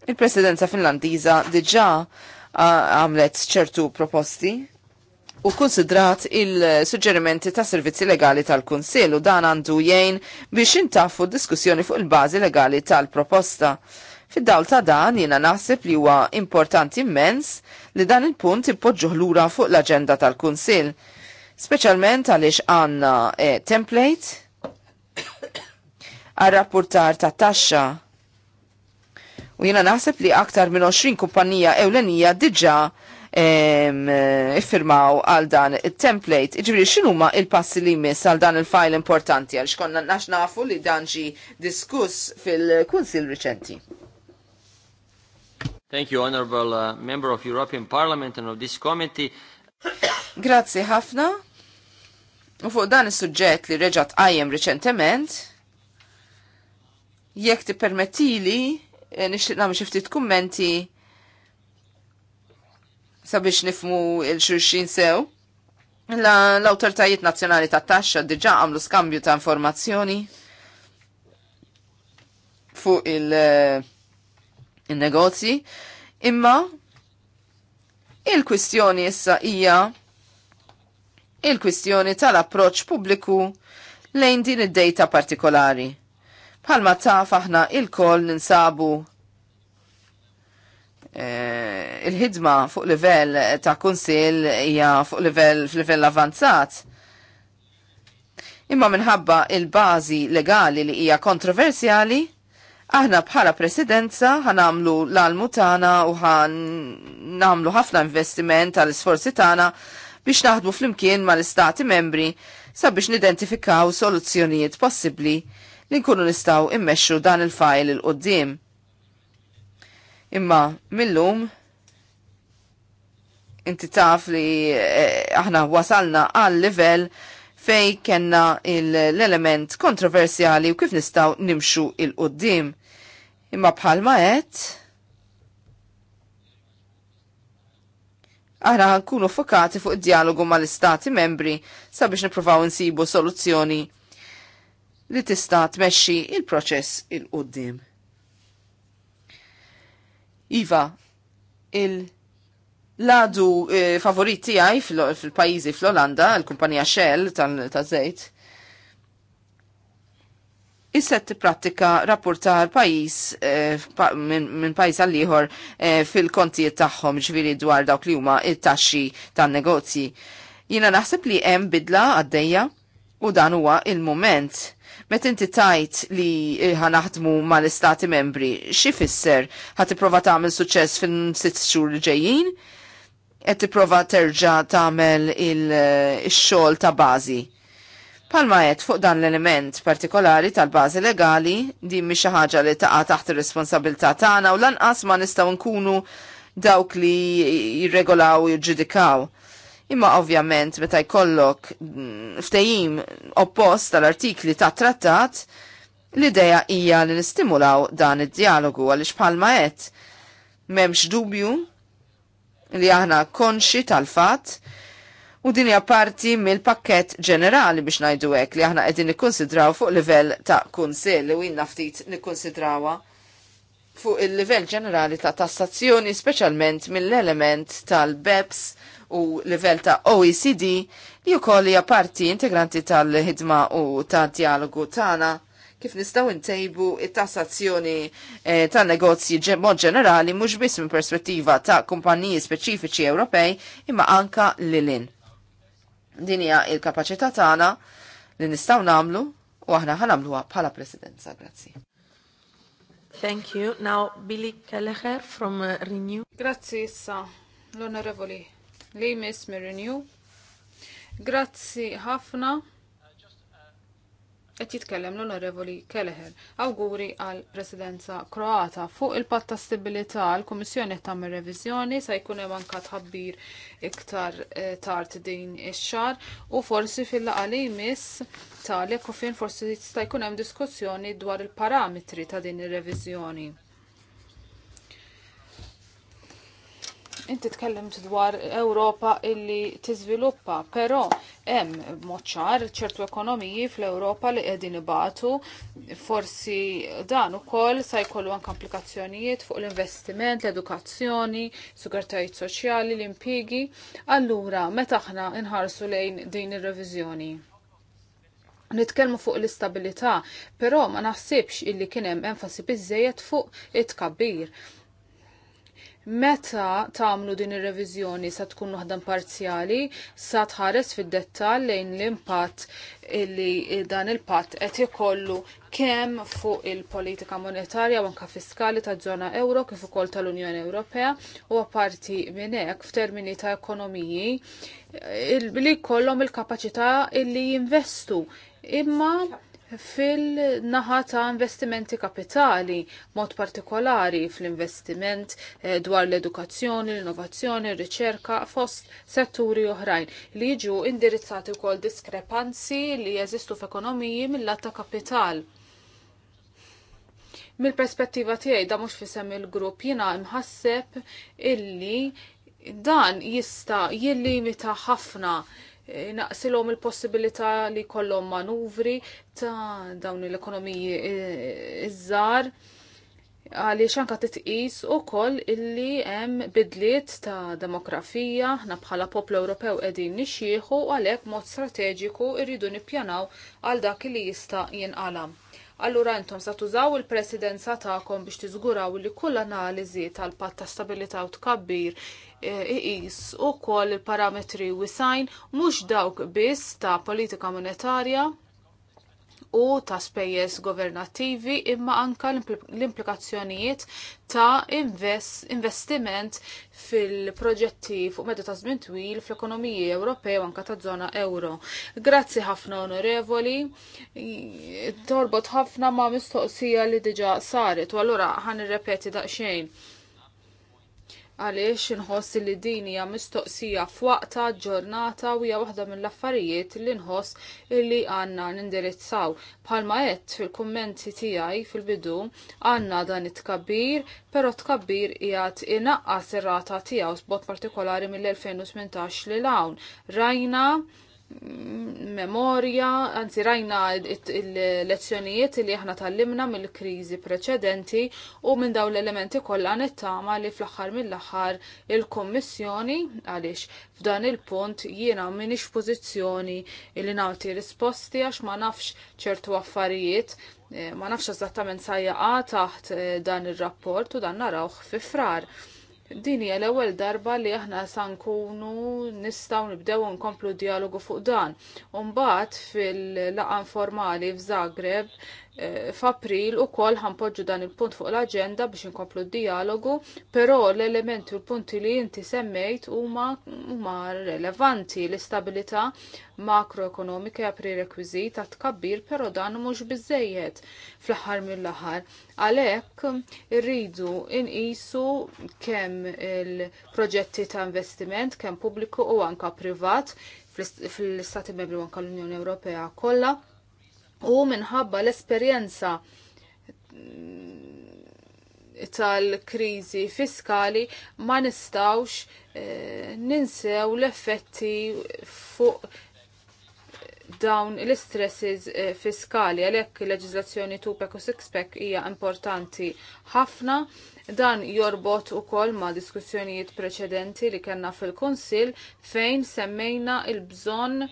Il-Presidenza Finlandiża diġà għamlet ċertu proposti u konsidrat il-suġġerimenti ta' servizzi legali tal-Kunsill u dan għandu jgħin biex intaffu diskussjoni fuq il-bażi legali tal-proposta. Fid-dawl ta' dan jiena naħseb li huwa importanti immens li dan il-punt ippoġġuh lura fuq l-aġenda tal-Kunsill. Speċjalment għaliex għandna e, template għal-rapportar ta' taxxa u jina naħseb li aktar minn 20 kumpanija ewlenija diġa Eh, iffirmaw għal dan il-template. xinu ma il-passi li jmiss għal dan il-fajl importanti għal xkonna nax nafu li dan ġi diskuss fil-kunsil riċenti. Thank you, Honorable uh, Member of European Parliament and of this committee. Grazzi ħafna. U fuq dan is-suġġett li reġat qajjem riċentement, jekk tippermettili eh, nixtieq nagħmel xi ftit kummenti sabiex nifmu il-xurxin sew. L-autoritajiet la nazjonali ta' taxxa diġa għamlu skambju ta' informazzjoni fuq il-negozji, il eh, imma il-kwistjoni issa hija il-kwistjoni tal-approċ pubbliku lejn din id-data partikolari. Bħalma taf aħna il-koll ninsabu Eh, il-ħidma fuq livell ta' kunsil hija fuq livell f'livell avanzat. Imma minħabba il-bażi legali li hija kontroversjali, aħna bħala presidenza ħanamlu l-almu tagħna u ħan ħafna investiment tal-isforzi tagħna biex naħdmu flimkien mal-istati membri sabiex nidentifikaw soluzzjonijiet possibbli li nkunu nistgħu immexxu dan il-fajl il-qoddim. il fajl il qoddim il Imma millum inti taf li eh, aħna wasalna għal livell fej kena l-element kontroversjali u kif nistaw nimxu il-qoddim. Imma bħalma maħet aħna nkunu fokati fuq id-dialogu mal-istati membri sabiex niprofaw nsibu soluzzjoni li tista' tmexxi il-proċess il-qoddim. il proċess il qoddim Iva, il- Ladu eh, favoriti tiegħi fil-pajjiżi fl-Olanda, l-kumpanija Shell tal-żejt. Issa t-pratika rapportar pajis eh, pa, minn min pajis għalliħor eh, fil-kontijiet tagħhom ġviri dwar dawk li huma il taxxi tan-negozji. Jiena naħseb li hemm bidla għaddejja u dan huwa il-moment Met inti tajt li ħanaħdmu mal-istati membri, xi fisser ħat tipprova tagħmel suċċess fin-sitt xhur li ġejjin? Qed tipprova terġa' tagħmel il-xogħol ta' bażi. Palma qed fuq dan l-element partikolari tal-bażi legali din mi xi ħaġa li ta' taħt ir-responsabilità tagħna u lanqas ma nistgħu nkunu dawk li jirregolaw u jiġġudikaw Imma ovvjament meta jkollok mm, ftejim oppost tal-artikli ta' trattat, l-ideja hija li nistimulaw dan id-dialogu għaliex bħalma qed m'hemmx dubju li aħna konxi tal-fatt u din hija parti mill-pakkett ġenerali biex ngħidu hekk li aħna qegħdin nikkonsidraw fuq livell ta' kunsill li jinna ftit nikkonsidrawha fuq il-livell ġenerali ta' tassazzjoni speċjalment mill-element tal-BEPS u livell ta' OECD li wkoll koll parti integranti tal-ħidma u tad-dialogu tagħna kif nistgħu ntejbu it-tassazzjoni eh, tan-negozji mod ġenerali mhux biss minn perspettiva ta' kumpaniji speċifiċi Ewropej imma anka lilin. Din hija l-kapaċità tagħna li nistgħu nagħmlu u aħna ħanamluha bħala presidenza. Grazzi. Thank you. Now Billy Kelleher from uh, Renew. Grazzi issa l-Onorevoli li miss Mirinju. Grazzi ħafna. Qed jitkellem l-Onorevoli Keleher. Awguri għal Presidenza Kroata fuq il-patt ta' stabilità l-Kummissjoni tagħmel reviżjoni se jkun hemm anke tħabbir iktar eh, tard din ix-xahar u forsi fil-laqgħa li tal-ekofin forsi jista' jkun hemm diskussjoni dwar il-parametri ta' din ir revizjoni Inti tkellimt dwar Ewropa illi tiżviluppa, però hemm moċċar ċertu ekonomiji fl-Ewropa li qegħdin ibatu, forsi dan ukoll se jkollu anke applikazzjonijiet fuq l-investiment, l-edukazzjoni, sigurtajiet soċjali, l impigi Allura, meta aħna nħarsu lejn din ir-reviżjoni? Nitkellmu fuq l-istabilità, però ma naħsibx illi kien hemm enfasi biżejjed fuq it-tkabbir. Meta tagħmlu din ir-reviżjoni sa tkun waħda parzjali, sa tħares fid-dettall lejn l-impatt li dan il-patt qed ikollu kemm fuq il-politika monetarja u anka fiskali ta' żona euro kif ukoll tal-Unjoni Ewropea u apparti minn hekk f'termini ta' ekonomiji li jkollhom il-kapaċità li jinvestu imma fil-naħa ta' investimenti kapitali, mod partikolari fl-investiment eh, dwar l-edukazzjoni, l-innovazzjoni, r-riċerka fost setturi oħrajn li jiġu indirizzati wkoll diskrepanzi li jeżistu f'ekonomiji mill-lat ta' kapital. Mill-perspettiva tiegħi da mhux fisem il-grupp jiena imħasseb illi dan jista' jillimita ħafna naqsilhom il-possibilità li kollom manuvri ta' dawn l-ekonomiji e, iż-żar għaliex anka titqis ukoll illi hemm bidliet ta' demografija ħna bħala poplu Ewropew qegħdin nixjieħu għalhekk mod strateġiku rridu nippjanaw għal dak li jista' jinqalam allura intom sa tużaw il-presidenza tagħkom biex tiżguraw li kull analiżi tal-patt ta' stabilità u tkabbir e, iqis ukoll il-parametri wisajn mhux dawk biss ta' politika monetarja u ta' spejjeż governattivi imma anka l-implikazzjonijiet ta' investiment fil-proġetti fuq medda ta' żmien twil fl-ekonomiji Ewropej u anka ta' żona euro. Grazzi ħafna onorevoli, torbot ħafna ma' mistoqsija li diġa saret u allura ħan irrepeti daqsxejn għaliex inħoss li din hija mistoqsija f'waqta ġurnata u hija waħda mill-affarijiet li nħoss li għandna nindirizzaw. Bħalma qed fil-kummenti tiegħi fil-bidu għandna dan it-tkabbir, però tkabbir qiegħed inaqqas ir-rata tiegħu b'mod partikolari mill-2018 li hawn. Rajna memorja, anzi rajna il-lezzjonijiet li aħna tallimna mill-kriżi preċedenti u minn dawn l-elementi kollha nittama li fl-aħħar mill-aħħar il-Kommissjoni għaliex f'dan il-punt jiena m'iniex pożizzjoni li nagħti risposti għax ma nafx ċertu affarijiet eh, ma nafx eżattament sajjaqa taħt eh, dan ir-rapport u dan narawh fi frar. Din hija l-ewwel darba li aħna sa nkunu nistgħu nibdew nkomplu dialogu fuq dan. Umbagħad fil laqan formali f'Zagreb Eh, f'April ukoll ħanpoġġu dan il-punt fuq l-aġenda biex inkomplu d-dialogu, però l-elementi u l-punti li inti semmejt huma huma relevanti l-istabilità makroekonomika ja prerekwiżit ta' tkabbir, però dan mhux biżejjed fl-aħħar mill-aħħar. Għalhekk irridu inqisu kemm il-proġetti ta' investiment kemm pubbliku u anka privat fl-Istati Membri u anka l-Unjoni Ewropea kollha u minħabba l-esperjenza tal-krizi fiskali ma nistawx eh, ninsew l-effetti fuq dawn l-istresses eh, fiskali għalhekk il-leġiżlazzjoni tupek u sixpek hija importanti ħafna dan jorbot ukoll ma' diskussjonijiet preċedenti li kellna fil-Kunsill fejn semmejna il-bżonn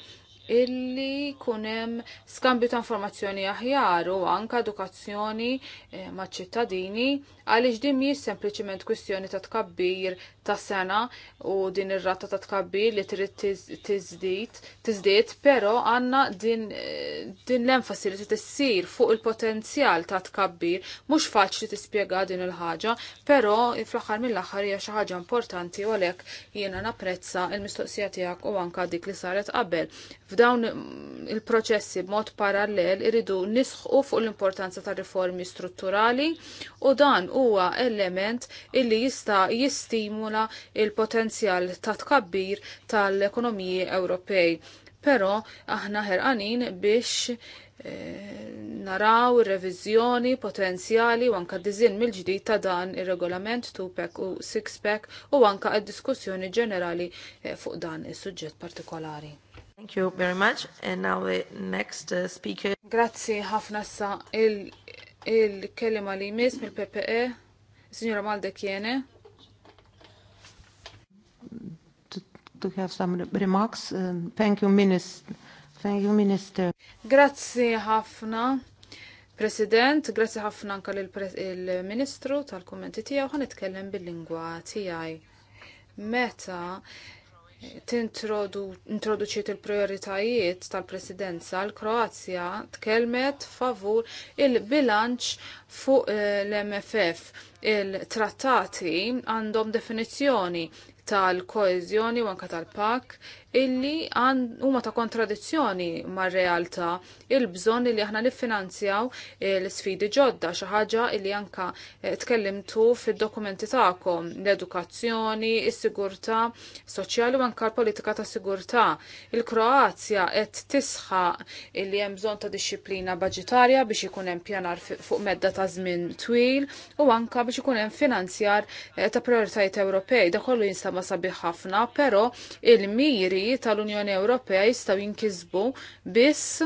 illi kunem skambju ta' informazzjoni aħjar u anka edukazzjoni eh, ma' ċittadini għaliex din mhijiex sempliċiment kwistjoni ta' tkabbir ta' sena u din ir-rata ta' tkabbir li trid tiżdied, però għandna din, eh, din l-enfasi li tissir fuq il-potenzjal ta' tkabbir mhux faċli tispjega din il-ħaġa, però fl-aħħar mill-aħħar hija xi ħaġa importanti u għalhekk jiena napprezza l mistoqsija tiegħek u anka dik li saret qabel F'dawn il-proċessi b'mod parallel iridu nisħu fuq l-importanza ta' riformi strutturali u dan huwa element illi jista' jistimula il-potenzjal ta' tkabbir tal-ekonomiji Ewropej. Però aħna ħerqanin biex eh, naraw revizjoni potenzjali u anka dizin mill-ġdid ta' dan ir-regolament 2-pack u 6-pack u anka għad diskussjoni ġenerali eh, fuq dan is-suġġett partikolari. Thank you very much. And now the next uh, speaker. Grazzi ħafna sa il-kelima li mis mill-PPE, signora Malde Kiene. To, have some remarks. Uh, thank you, Minister. Thank you, Minister. Grazzi ħafna. President, grazzi ħafna anka il-Ministru tal-kommenti tiegħu ħanitkellem bil-lingwa tiegħi. Meta tintroduċiet il-prioritajiet tal-presidenza, l-Kroazja tkellmet favur il-bilanċ fuq eh, l-MFF. Il-trattati għandhom definizzjoni tal-koezjoni u anka tal-pak illi huma ta' kontradizzjoni mar realtà il-bżonn li aħna niffinanzjaw l-sfidi ġodda xi ħaġa li anka eh, tkellimtu fid-dokumenti tagħkom l-edukazzjoni, is-sigurtà soċjali u anka l-politika ta' sigurtà. Il-Kroazja qed tisħa illi hemm bżonn ta' disċiplina baġitarja biex ikun hemm pjanar fuq medda ta' żmien twil u anka biex ikun hemm finanzjar eh, ta' prioritajiet Ewropej. Da kollu jinsama sabiħ ħafna, però il-miri l-aġenziji tal-Unjoni Ewropea jistgħu jinkisbu biss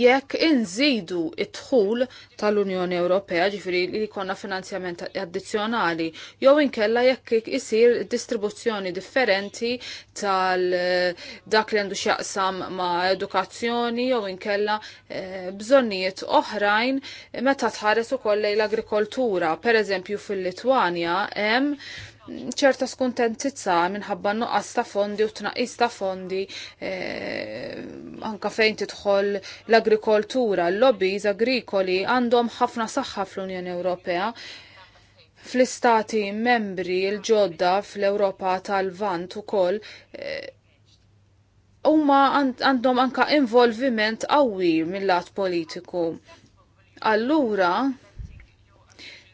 jekk inżidu it-tħul tal-Unjoni Ewropea, ġifiri li jkollna finanzjament addizzjonali, jew inkella jekk isir distribuzzjoni differenti tal dak li għandu x'jaqsam ma' edukazzjoni jew inkella eh, bżonnijiet oħrajn meta tħares ukoll l-agrikoltura. Per eżempju fil-Litwanja hemm ċerta skuntentizza minħabba nuqqas ta' fondi u tnaqqis ta' fondi eh, anka fejn tidħol l-agrikoltura, l-lobbies agrikoli għandhom ħafna saħħa fl-Unjoni Ewropea fl-istati membri l-ġodda fl-Ewropa tal-Vant ukoll eh, huma għandhom anka involviment qawwi mill-lat politiku. Allura,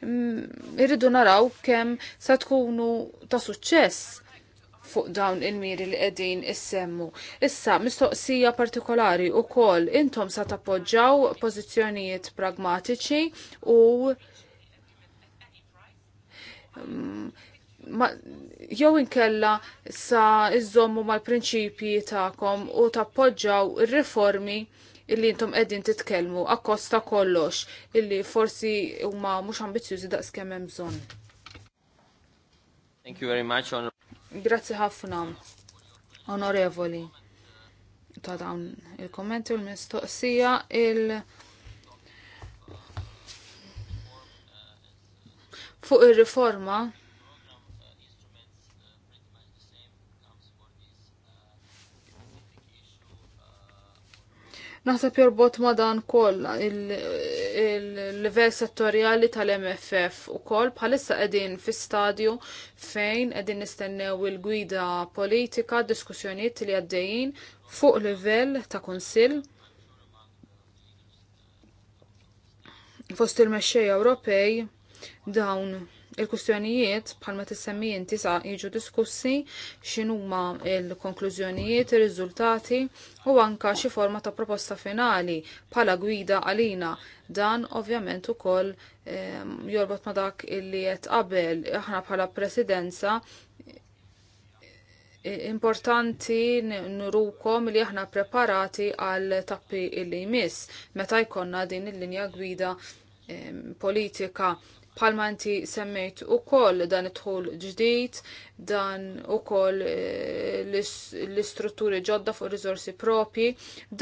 Mm, irridu naraw kemm sa tkunu ta' suċċess fuq dawn il-miri li qegħdin issemmu. Issa mistoqsija partikolari wkoll intom sa tappoġġaw pożizzjonijiet pragmatiċi u mm, ma, jew inkella sa iżommu mal-prinċipji tagħkom u tappoġġaw ir-riformi illi intom qegħdin titkellmu akkosta kollox illi forsi huma mhux ambizzjużi kemm hemm bżonn. Thank you very much. Honor Grazzi ħafna, onorevoli, ta' dawn il-kommenti u l-mistoqsija il-, Fuq il-riforma, il fuq ir-riforma Naħseb jorbot ma dan kollha il-livell settorjali tal-MFF ukoll bħalissa qegħdin fi stadju fejn qegħdin nistennew il-gwida politika, diskussjonijiet li għaddejjin fuq livell ta' kunsill. Fost il-mexxej Ewropej dawn il-kustjonijiet bħalma tissemmi inti sa jiġu diskussi x'inhuma l-konklużjonijiet, ir-riżultati u anka xi forma ta' proposta finali bħala gwida għalina. Dan ovvjament ukoll ehm, jorbot ma' dak illi qed qabel aħna bħala presidenza importanti nurukom li aħna preparati għal tappi illi jmiss meta jkollna din il-linja gwida ehm, politika palma inti semmejt u koll dan it-tħol ġdijt, dan u koll eh, l-istrutturi ġodda fuq rizorsi propi,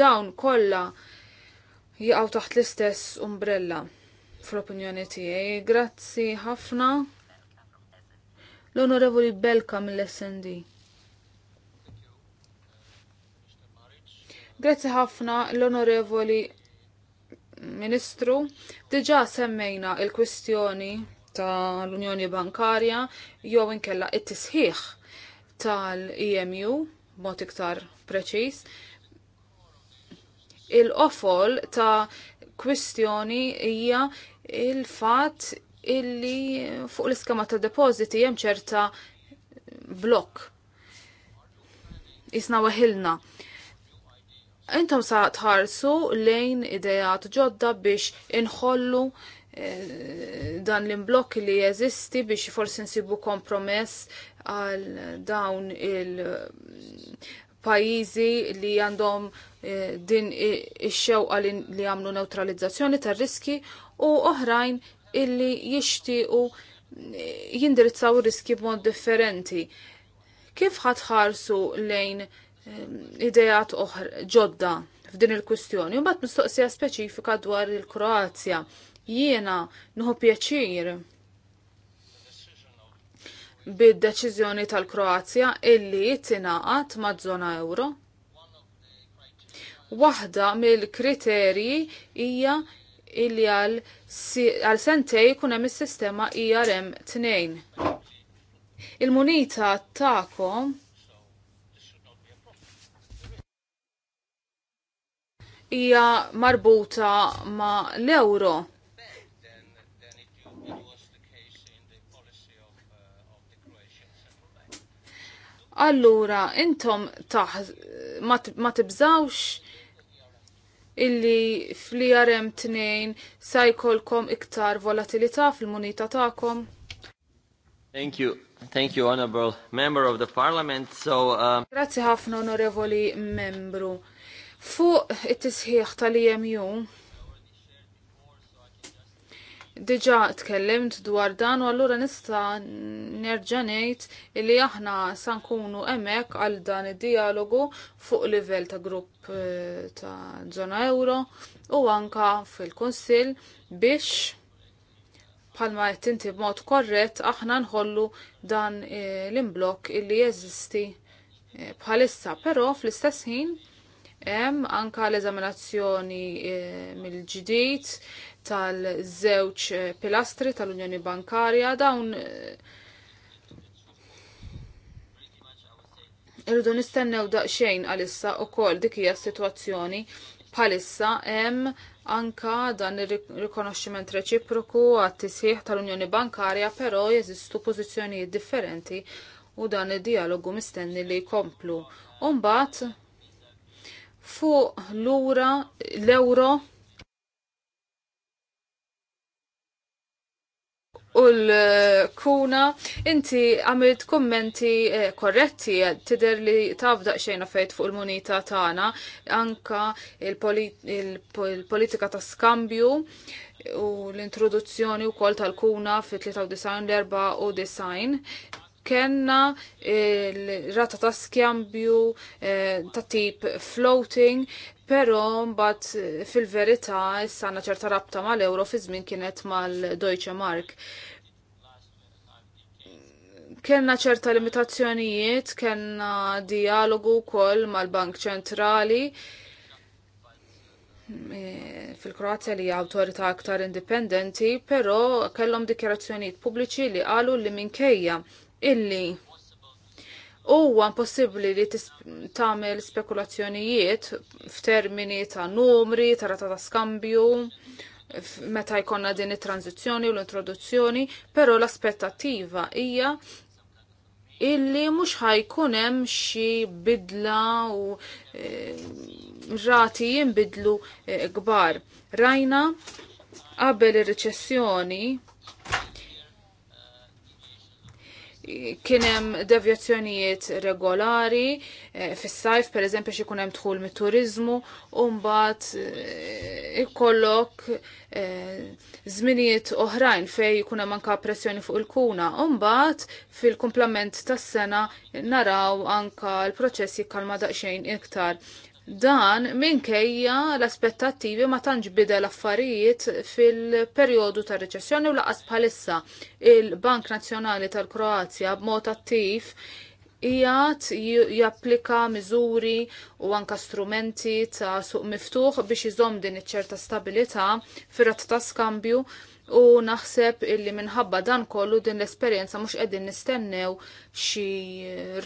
dawn kolla jgħaw taħt l-istess umbrella fl-opinjoni tiegħi. Grazzi ħafna l-Onorevoli Belka mill-SND. Grazzi ħafna l-Onorevoli Ministru, diġa semmejna il-kwistjoni tal-Unjoni Bankarja jew inkella it-tisħiħ tal-EMU mod iktar preċiż. Il-qofol ta' kwistjoni hija il-fatt illi fuq l-iskema ta' depożiti hemm ċerta blok. Isna weħilna intom sa tħarsu lejn idejat ġodda biex inħollu eh, dan l-imblokk li jeżisti biex forsi nsibu kompromess għal dawn il-pajizi eh, li għandhom eh, din ix-xewqa li għamlu neutralizzazzjoni tar-riski u oħrajn illi jixtiequ jindirizzaw riski b'mod differenti. Kif ħatħarsu lejn Ehm, idejat oħra ġodda f'din il-kwistjoni. U bat mistoqsija speċifika dwar il-Kroazja. Jiena nħu pjaċir bid-deċiżjoni tal-Kroazja illi tinaqat maż-żona euro. Waħda mill-kriterji hija illi għal sentej kun hemm is-sistema IRM e 2. Il-munita ta'kom hija marbuta ma' l-euro. Allura, intom taħ ma tibżawx illi fl-IRM 2 sa jkollkom iktar volatilità fil-munita tagħkom. Thank you. Thank you, honorable member of the parliament. So, uh... Grazie ħafna, onorevoli membru. Fuq it-tisħiħ tal-EMU, diġa tkellimt dwar dan u allura nista nerġa' ngħid li aħna sankunu nkunu hemmhekk għal dan id-dialogu fuq livell ta' grupp eh, ta' Zona euro u anka fil-Kunsill biex bħalma qed inti b'mod korrett aħna nħollu dan eh, l imblok illi jeżisti eh, bħalissa, però fl-istess ħin Hemm anka l-eżaminazzjoni eh, mill-ġdid tal-żewġ eh, pilastri tal-Unjoni Bankarja dawn eh, irridu nistennew daqsxejn għalissa ukoll dik hija sitwazzjoni bħalissa hemm anka dan ir-rikonoxximent reċiproku għat-tisħiħ tal-Unjoni Bankarja, però jeżistu pożizzjonijiet differenti u dan id-dialogu mistenni li jkomplu. Umbagħad fuq l-ura l-euro u l-kuna inti għamilt kommenti eh, korretti tider li tafdaq xejna fejt fuq il munita tagħna anka il-politika ta' skambju u l-introduzzjoni u kol tal-kuna fit-93 l-4 u design Kellna il-rata ta' skjambju eh, ta' tip floating, pero mbagħad eh, fil-verità issa għandna ċerta rabta mal-euro fi żmien kienet mal-Deutsche Mark. Kenna ċerta limitazzjonijiet, kenna dialogu wkoll mal-Bank Ċentrali eh, fil-Kroazja li autorita aktar indipendenti, però kellhom dikjarazzjonijiet pubbliċi li qalu li minkejja illi huwa impossibbli li tagħmel spekulazzjonijiet f'termini ta' numri, ta' rata ta' skambju, meta jkollna din it-tranzizzjoni u l-introduzzjoni, però l-aspettattiva hija illi mhux ħajkun hemm xi bidla u e, rati jinbidlu e, kbar. E, Rajna qabel ir-riċessjoni kienem devjazzjonijiet regolari eh, fis-sajf per eżempju xie kunem dħul mit-turizmu u mbagħad eh, ikollok e, żminijiet oħrajn fej kunem hemm anka pressjoni fuq il-kuna u mbagħad fil-kumplament tas-sena naraw anka l-proċess jikkalma daqsxejn iktar. Dan minkejja l-aspettattivi ma tantx bidel affarijiet fil-perjodu ta' reċessjoni u laqas bħalissa il-Bank Nazzjonali tal-Kroazja b'mod attiv jgħat japplika miżuri u anka strumenti ta' suq miftuħ biex jizom din iċ-ċerta stabilità firat ta' skambju u naħseb illi minħabba dan kollu din l-esperjenza mhux qegħdin nistennew xi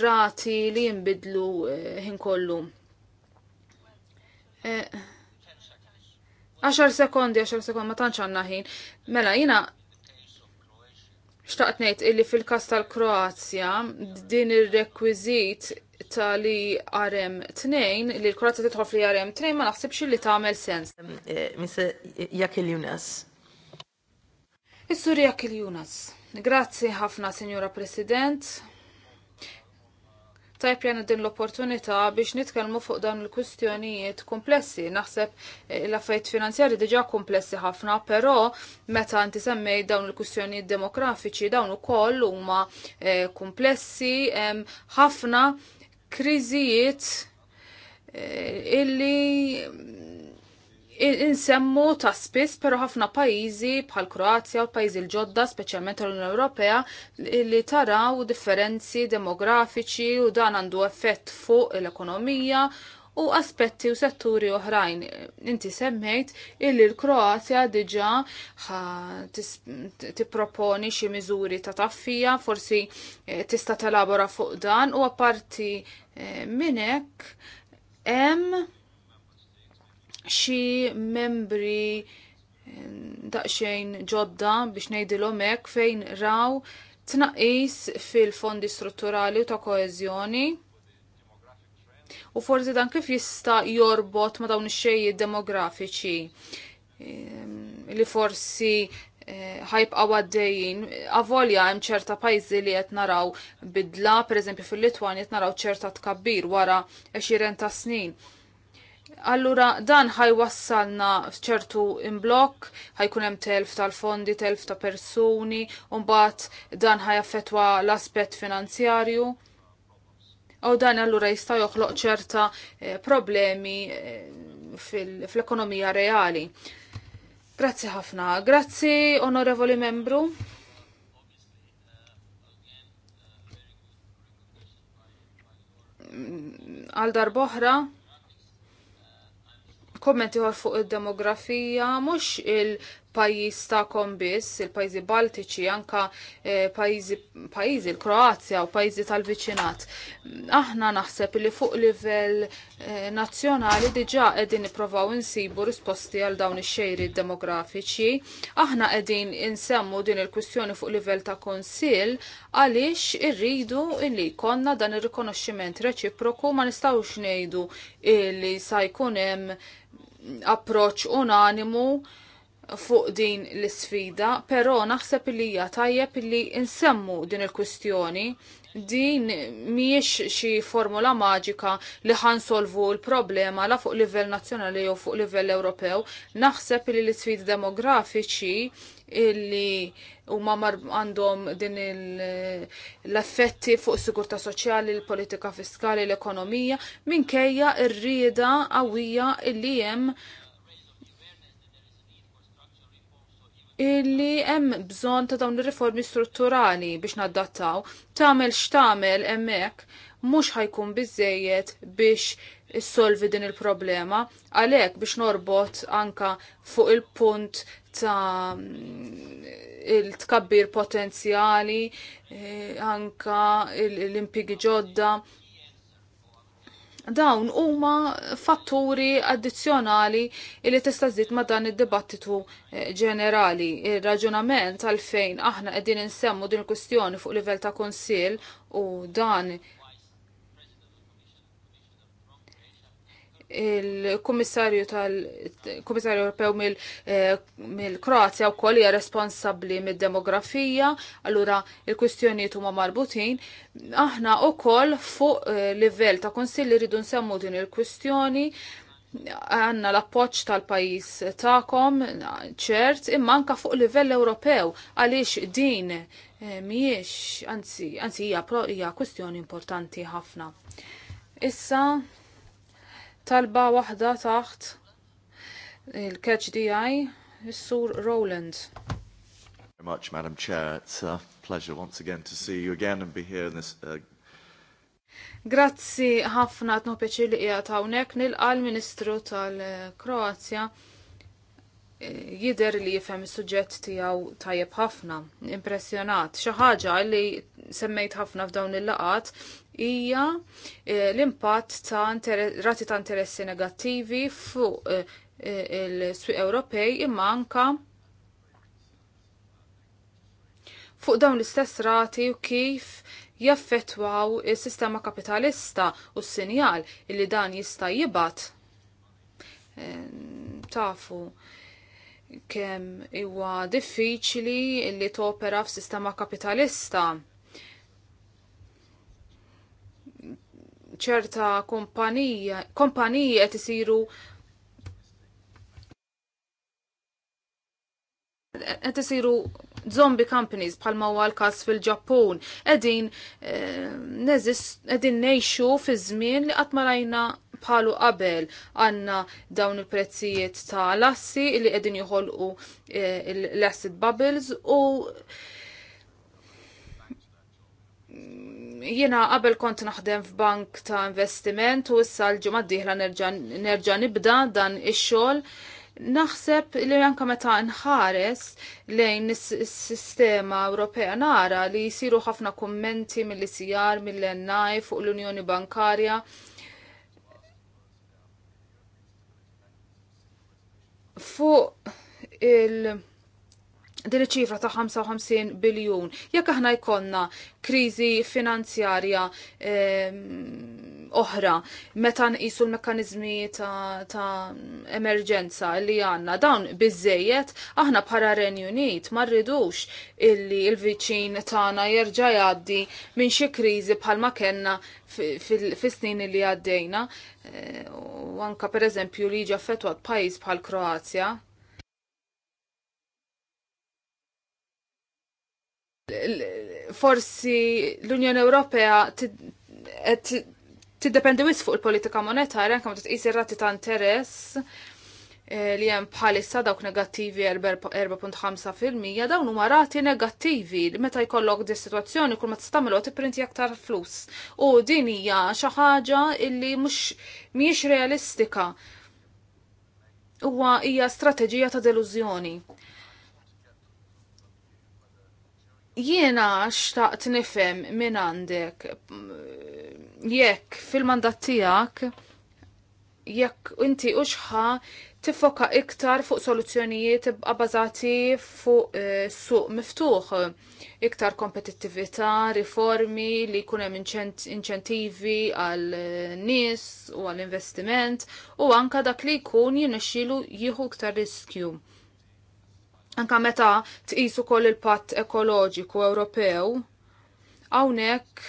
rati li jinbidlu eh, ħin kollu. 10 eh, sekondi, 10 sekondi, ma tantx għandna ħin. Mela, jina xtaqt ngħid illi fil-kas tal-Kroazja din ir-rekwiżit li RM 2 li l-Kroazja tidħol fl RM 2 ma naħsibx li tagħmel sens. Um, eh, Misa Jakil Junas. Is-Sur Jakil Junas. Grazzi ħafna, Senjora President. Tajp li din l-opportunità biex nitkellmu fuq dan il-kustjonijiet komplessi. Naħseb eh, l-affajt finanzjari diġa komplessi ħafna, però meta inti semmej dawn il-kustjonijiet demografiċi dawn ukoll huma ma eh, komplessi ħafna kriżijiet eh, illi insemmu ta' spiss, pero ħafna pajizi bħal Kroazja u pajizi l-ġodda, speċjalment l-Unjoni Ewropea, li taraw differenzi demografiċi u dan għandu effett fuq l-ekonomija u aspetti u setturi oħrajn. Inti semmejt illi l-Kroazja diġa tipproponi xi miżuri ta' taffija, forsi eh, tista' telabora fuq dan u apparti eh, minnek hemm xi membri daqxejn ġodda biex ngħidilhom hekk fejn raw tnaqqis fil-fondi strutturali u ta' koeżjoni. U forsi dan kif jista' jorbot ma' dawn ix xejji demografiċi li forsi eh, ħajbqa' għaddejjin. Avolja hemm ċerta pajjiżi li qed naraw bidla, pereżempju fil-Litwani qed naraw ċerta tkabbir wara 20 ta' snin. Allura dan ħajwassalna ċertu imblok, ħajkun hemm telf tal-fondi, telf ta' persuni, u mbagħad dan affetwa l-aspett finanzjarju. U dan allura jista' joħloq ċerta eh, problemi eh, fl-ekonomija reali. Grazzi ħafna. Grazzi, onorevoli membru. Għal darboħra. Kommenti għor fuq il-demografija, mux il-pajis ta' biss, il-pajzi Baltiċi, anka eh, pajizi, pajzi, il-Kroazja u pajizi tal-viċinat. Aħna naħseb li fuq livell eh, nazjonali diġa edin niprovaw insibu risposti għal dawn ix-xejri demografiċi. Aħna edin insemmu din il-kwistjoni fuq livell ta' konsil għaliex irridu illi konna dan ir-rikonoxximent reċiproku ma nistawx ngħidu illi sa jkun hemm approċ unanimu fuq din l-sfida, pero naħseb li hija tajjeb li insemmu din il-kwistjoni din miex xi formula maġika li ħansolvu l-problema la fuq livell nazzjonali jew fuq livell Ewropew. Naħseb li l-sfidi demografiċi illi huma għandhom din l-effetti fuq sigurta soċjali, l-politika fiskali, l-ekonomija, minkejja r-rieda qawwija illi hemm illi hemm bżonn ta' dawn ir-riformi strutturali biex naddattaw, tagħmel x'tagħmel hemmhekk mhux ħajkun biżejjed biex issolvi din il-problema, għalhekk biex norbot anka fuq il-punt ta' il-tkabbir potenzjali, eh, anka l-impigi ġodda, Dawn huma fatturi addizzjonali li tista' żid ma' dan id-dibattitu eh, ġenerali. Ir-raġunament għalfejn aħna qegħdin insemmu din il-kwistjoni fuq livell ta' kunsill u dan il-Kummissarju tal-Kummissarju Ewropew mill-Kroazja eh, mil wkoll hija responsabbli mid-demografija, allura il-kwistjonijiet huma marbutin. Aħna wkoll fuq eh, livell ta' Kunsill li nsemmu din il-kwistjoni għanna l-appoċ tal-pajis ta'kom ċert imma anka fuq livell Ewropew għaliex din eh, miex anzi anzi hija kwistjoni importanti ħafna. Issa talba wahda taħt il-catch DI, il-sur Rowland. Very much, Madam Chair. It's a pleasure once again to see you again and be here in this uh, Grazzi ħafna għatnu peċi li qiegħed hawnhekk nil l-Ministru tal-Kroazja eh, jider li jifem is-suġġett tiegħu tajjeb ħafna, impressionat. Xaħġa ħaġa li semmejt ħafna f'dawn il-laqat hija eh, l-impatt ta' rati ta' interessi negattivi fuq eh, eh, il-Swiq Ewropej imma anka fuq dawn l-istess rati u kif jaffetwaw il-sistema kapitalista u s-sinjal li dan jista' jibat. tafu kemm huwa diffiċli li topera f'sistema kapitalista ċerta kompanija, kompanija qed isiru qed isiru zombie companies bħal ma huwa l-każ fil-Ġappun. Qegħdin eh, qegħdin ngħixu fi żmien li qatt ma rajna bħalu qabel għandna dawn il-prezzijiet ta' lassi li qegħdin joħolqu eh, l-acid bubbles u Jiena qabel kont naħdem f'bank ta' investiment u issa l-ġimgħa dieħla nerġa' nibda dan ix-xogħol. Naħseb li anke meta nħares lejn is-sistema Ewropea nara li jsiru ħafna kummenti mill-ICR, mill-NI fuq l-Unjoni Bankarja. Fuq il- din iċ-ċifra ta' 55 biljun. Jekk aħna jkollna kriżi finanzjarja oħra, meta nqisu l-mekkaniżmi ta', ta emerġenza li għandna dawn biżejjed aħna bħala Renju Unit ma rridux illi l-viċin tagħna jerġa' jgħaddi minn xi kriżi bħalma kellna fis-snin li għaddejna eh, u anka pereżempju li ġi affettwat pajjiż bħal Kroazja forsi l-Unjoni Ewropea tiddependi wis fuq il-politika monetarja anke meta rati ta' interess eh, li hemm bħalissa dawk negattivi 4.5% dawn huma rati negattivi li meta jkollok di situazzjoni kull ma tistamlu tipprinti aktar flus. U din hija xi ħaġa illi mhux mhijiex realistika. Huwa hija strateġija ta' delużjoni. Jiena xtaqt nifhem minn għandek jekk fil-mandat tiegħek jekk inti uxħa tifoka iktar fuq soluzzjonijiet bbażati fuq eh, suq miftuħ, iktar kompetittività, riformi li jkun hemm inċentivi għal eh, nies u għall investiment u anka dak li jkun jinexxielu jieħu iktar riskju anka meta tqisu koll il-patt ekoloġiku Ewropew, hawnhekk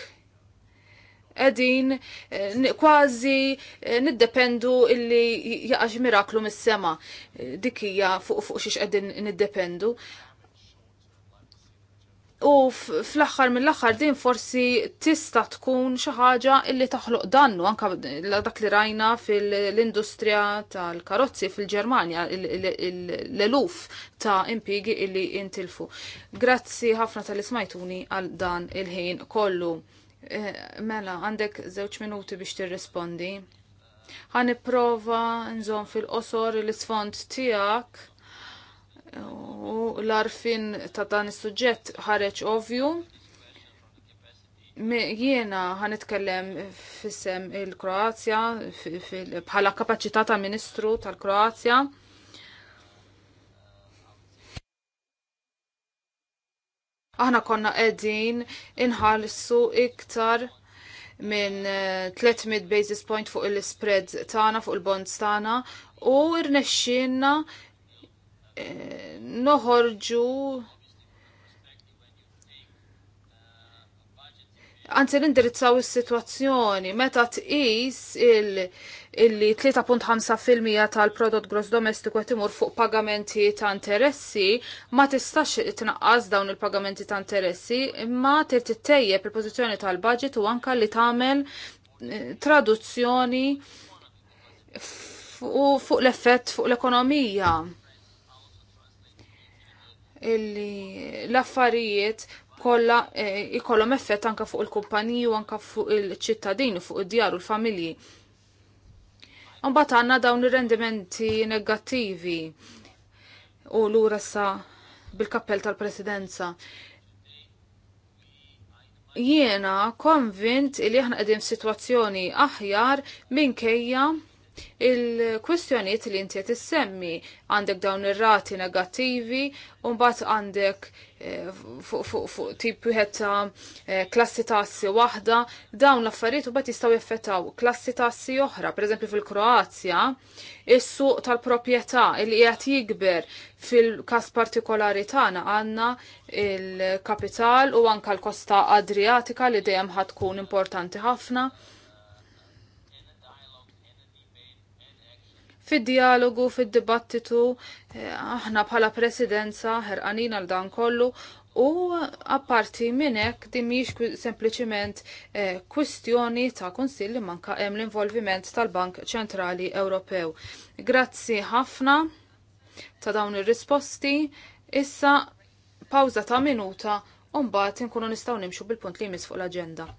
edin eh, kważi eh, niddependu illi jaqax miraklu mis-sema. Eh, Dikija fuq fuq xiex qegħdin niddependu. U fl-axar mill-axar din forsi tista tkun xi ħaġa illi taħloq dannu anka dak li rajna fil-industrija tal-karozzi fil-Ġermanja l-eluf ta' impigi illi intilfu. Grazzi ħafna tal-ismajtuni għal dan il-ħin kollu. Eh, mela, għandek żewġ minuti biex tirrispondi. prova nżomm fil-qosor l-isfond tiegħek U l-arfin ta' dan is-suġġett ħareġ ovju. Jiena ħanitkellem fissem il-Kroazja bħala kapacità ta' Ministru tal-Kroazja. Aħna konna qegħdin inħallsu iktar minn 300 eh, basis point fuq il-spread tagħna fuq il-bonds tagħna u rnexxinna noħorġu Anzi indirizzaw is-sitwazzjoni meta tqis illi 3.5% tal-prodott gross domestiku qed imur fuq pagamenti ta' interessi ma tistax tnaqqas dawn il-pagamenti ta' interessi imma trid tittejjeb il-pożizzjoni tal-budget u anka li tagħmel eh, traduzzjoni fuq l-effett fuq l-ekonomija illi l-affarijiet kolla eh, ikollhom effett anke fuq il-kumpaniji u anke fuq il-ċittadini, fuq id-djar u l-familji. Mbagħad għandna dawn ir-rendimenti negattivi u lura sa bil-kappell tal-presidenza jiena konvint li aħna qegħdin f'sitwazzjoni aħjar minkejja il kwestjoniet li inti qed issemmi għandek dawn ir-rati negattivi u mbagħad għandek eh, fuq tip wieħed ta' eh, klassi tassi waħda, dawn l-affarijiet u bat jistgħu jaffettaw klassi tassi oħra, pereżempju fil-Kroazja, is-suq tal-proprjetà li qiegħed jikber fil-każ partikolari tagħna għandna il-kapital u anke l-kosta Adriatika li dejjem ħadd tkun importanti ħafna. fid-dialogu, fid-dibattitu, eh, aħna bħala presidenza ħerqanin għal dan kollu u apparti minnek din sempliciment eh, kwistjoni ta' konsilli manka hemm l-involviment tal-Bank Ċentrali Ewropew. Grazzi ħafna ta' dawn ir-risposti. Issa pawza ta' minuta u mbagħad inkunu nistgħu nimxu bil-punt li jmiss fuq l-aġenda.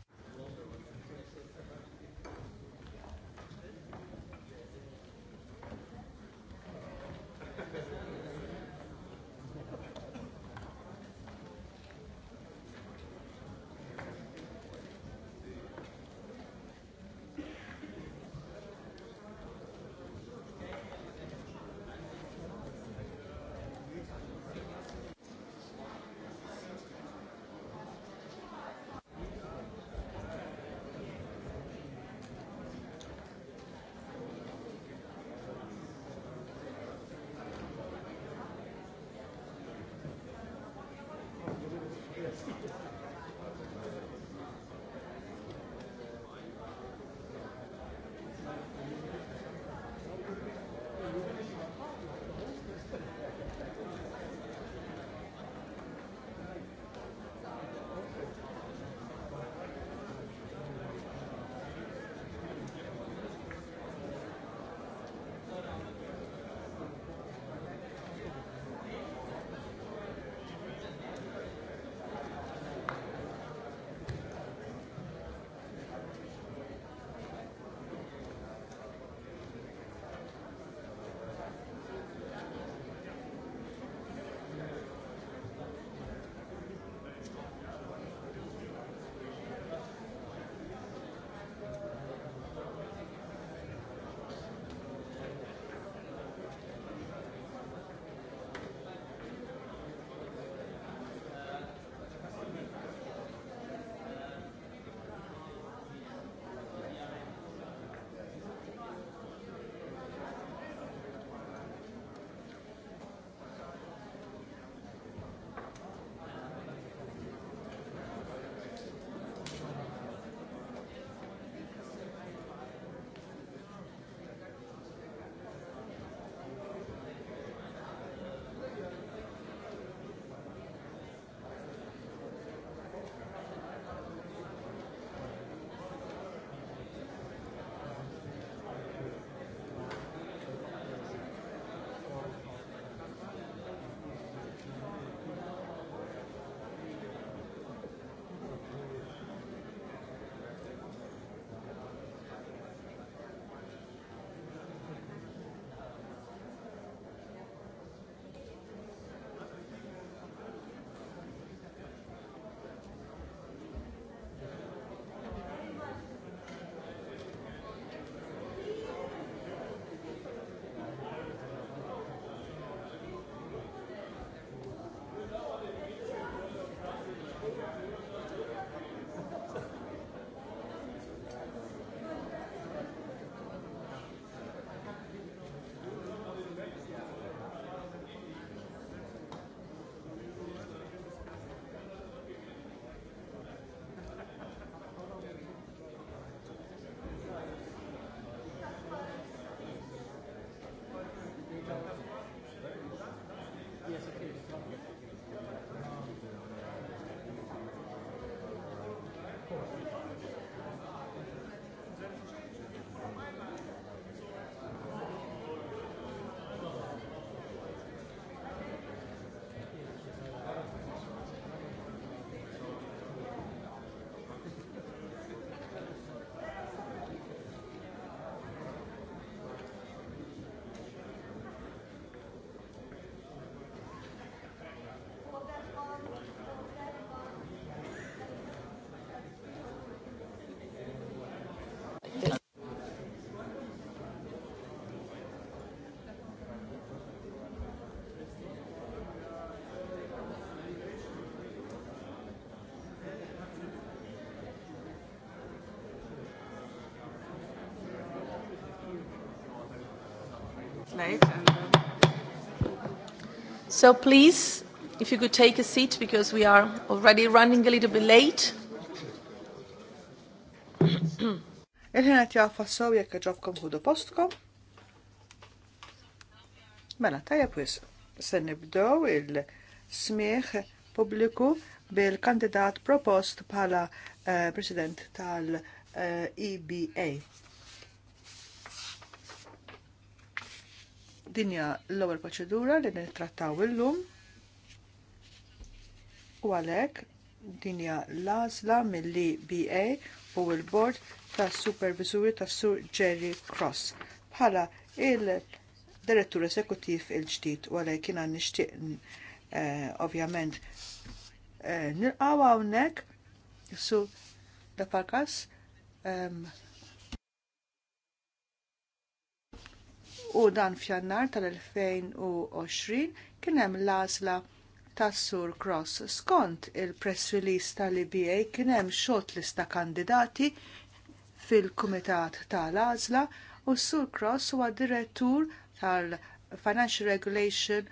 late. And, um, So please, if you could take a seat because we are already running a little bit late. il ħin għat jaffa s-sow jekk ġobkom ħudu postkom. Mela, tajja wis. Se nibdew il-smieħ publiku bil-kandidat propost pala eh, president tal-EBA. Eh, e uh, Dinja l-ewwel proċedura li nittrattaw illum u għalhekk dinja l-għażla milli BA u l-Bord tas Supervisuri tas Sur Jerry Cross bħala il-Direttur Eżekuttiv il-ġdid u għalhekk kien nixtieq eh, ovvjament eh, nilqgħu hawnhekk su da parkas ehm, u dan f'jannar tal-2020 kien hemm l-għażla tas-Sur Cross. Skont il-press release tal-IBA kien hemm xogħol lista kandidati fil-Kumitat tal-Għażla u s-Sur Cross huwa direttur tal-Financial Regulation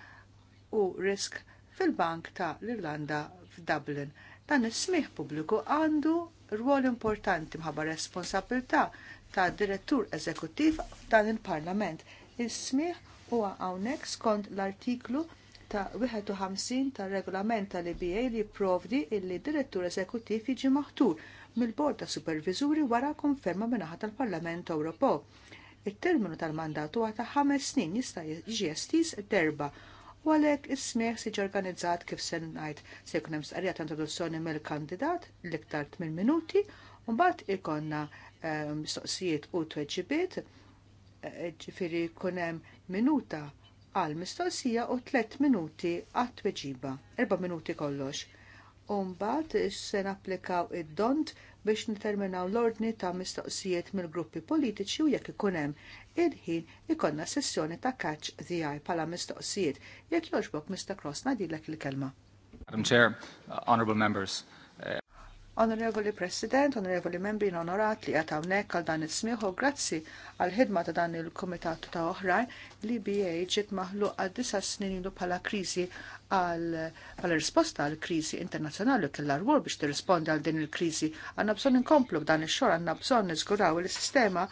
u Risk fil-Bank ta' l-Irlanda f'Dublin. Dan is-smih pubbliku għandu rwol importanti mħabba responsabilità ta' direttur eżekuttiv dan il-Parlament. Is-smieħ huwa hawnhekk skont l-artiklu ta' 51 tar regolament tal-IBA li jipprovdi illi direttur eżekutif jiġi maħtur mill-Bord ta' Superviżuri wara konferma minaħa tal-Parlament Ewropew. Il-terminu tal-mandat huwa ta' ħames snin jista' jiġi estis derba u għalhekk is-smieħ siġi organizzat kif se ngħid se jkun hemm stqarrija ta' introduzzjoni mill-kandidat l-iktar 8 minuti u mbagħad ikonna eh, mistoqsijiet u tweġibiet ġifiri kunem minuta għal mistoqsija u tliet minuti għat tweġiba, erba' minuti kollox. Umbat se napplikaw id-dont biex niterminaw l-ordni ta' mistoqsijiet mill-gruppi politiċi u jekk ikun hemm il-ħin ikonna sessjoni ta' catch the eye pala mistoqsijiet jekk jogħġbok Mr. Cross nadilek il-kelma. Madam Chair, uh, Honourable Members, Onorevoli President, onorevoli membri onorat li għatawnek għal dan il-smiħu, grazzi għal ħidma ta' dan il komitatu ta' oħrajn li BA ġiet maħluq għal disa snin jindu bħala krizi għal risposta għal krizi internazzjonali kellar war biex tirrispondi għal din il-krizi. Għanna bżon inkomplu b'dan il-xor, għanna bżon nizguraw il-sistema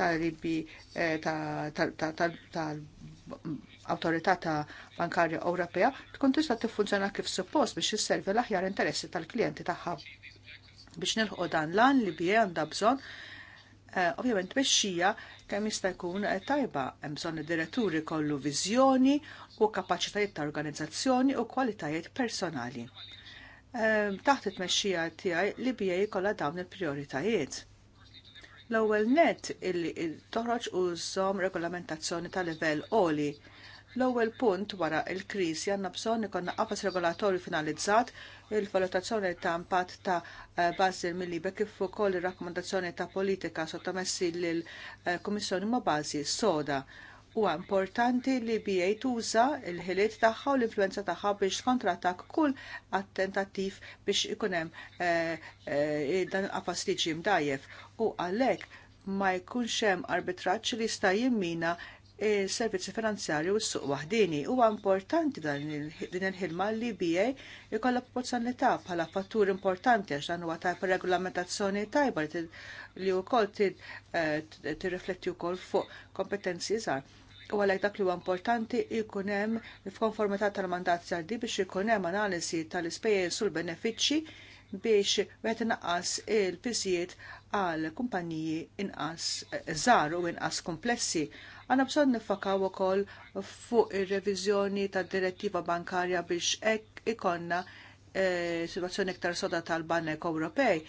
tal-ribi eh, tal-autorità ta' bankarja Ewropea tkun tista' tiffunzjona kif suppost biex isservi l-aħjar interessi tal-klijenti tagħha biex nilħu dan lan li bie għandha bżonn Ovvijament, eh, ovvjament xija, kemm jista' jkun eh, tajba hemm bżonn id-diretturi kollu viżjoni u kapaċitajiet ta' organizzazzjoni u kwalitajiet personali. Eh, taħt it-mexxija tiegħi li bija jkollha dawn il-prijoritajiet. L-ewwel net illi toħroġ użhom regolamentazzjoni ta' livell oli. L-ewwel punt wara l-kriżi għandna bżonn ikollna qafas regolatorju finalizzat il-valutazzjoni ta' impatt ta' eh, Basil mill-Libe kif ukoll ir-rakkomandazzjoni ta' politika sottomessi lill-Kummissjoni eh, ma' bażi soda. Huwa importanti li BA tuża l ħiliet tagħha u l-influenza tagħha biex kontrattak kull attentattiv biex ikun hemm eh, dan il-qafas li ġim dajjef u għalhekk ma jkunx hemm arbitraġġ li jista' jimmina servizzi finanzjarju u s-suq wahdini. Huwa importanti dan din il-ħilma li BA jkollha proporzjonalità bħala fattur importanti għax dan huwa tajb regolamentazzjoni tajba li wkoll eh, tirrifletti wkoll fuq kompetenzi iżgħar. U għalhekk dak li huwa importanti jkun hemm f'konformità tal-mandat sardi biex ikun hemm analisi tal-ispejjeż u l-benefiċċji biex meta inaqqas il-piżijiet għal kumpaniji inqas żgħar u inqas komplessi Għanna bżon nifakaw ukoll fuq ir-reviżjoni tad-direttiva bankarja biex hekk ikonna e, situazzjoni iktar soda tal-Banek Ewropej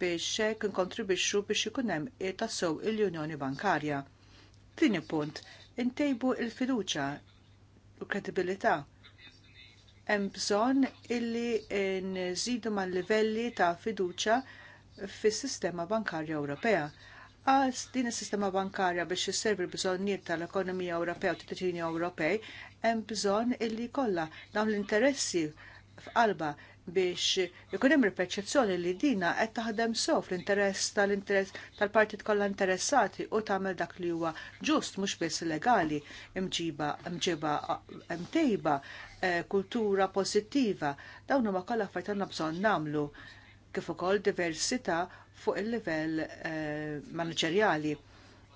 biex hekk inkontribixxu biex ikun hemm tassow il-Unjoni Bankarja. Tieni punt, intejbu il-fiduċa u kredibilità. Hemm bżonn illi nżidu mal-livelli ta' fiduċa fis-sistema bankarja Ewropea għas din is-sistema bankarja biex isservi l-bżonnijiet tal-ekonomija Ewropea u t tittini Ewropej hemm bżonn illi kollha dawn l-interessi f'qalba biex ikun hemm il-perċezzjoni li dina qed taħdem sof l interess tal-interess tal-partit kollha interessati u tagħmel dak li huwa ġust mhux biss legali imġiba imġiba mtejba eh, kultura pożittiva dawn huma kollha fajtanna bżonn nagħmlu kif ukoll diversità fuq il-livell eh, manageriali.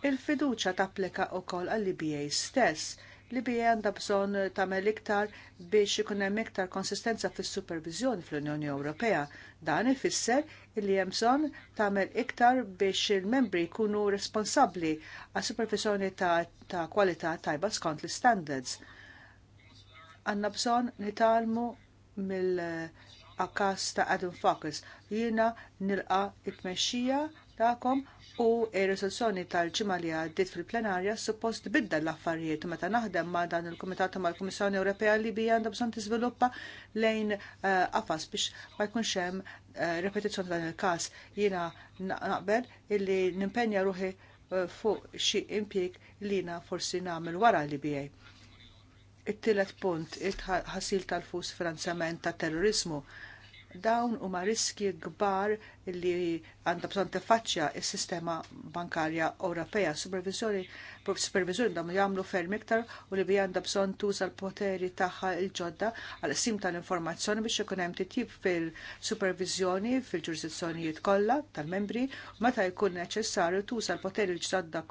Il-fiduċa tapplika wkoll għall-IBA stess. L-IBA għandha bżonn tagħmel iktar biex ikun hemm iktar konsistenza fis-supervizjoni fl-Unjoni Ewropea. Dan ifisser li hemm bżonn tagħmel iktar biex il-membri jkunu responsabbli għas supervizjoni ta', ta kwalità tajba skont l istandards Għandna bżonn nitalmu mill għakas ta' Adam Focus. Jiena nilqa it-mexxija ta'kom u ir riżoluzzjoni tal-ġimgħa li għaddiet fil-plenarja suppost bidda l-affarijiet meta naħdem ma' dan il-Kumitat mal kummissjoni Ewropea li bija għandha bżonn tiżviluppa lejn eh, qafas biex ma jkunx hemm eh, ripetizzjoni dan il-każ. Jiena naqbel illi nimpenja ruħi eh, fuq xi impjieg li forsi nagħmel wara li bijaj it-tielet punt, it-ħasil tal-fus finanzjament ta' terrorizmu. Dawn huma riski kbar li għandha bżonn tiffaċċja s-sistema bankarja Ewropea. Supervisori, supervizur għandhom jagħmlu ferm iktar u li bija għandha bżonn tuża l-poteri tagħha il ġodda għal sim tal-informazzjoni biex ikun hemm titjib fil-supervizjoni fil-ġurisdizzjonijiet kollha tal-membri meta jkun neċessarju tuża l-poteri l-ġodda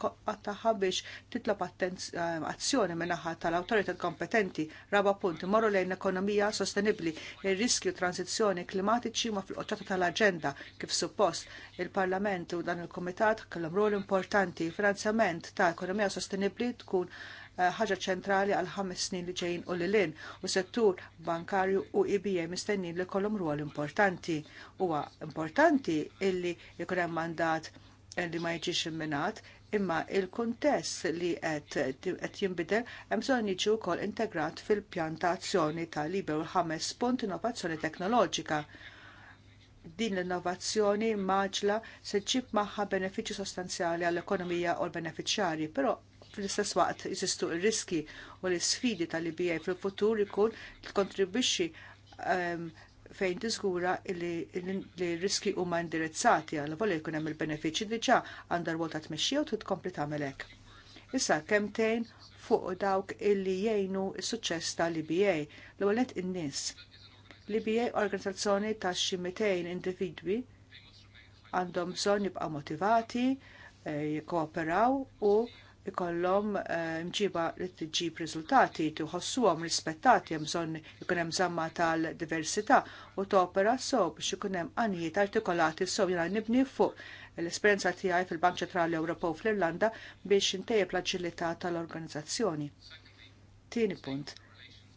tagħha biex titlob eh, azzjoni min tal-awtorità kompetenti. Raba punt, imorru lejn ekonomija sostenibbli, il riskju transizzjoni klimatiċi ma fil-qoċċata tal-aġenda kif suppost il-Parlament u dan il-Kumitat kellhom rol importanti finanzjament ta' ekonomija ekonomija sostenibbli tkun eh, ħaġa ċentrali għal ħames snin li ġejjin u lilin u settur bankarju u IBA mistennin li kollhom rwol importanti. Huwa importanti illi jkun hemm mandat li ma jiġix imminat, imma il-kuntess li qed jinbidel hemm bżonn jiġi wkoll integrat fil-pjantazzjoni tal-liber u ħames punt innovazzjoni teknoloġika din l-innovazzjoni maġla se ġib magħha benefiċċji sostanzjali għall-ekonomija u l-beneficjari, però fl-istess waqt jesistu r riski u l isfidi tal-IBA fil-futur ikun tkontribwixxi um, ehm, fejn tiżgura li riski huma indirizzati għal voli jkun hemm il-benefiċċji diġà għandha volta tmexxija u titkompli tagħmel hekk. Issa kemmtejn fuq dawk illi jgħinu s-suċċess tal-IBA l-għolet in-nies li bija organizzazzjoni ta' xi 200 individwi għandhom bżonn jibqa' motivati, eh, jikkooperaw u ikollhom eh, mġiba li tġib riżultati, tħossuhom rispettati hemm bżonn ikun hemm żamma tal-diversità u topera so biex ikun hemm għanijiet artikolati so jiena nibni fuq l-esperjenza tiegħi fil-Bank Ċentrali Ewropew fl-Irlanda biex intejjeb l-aġilità tal-organizzazzjoni. Tieni punt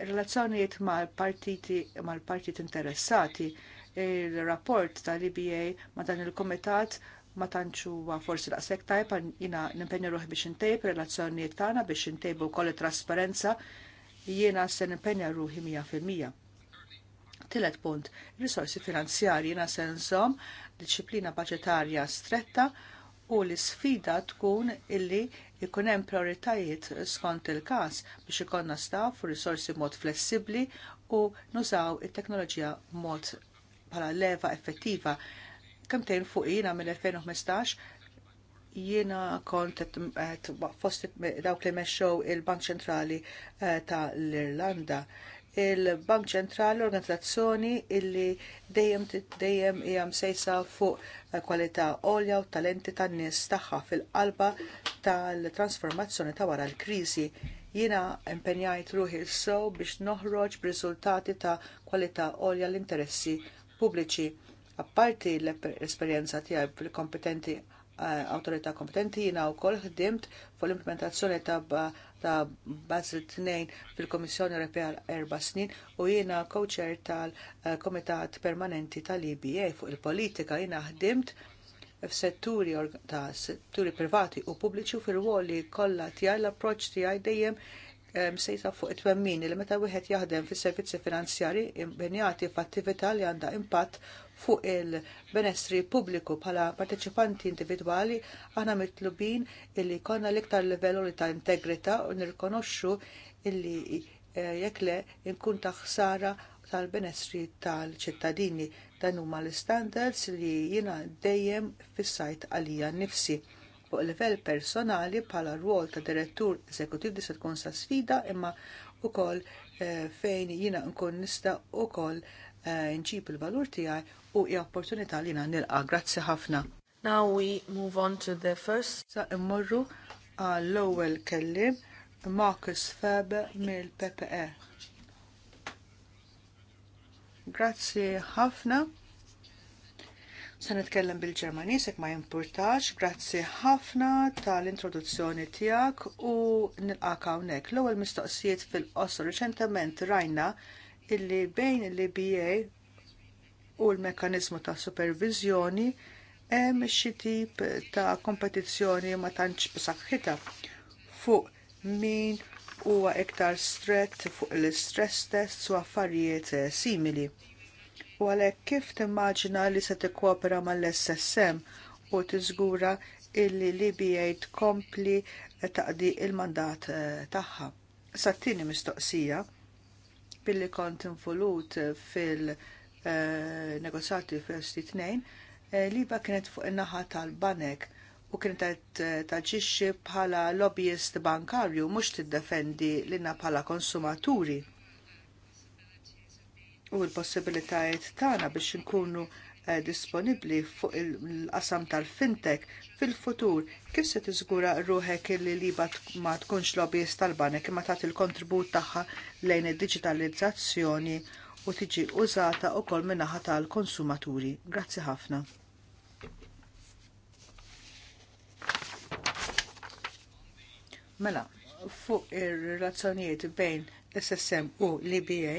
relazzjonijiet mal-partiti mal-partit interessati il-rapport tal-IBA ma' dan il-komitat ma tantx huwa forsi daqshekk tajb jiena nimpenja ruħi biex intejb relazzjonijiet tagħna biex intejbu wkoll trasparenza jiena se nimpenja ruħi mija fil-mija. Tilet punt, risorsi finanzjarji jiena se nżomm disċiplina budġetarja stretta u l-sfida tkun illi jkun hemm prioritajiet skont il-każ biex ikonna staf u risorsi mod flessibbli u nużaw it-teknoloġija mod bħala leva effettiva. Kemtejn fuq jiena mill-2015 jiena kont fost dawk li mexxew il-Bank Ċentrali eh, tal-Irlanda il-Bank Ċentrali organizzazzjoni illi dejjem dejjem hija msejsa fuq eh, kwalità għolja u talenti tan-nies tagħha fil-qalba tal-transformazzjoni ta' wara l-kriżi. Jiena impenjajt ruħi s-sow biex noħroġ b'riżultati ta' kwalità għolja l-interessi pubbliċi. Apparti l-esperjenza tiegħi fil-kompetenti Eh, autorita kompetenti jina u kol ħdimt fuq l-implementazzjoni ta' ta' Basel 2 fil-Komissjoni Ewropea erba snin u jiena co-chair tal-Komitat Permanenti tal-IBA fuq il-politika jiena ħdimt f'setturi ta' setturi privati u pubbliċi fil ruoli kollha tiegħi l-approċċ tiegħi dejjem msejsa fuq it-twemmin li meta wieħed jaħdem fis servizzi finanzjarji imbenjati f'attività li għandha impatt fuq il-benessri pubbliku bħala parteċipanti individwali aħna mitlubin illi konna l-iktar li ta' integrita u nirkonoxxu illi eh, jekk le nkun ta' ħsara tal-benessri tal-ċittadini. Dan huma l-standards li jiena dejjem fis-sajt għalija nnifsi. Fuq livell personali bħala rwol ta' direttur eżekutiv li se tkun sa sfida imma ukoll eh, fejn jiena nkun nista' ukoll Eh, nġib il-valur tijaj u i-opportunita li na nilqa' grazzi ħafna. Now we move on to the first. Sa immorru l ewwel kellim Marcus Feb mill-PPE. Grazzi ħafna. Se nitkellem bil-Ġermanis jekk ma jimpurtax, grazzi ħafna tal-introduzzjoni tijak u nil nilqak hawnhekk. L-ewwel mistoqsijiet fil-qosor riċentement rajna illi bejn il-BA u l-mekanizmu ta' supervizjoni hemm xi tip ta' kompetizzjoni ma tantx b'saħħitha fuq min huwa iktar strett fuq l-istress tests u affarijiet simili. U għalhekk kif timmaġina li se tikkopera mal-SSM u tiżgura illi l-IBA tkompli taqdi il-mandat eh, tagħha. Sa t-tieni mistoqsija billi kont involut fil-negozjati eh, fil-62 eh, Liba kienet fuq in-naħa tal-banek u kienet qed eh, taġixxi bħala lobbyist bankarju mhux tiddefendi lilna bħala konsumaturi u l-possibilitajiet tagħna biex inkunu Eh, disponibbli fuq il-qasam tal-fintech fil-futur, kif se tiżgura ruħek li liba ma tkunx lobbyist tal-banek imma tagħti l-kontribut tagħha lejn id-diġitalizzazzjoni u tiġi użata wkoll min-naħa tal-konsumaturi. Grazzi ħafna. Mela, fuq ir-relazzjonijiet bejn l-SSM u l-IBA,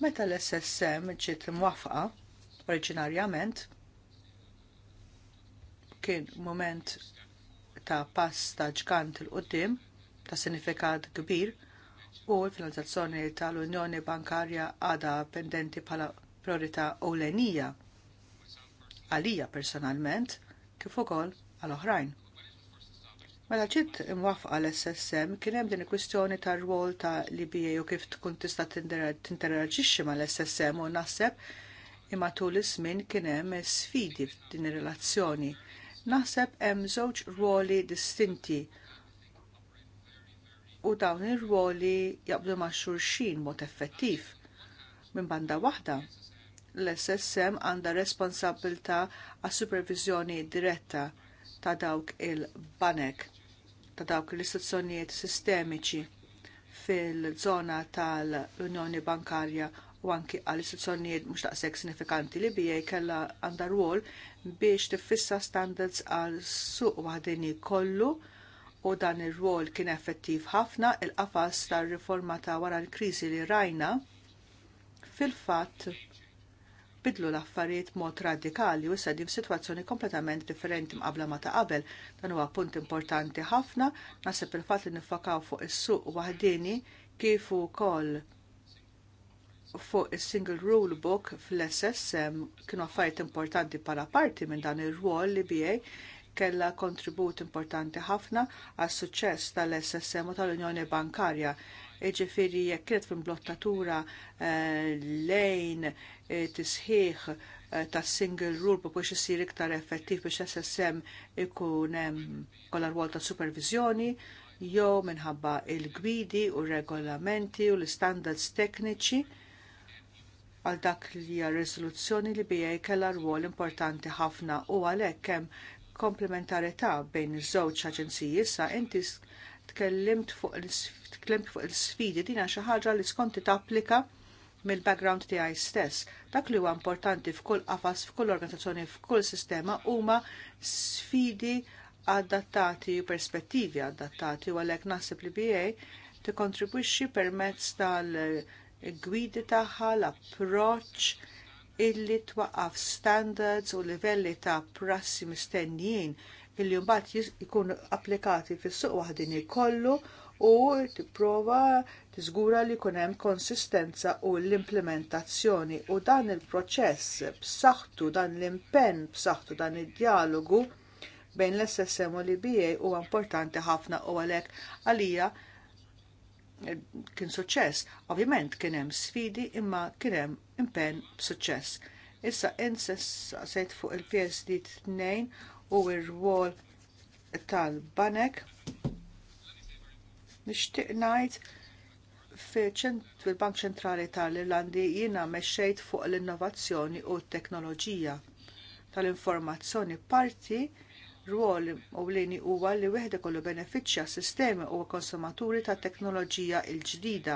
meta l-SSM ġiet mwafqa oriġinarjament kien moment ta' pass ta' ġkant il-qoddim ta' sinifikat kbir u l-finanzazzjoni tal-Unjoni Bankarja għada pendenti bħala priorità ewlenija għalija personalment kif ukoll għal-oħrajn. Mela ġiet imwafqa l-SSM kien hemm din il-kwistjoni tar-rwol ta' Libija jew u kif tkun tista' tinteraġixxi mal-SSM u naħseb imma tul iż-żmien kien hemm sfidi f'din ir-relazzjoni. Naħseb hemm żewġ ruoli distinti u dawn ir-ruoli jaqblu ma' xulxin mod effettiv. Minn banda waħda, l-SSM għandha responsabilta għas supervizjoni diretta ta' dawk il-banek, ta' dawk l-istituzzjonijiet sistemiċi fil-żona tal-Unjoni Bankarja u anki għal istituzzjonijiet mhux daqshekk sinifikanti li bija kellha għandha rwol biex tiffissa standards għal suq waħdini kollu u dan ir-rwol kien effettiv ħafna il-qafas tar-riforma ta' wara l-kriżi li rajna fil-fatt bidlu l-affarijiet mod radikali u issa din situazzjoni kompletament differenti mqabla ma ta' qabel. Dan huwa punt importanti ħafna, naħseb il-fatt li nifokaw fuq is-suq waħdini kif ukoll fuq is-Single Rule Book fl-SSM kienu affarijiet importanti bħala parti minn dan ir-rwol li BA kellha kontribut importanti ħafna għas suċċess tal-SSM u tal-Unjoni Bankarja. Jiġifieri jekk kienet f'imblottatura eh, lejn eh, tisħiħ eh, tas-Single Rule Book biex isir iktar effettiv biex SSM ikun hemm kollha rwol ta' supervizjoni, jew minħabba il-gwidi u r regolamenti u l-standards tekniċi għal dak li hija riżoluzzjoni li bija jkella rwol importanti ħafna u għalhekk hemm komplementarità bejn iż-żewġ aġenziji issa inti tkellimt fuq il sfidi dina xi ħaġa li skont tapplika mill-background tiegħi stess. Dak li huwa importanti f'kull qafas, f'kull organizzazzjoni, f'kull sistema huma sfidi adattati u perspettivi adattati u għalhekk naħseb li BA tikkontribwixxi permezz tal- il-gwidi tagħha l-approċċ illi twaqqaf standards u livelli ta' prassi mistennijin illi mbagħad jkunu applikati fis-suq waħdin kollu u tipprova tiżgura li jkun hemm konsistenza u l-implementazzjoni u dan il-proċess b'saħħtu dan l-impenn b'saħħtu dan id-dialogu bejn l-SSM u l-IBA huwa importanti ħafna u għalhekk għalija kien suċċess. Ovvjament kien hemm sfidi imma kien hemm impenn b'suċċess. Issa sejt fuq il-PSD 2 u r-rwol tal-banek. Nixtieq ngħid fil-Bank Ċentrali tal-Irlandi jiena mexxejt fuq l-innovazzjoni u t-teknoloġija tal-informazzjoni parti rwol ewlieni huwa li wieħed ikollu benefiċċja sistemi u konsumaturi ta' teknoloġija l-ġdida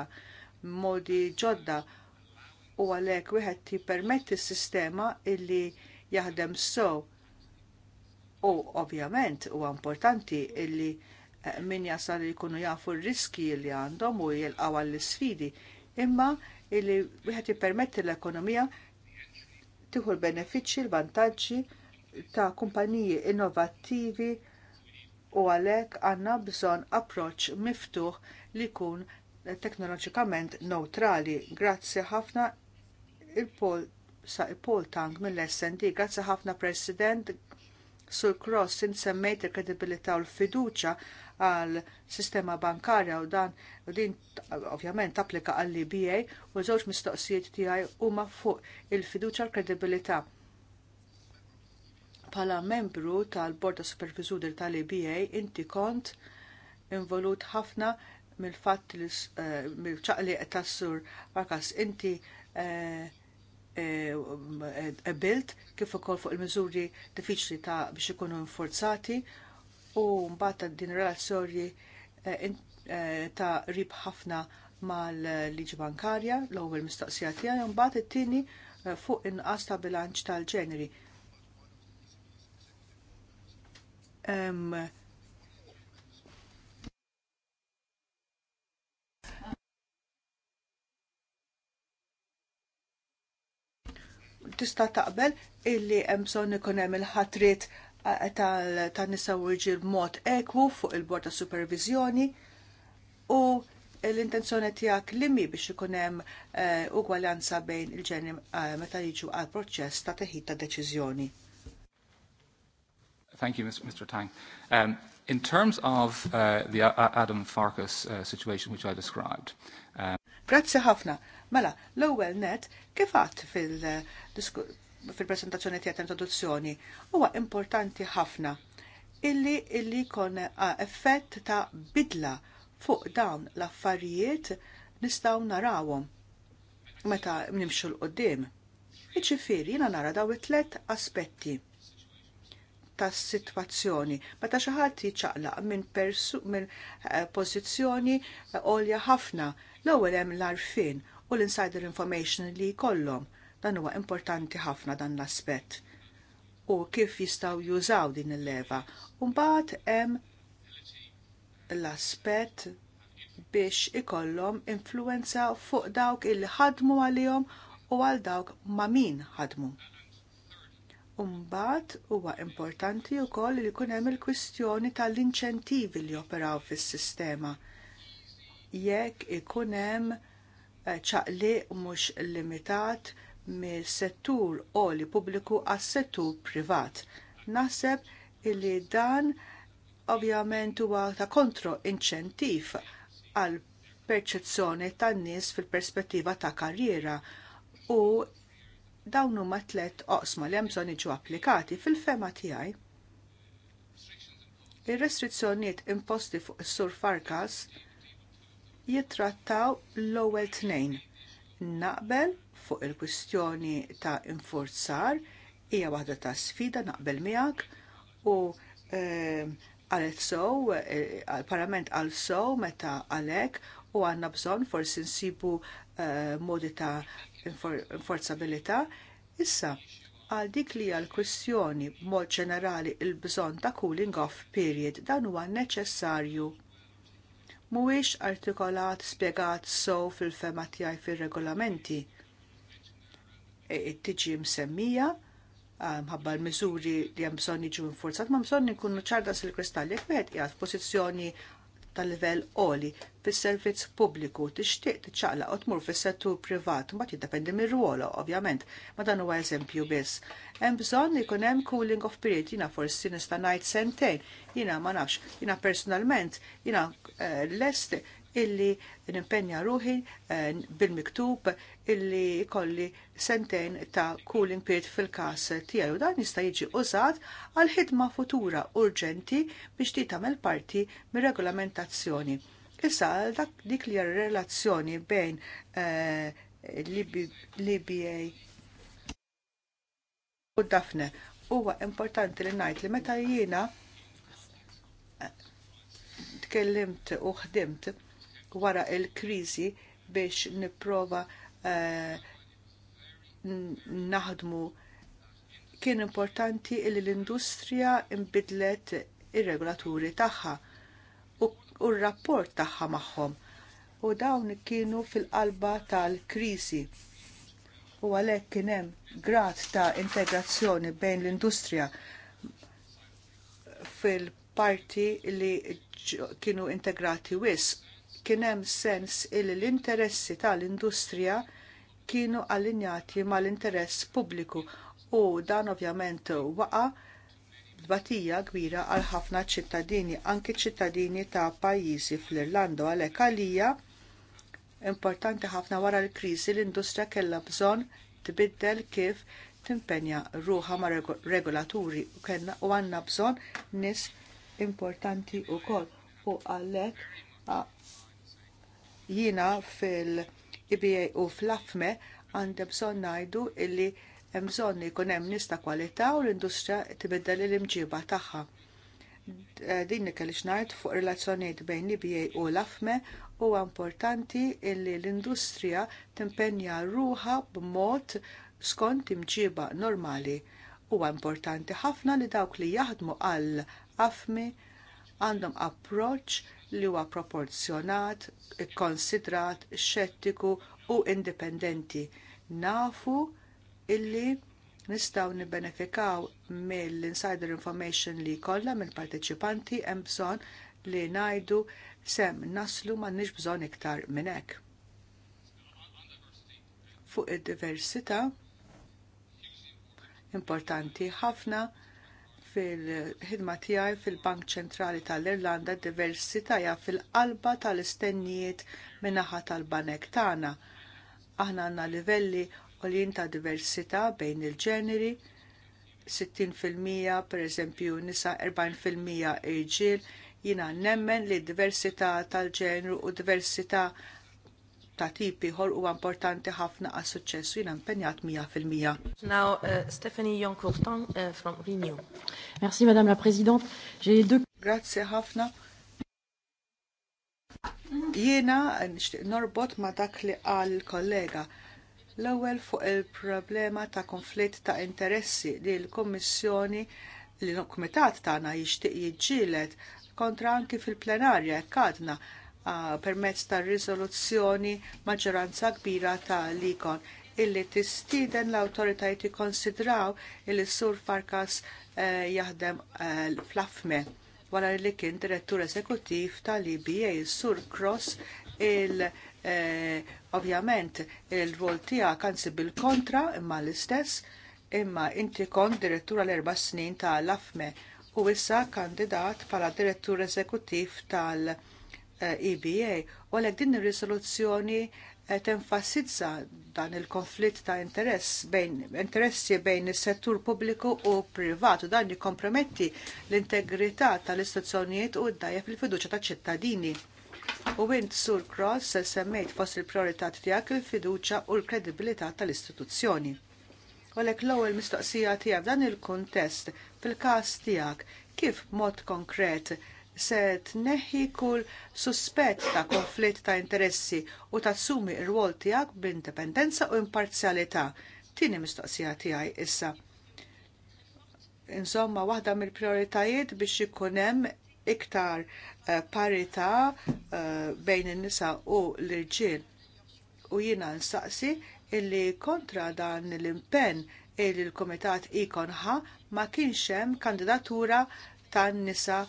modi ġodda u għalhekk wieħed jippermetti s-sistema illi jaħdem sew. U ovvjament huwa importanti illi eh, min jasal li jkunu jafu r-riski li għandhom u jilqgħu għall-isfidi, imma illi wieħed jippermetti l-ekonomija tieħu l-benefiċċji, l-vantaġġi, ta' kumpaniji innovattivi u għalhekk għandna bżonn approċċ miftuħ li jkun teknoloġikament neutrali. Grazzi ħafna il-Pol sa il-Pol Tang mill-SND, grazzi ħafna President Sur Cross insemmejt il-kredibilità u l-fiduċa għal sistema bankarja u dan u din ovvjament applika għall-IBA u żewġ mistoqsijiet tiegħi huma fuq il-fiduċa l-kredibilità pala membru tal-Bord ta' Supervisuri tal-EBA inti kont involut ħafna mill-fatt li eh, mill-ċaqli qed tassur Markas inti qbilt eh, eh, kif ukoll fuq il-miżuri diffiċli ta' biex ikunu nforzati u mbagħad din relazzjoni ta' rib ħafna mal-liġi bankarja l-ewwel mistoqsija tiegħi u mbagħad it-tieni fuq inqas ta' bilanċ tal-ġeneri um, tista' taqbel illi hemm bżonn ikun hemm il-ħatriet eh, tan-nisa u ġir mod ekwu fuq il-bord ta' supervizjoni u l-intenzjoni tiegħek limi biex ikun hemm eh, ugwaljanza bejn il-ġeni eh, meta jiġu għal proċess ta' teħid ta' deċiżjoni. Thank you, Mr. Mr. Tang. Um, in terms of uh, the Adam Farkas uh, situation which I described. Um... Grazzi ħafna. Mela, l-ewwel net kif għadt uh, fil-presentazzjoni fil tiegħek introduzzjoni huwa importanti ħafna illi illi kon uh, effett ta' bidla fuq dawn l-affarijiet nistgħu narawhom meta nimxu l-qoddim. Iċifiri, jina nara daw it-tlet aspetti tas-sitwazzjoni. Meta xi ħadd jiċċaqlaq minn minn eh, pożizzjoni eh, għolja ħafna, l-ewwel hemm l-arfin u l-insider information li jkollhom. Dan huwa importanti ħafna dan l-aspett. U kif jistgħu jużaw din il-leva. Mbagħad hemm l-aspett biex ikollhom influenza fuq dawk il ħadmu għalihom u għal dawk ma' min ħadmu. Umbat huwa importanti wkoll li jkun hemm il-kwistjoni tal-inċentivi li operaw fis-sistema. Jekk ikun hemm eh, ċaqli mhux limitat mis-settur oli pubbliku għas-settur privat. Naħseb li dan ovvjament huwa ta' kontro inċentiv għal perċezzjoni tan-nies fil-perspettiva ta' karriera u Dawn huma tliet oqsma li hemm bżonn jiġu applikati fil-fema tiegħi. Ir-restrizzjonijiet imposti fuq is-sur Farkas jittrattaw l-ewwel tnejn. Naqbel fuq il-kwistjoni ta' infurzar hija waħda ta' sfida naqbel miegħek u għalet sow, għal-parlament għal sow eh, meta għalek u għanna bżon forsi nsibu eh, modi ta' enforzabilità, issa għal dik li għal kwistjoni b'mod ġenerali il-bżonn ta' cooling off period dan huwa neċessarju. Mhuwiex artikolat spjegat sow fil-fema tiegħi fir-regolamenti. E, e, tiġi msemmija mħabba l-miżuri li hemm bżonn jiġu infurzat ma bżonn inkunu ċarda sil-kristalli wieħed qiegħed f'pożizzjoni tal-livell għoli fis-servizz pubbliku tixtieq tiċċaqla u tmur fis-settur privat ma jiddependi mir-ruolo ovvjament, ma dan huwa eżempju biss. Hemm bżonn ikun hemm cooling of period jiena forsi nista' ngħid sentejn, jiena ma nafx, jiena personalment jiena eh, lest illi nimpenja ruħi eh, bil-miktub illi kolli sentejn ta' cooling period fil-kas u dan jista' jiġi użat għal ħidma futura urġenti biex ti tagħmel parti mir-regolamentazzjoni. Issa dak dik li relazzjoni bejn eh, l-IBA u dafne huwa importanti li ngħid li meta jiena eh, tkellimt u ħdimt wara il-kriżi biex nipprova eh, naħdmu kien importanti li l-industrija imbidlet ir-regolaturi tagħha u r-rapport tagħha magħhom u dawn kienu fil-qalba tal-kriżi u għalhekk kien hemm grad ta' integrazzjoni bejn l-industrija fil-parti li kienu integrati wisq kien hemm sens illi l-interessi tal-industrija kienu allinjati mal-interess pubbliku u dan ovvjament waqa batija kbira għal ħafna ċittadini, anki ċittadini ta' pajjiżi fl-Irlanda għalhekk għalija importanti ħafna wara l-kriżi l-industrija kellha bżonn tbiddel kif timpenja ruħa ma' regolaturi u kellna u għandna bżonn nies importanti wkoll u għalhekk Jiena fil-IBA u fl-AFME għandem bżonn ngħidu illi hemm bżonn jkun hemm nies ta' kwalità u l-industrija tibeddel il imġiba tagħha. Eh, din kellix ngħid fuq relazzjonijiet bejn l-IBA e u l-AFME huwa importanti illi l-industrija timpenja ruħa b'mod skont imġiba normali. Huwa importanti ħafna li dawk li jaħdmu għal afmi e għandhom approċċ li huwa proporzjonat, ikkonsidrat, xettiku u indipendenti. Nafu illi nistgħu nibbenefikaw mill-insider information li jkollha mill partiċipanti hemm bżonn li ngħidu sem naslu nix bżonn iktar minn hekk. Fuq id-diversità importanti ħafna fil-ħidma tiegħi fil-Bank Ċentrali tal-Irlanda diversità hija fil-qalba tal-istennijiet min-naħa tal-banek tagħna. Aħna għandna livelli għolin ta' diversità bejn il-ġeneri, 60% pereżempju nisa 40% irġiel, jina nemmen li diversità tal-ġenru u diversità ta' tip ieħor huwa importanti ħafna għas suċċess jien impenjat 100%. Now uh, Stephanie Joncourtan uh, from Renew. Merci Madame la Présidente. J'ai deux Grazie ħafna. Jiena nixtieq norbot ma' dak li qal kollega. L-ewwel fuq il-problema ta' konflitt ta' interessi li l-Kommissjoni li l-Kumitat tagħna jixtieq jiġġieled kontra anki fil-plenarja kadna. għadna permezz ta' riżoluzzjoni maġġoranza kbira ta' likon illi tistieden l awtoritajiet jikkonsidraw illi sur Farkas eh, jaħdem eh, fl-afme wara li kien direttur eżekuttiv tal-IBA sur Cross il eh, ovvjament il-rol tiegħek anzi bil-kontra imma l-istess imma inti kont direttur għal erba' snin tal-afme u issa kandidat bħala direttur eżekuttiv tal-IBA EBA eh, e u għalek din ir-risoluzzjoni qed eh, enfasizza dan il-konflitt ta' interess bejn interessi bejn is-settur pubbliku u privat u dan jikkomprometti l-integrità tal-istituzzjonijiet u d-dajja fil-fiduċja taċ ċittadini. U int Sur Cross semmejt fost il-priorità tiegħek il-fiduċja u l-kredibilità tal-istituzzjoni. U għalhekk l-ewwel mistoqsija tiegħek dan il-kuntest fil-każ tiegħek kif mod konkret se tneħħi kull suspett ta' konflitt ta' interessi u tassumi r rwol tiegħek b'indipendenza u imparzjalità. Tieni mistoqsija tiegħi issa. Insomma, waħda mill-prioritajiet biex ikun hemm iktar eh, parità eh, bejn in-nisa u l-irġiel. U jiena nsaqsi illi kontra dan l-impenn illi l-Komitat Ikonħa ma kienx hemm kandidatura tan-nisa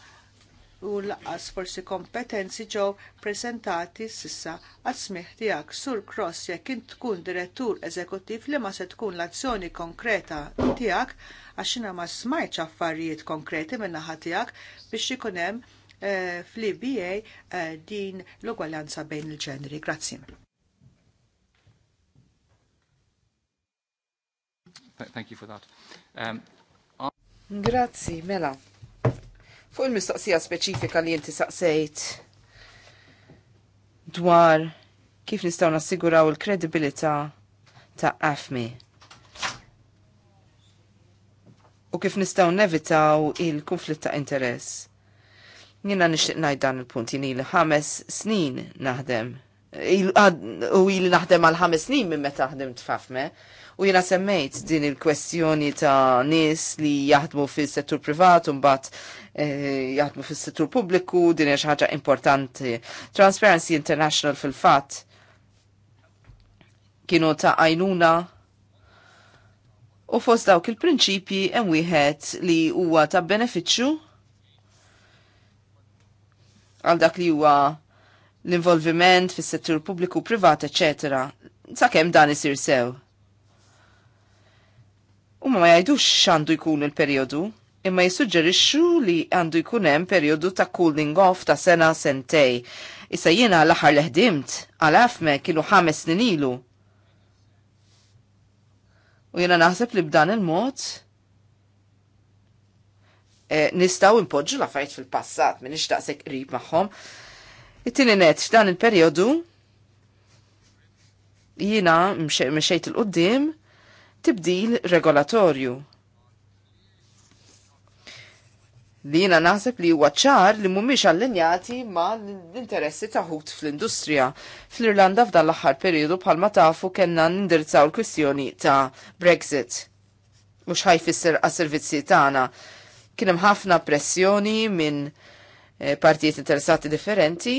u laqas forsi kompetenzi ġew preżentati sissa għasmiħ tiegħek sur cross jekk int tkun direttur eżekuttiv li ma se tkun l-azzjoni konkreta tiegħek għax jiena ma smajtx affarijiet konkreti min-naħa tiegħek biex ikun hemm eh, fl-IBA eh, din l-ugwaljanza bejn il-ġeneri. Grazzi. Thank you for that. Um, Grazzi, mela. Fuq il-mistoqsija speċifika li jinti saqsejt dwar kif nistaw nassiguraw il-kredibilità ta' AFMI. U kif nistaw nevitaw il-konflitt ta' interess. Jina nixtieq ngħid dan il-punt jini li ħames snin naħdem. U il naħdem għal ħames snin minn meta ħdem tfafme. U jena semmejt din il-kwestjoni ta' nis li jaħdmu fis settur privat un bat eh, jaħdmu fis settur pubbliku, din hija ħaġa importanti. Transparency International fil-fatt kienu ta' għajnuna u fost dawk il-prinċipji hemm wieħed li huwa ta' benefiċċju għal dak li huwa l-involviment fis settur pubbliku privat, eċetera, sakemm dan isir sew. U ma jgħidux xandu jkun il-perjodu, imma jissuġġerixxu li għandu jkun hemm perjodu ta' cooling off ta' sena sentej. Issa jiena l-aħħar leħdimt għal afme kienu ħames snin ilu. U jiena naħseb li b'dan il-mod eh, nistaw impoġġu la fajt fil-passat minn ixtaqsek qrib magħhom. It-tieni net f'dan il-perjodu jiena mxejt il-qoddim tibdil regolatorju. Li jina naħseb li huwa ċar li mhumiex allinjati ma l-interessi taħut fl-industrija. Fl-Irlanda f'dan l-aħħar periodu bħalma tafu kellna nindirizzaw l-kwistjoni ta' Brexit. Mhux ħajfisser għas-servizzi tagħna. Kien hemm ħafna pressjoni minn eh, partijiet interessati differenti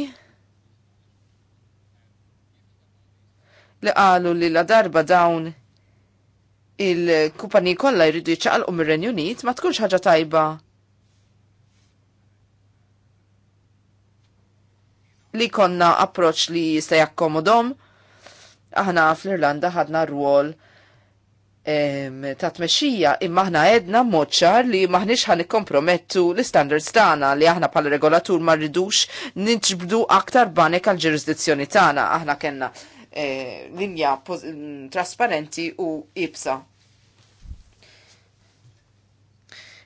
li qalu li la darba dawn il-kumpaniji kollha jridu jiċċaqalqu mir-Renju Unit ma tkunx ħaġa tajba. Li konna approċ li jista' jakkomodom, aħna fl-Irlanda ħadna rwol ta' tmexxija imma aħna għedna moċċar li maħniex ħan ikkompromettu l-standards tagħna li aħna pal regolatur ma rridux ninġbdu aktar banek għal ġurisdizzjoni tagħna aħna kellna Eh, linja mm, trasparenti u ibsa.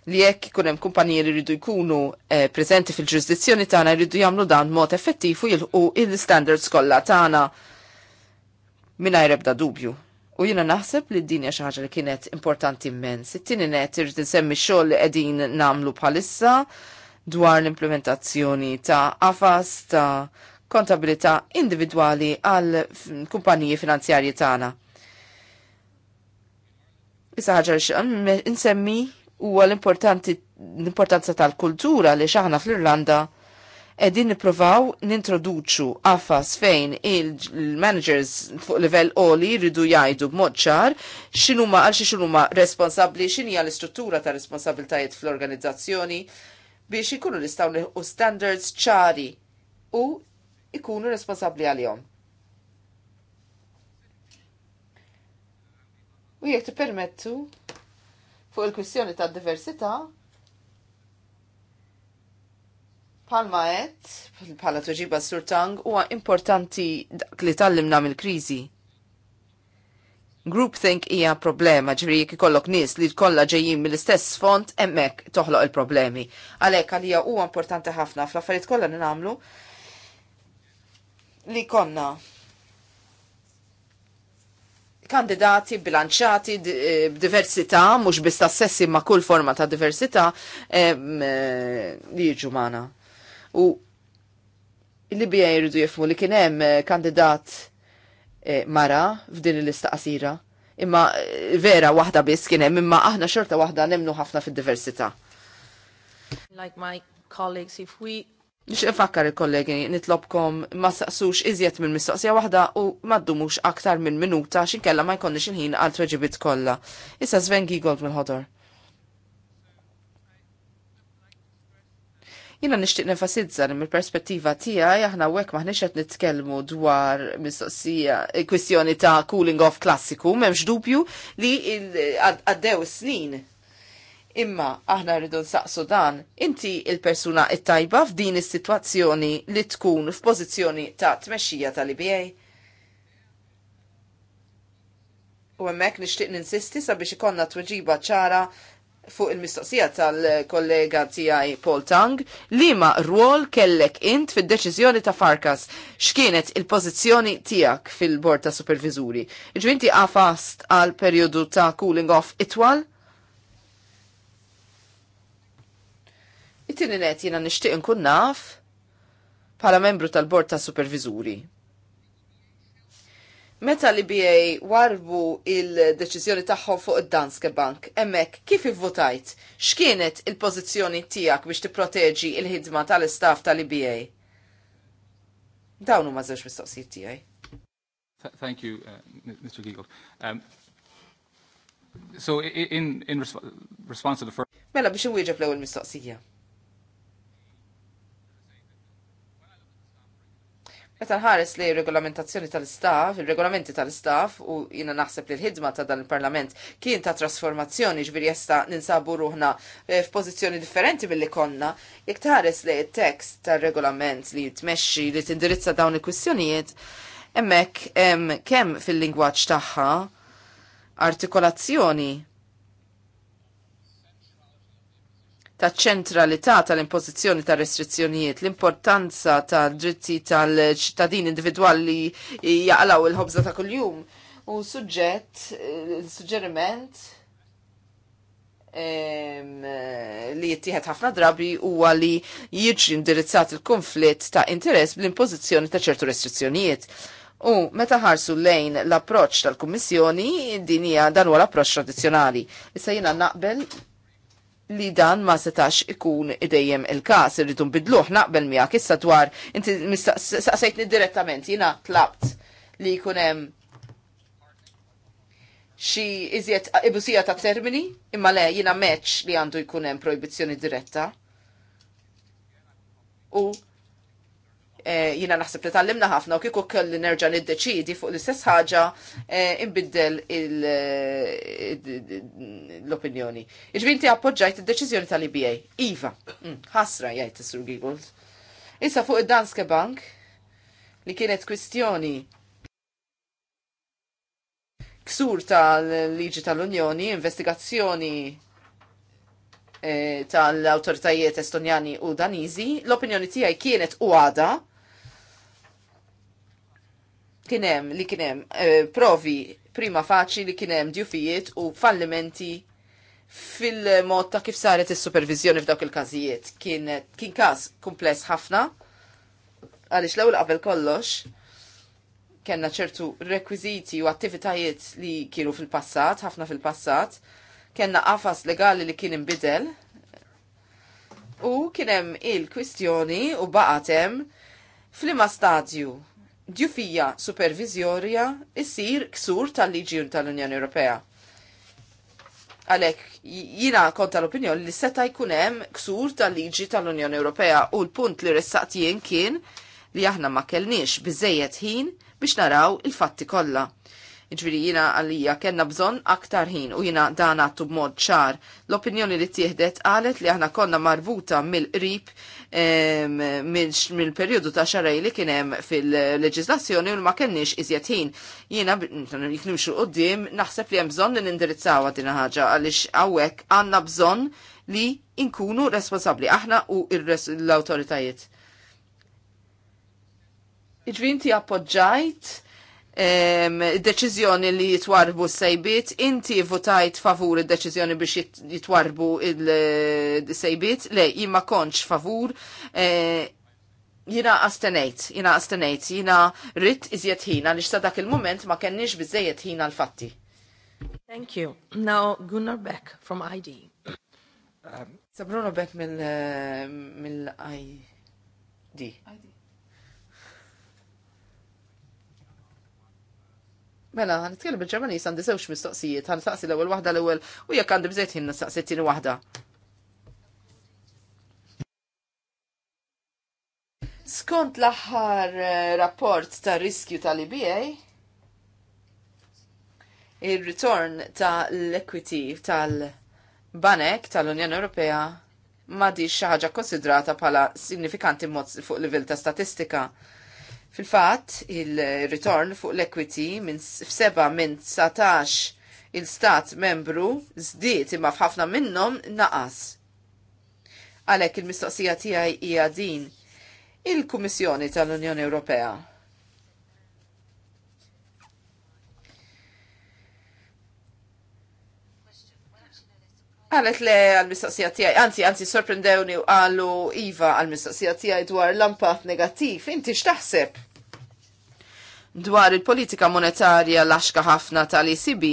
li jekk ikun hemm kumpaniji li jridu jkunu eh, preżenti fil-ġurisdizzjoni tagħna jridu jagħmlu dan mod effettiv u jilħu il-standards kollha tagħna mingħajr ebda dubju. U jiena naħseb li d-dinja xi ħaġa li kienet importanti immens. It-tieni net irid insemmi xogħol li qegħdin nagħmlu bħalissa dwar l-implementazzjoni ta' AFAS ta' kontabilità individwali għal kumpaniji finanzjarji tagħna. Issa ħaġa mm, insemmi huwa l-importanza tal-kultura li xaħna fl-Irlanda edin nippruvaw nintroduċu affas fejn il-managers fuq livell oli jridu jajdu b'mod ċar x'inhuma għal x'inhuma responsabbli x'inhi hija l-istruttura ta' responsabiltajiet fl-organizzazzjoni biex ikunu nistgħu u standards ċari u ikunu responsabbli għalihom. U jekk permettu fuq il-kwistjoni tad diversità Palma et, pala tuġiba surtang, huwa importanti dak li tallimna mill-kriżi. Groupthink hija problema, ġri jek ikollok nies li tkollha ġejjin mill-istess font hemmhekk toħloq il-problemi. Għalhekk għalija huwa importanti ħafna fl-affarijiet kollha li nagħmlu li konna kandidati bilanċati eh, b'diversità, mhux biss sessi ma' kull forma ta' diversità eh, eh, li jiġu magħna. U li bija jridu jifmu li kienem kandidat mara f'din il-lista qasira. Imma vera waħda biss kien hemm, imma aħna xorta waħda nemnu ħafna fid-diversità. Like my colleagues, if we Nix infakkar il-kollegi nitlobkom ma saqsux iżjed minn mistoqsija waħda u maddumux aktar minn minuta xinkella ma jkonni il-ħin għal tweġibit kollha. Issa Sven gold mill-ħodor. Jina nishtiq nefasidza li mill-perspettiva tiegħi aħna hekk maħniex qed nitkellmu dwar mistoqsija eh, kwistjoni ta' cooling off klassiku, m'hemmx dubju li għaddew snin Imma aħna rridu nsaqsu dan, inti il-persuna it-tajba f'din is-sitwazzjoni li tkun f'pożizzjoni ta' tmexxija tal-IBA. U hemmhekk nixtieq ninsisti sabiex ikonna tweġiba ċara fuq il-mistoqsija tal-kollega tiegħi Paul Tang li ma rwol kellek int fid-deċiżjoni ta' Farkas x'kienet il-pożizzjoni tiegħek fil-Bord ta' Superviżuri. Ġu inti qafast għal perjodu ta' cooling off itwal? It-tieni net jiena nixtieq nkun naf bħala membru tal-Bord ta' Superviżuri. Meta li BA warbu il-deċiżjoni tagħhom fuq id-Danske Bank, hemmhekk kif ivvutajt X'kienet il-pożizzjoni tiegħek biex tipproteġi il-ħidma tal-istaff tal-IBA? Dawn huma żewġ mistoqsijiet tiegħi. Thank you, uh, Mr. Giegel. Um, so in, in resp response to the first... Mela biex inwieġeb l-ewwel mistoqsija. Meta nħares li regolamentazzjoni tal staff il-regolamenti tal staff u jina naħseb li l-ħidma ta' dan il-parlament kien ta' trasformazzjoni ġbir jesta ninsabu ruħna eh, f'pożizzjoni differenti mill-li konna, jek tħares li il-tekst tal-regolament li tmexxi li tindirizza dawn il-kwistjonijiet, emmek em, kem fil-lingwaċ tagħha artikolazzjoni ta' ċentralità tal-impożizzjoni ta' restrizzjonijiet, l-importanza ta' dritti tal-ċittadin individwali jaqlaw il-ħobza ta' kuljum. U suġġett, il-suġġeriment eh, li jittieħed ħafna drabi huwa li jiġri indirizzat il-konflitt ta' interess bl-impożizzjoni ta' ċertu restrizzjonijiet. U meta ħarsu lejn l-approċċ tal-Kummissjoni, din hija dan huwa l-approċċ tradizzjonali. Issa jiena naqbel li dan ma setax ikun id-dajem il-kas, irridu bidluħ naqbel miegħek issa dwar inti saqsejtni direttament jina tlabt li jkun hemm xi iżjed ibusija ta' termini, imma le jiena meċ li għandu jkun hemm diretta. U Eh, jina naħseb li tal-limna ħafna u kieku kelli nerġa' nid-deċidi fuq l-istess ħaġa eh, imbiddel eh, l-opinjoni. Iġvinti appoġġajt id-deċiżjoni tal-IBA. Iva, mm, ħasra jgħid is-Sur Giggles. Issa fuq id-Danske Bank li kienet kwistjoni ksur tal-liġi tal-Unjoni, investigazzjoni tal-autoritajiet estonjani u danizi, l-opinjoni tiegħi kienet u għada kienem li kienem eh, provi prima faċi li kienem djufijiet u fallimenti fil-mod ta' kif saret is-supervizjoni f'dawk il-każijiet. Kien, kien każ kumpless ħafna għaliex l-ewwel qabel kollox kellna ċertu rekwiżiti u attivitajiet li kienu fil-passat, ħafna fil-passat, kellna qafas legali li kien imbidel u kien hemm il-kwistjoni u baqatem flima stadju djufija supervizjorja issir ksur tal-liġi tal-Unjoni Ewropea. Għalek, jina kont tal-opinjoni li seta jkunem ksur tal-liġi tal-Unjoni Ewropea u l-punt li ressaqt jien kien li aħna ma kellniex biżejjed ħin biex naraw il-fatti kollha. Ġviri jina għalija kena bżon aktar ħin u jina dan għattu b'mod ċar. L-opinjoni li tieħdet għalet li aħna konna marvuta mill-qrib mill-periodu ta' xarej li kienem fil leġizlazzjoni u ma kenniex iżjed ħin. Jina jiknimxu qoddim naħseb li hemm bżon li nindirizzawa din ħaġa għaliex għawek għandna bżonn li inkunu responsabli aħna u l-autoritajiet. Iġvinti appoġġajt deċiżjoni li jitwarbu s-sejbit, inti votajt favur id-deċiżjoni biex jitwarbu il-sejbit, le, jimma konċ favur, e, jina astenejt, jina astenejt, jina rrit iżjed ħina li xta dak il-moment ma kenniex bizzejiet ħina l-fatti. Thank you. Now Gunnar Beck from ID. Um, Sabruno Beck mill eh, Mill ID. ID. Mela, għanitkellem bil-Ġermanis għandi zewx mistoqsijiet, t-taqsi l-ewel wahda l-ewel u jekk għandi bżet jinn nistaqsitin wahda. Skont l-aħħar eh, rapport ta' riskju tal-IBA, il-return ta' l-equity tal-banek tal-Unjoni Ewropea ma di xi ħaġa konsidrata bħala signifikanti mod fuq livell ta' statistika Fil-fatt, il-return fuq l-equity minn f'seba minn 19 il-stat membru zdiet imma f'ħafna minnhom naqas. Għalhekk il-mistoqsija tiegħi hija din il-Kummissjoni tal-Unjoni Ewropea Għalet le għal-mistoqsija tijaj, anzi, anzi, sorprendewni u għallu Iva għal-mistoqsija tijaj dwar l-ampat negattiv, inti xtaħseb? Dwar il-politika monetarja laxka ħafna tal-ECB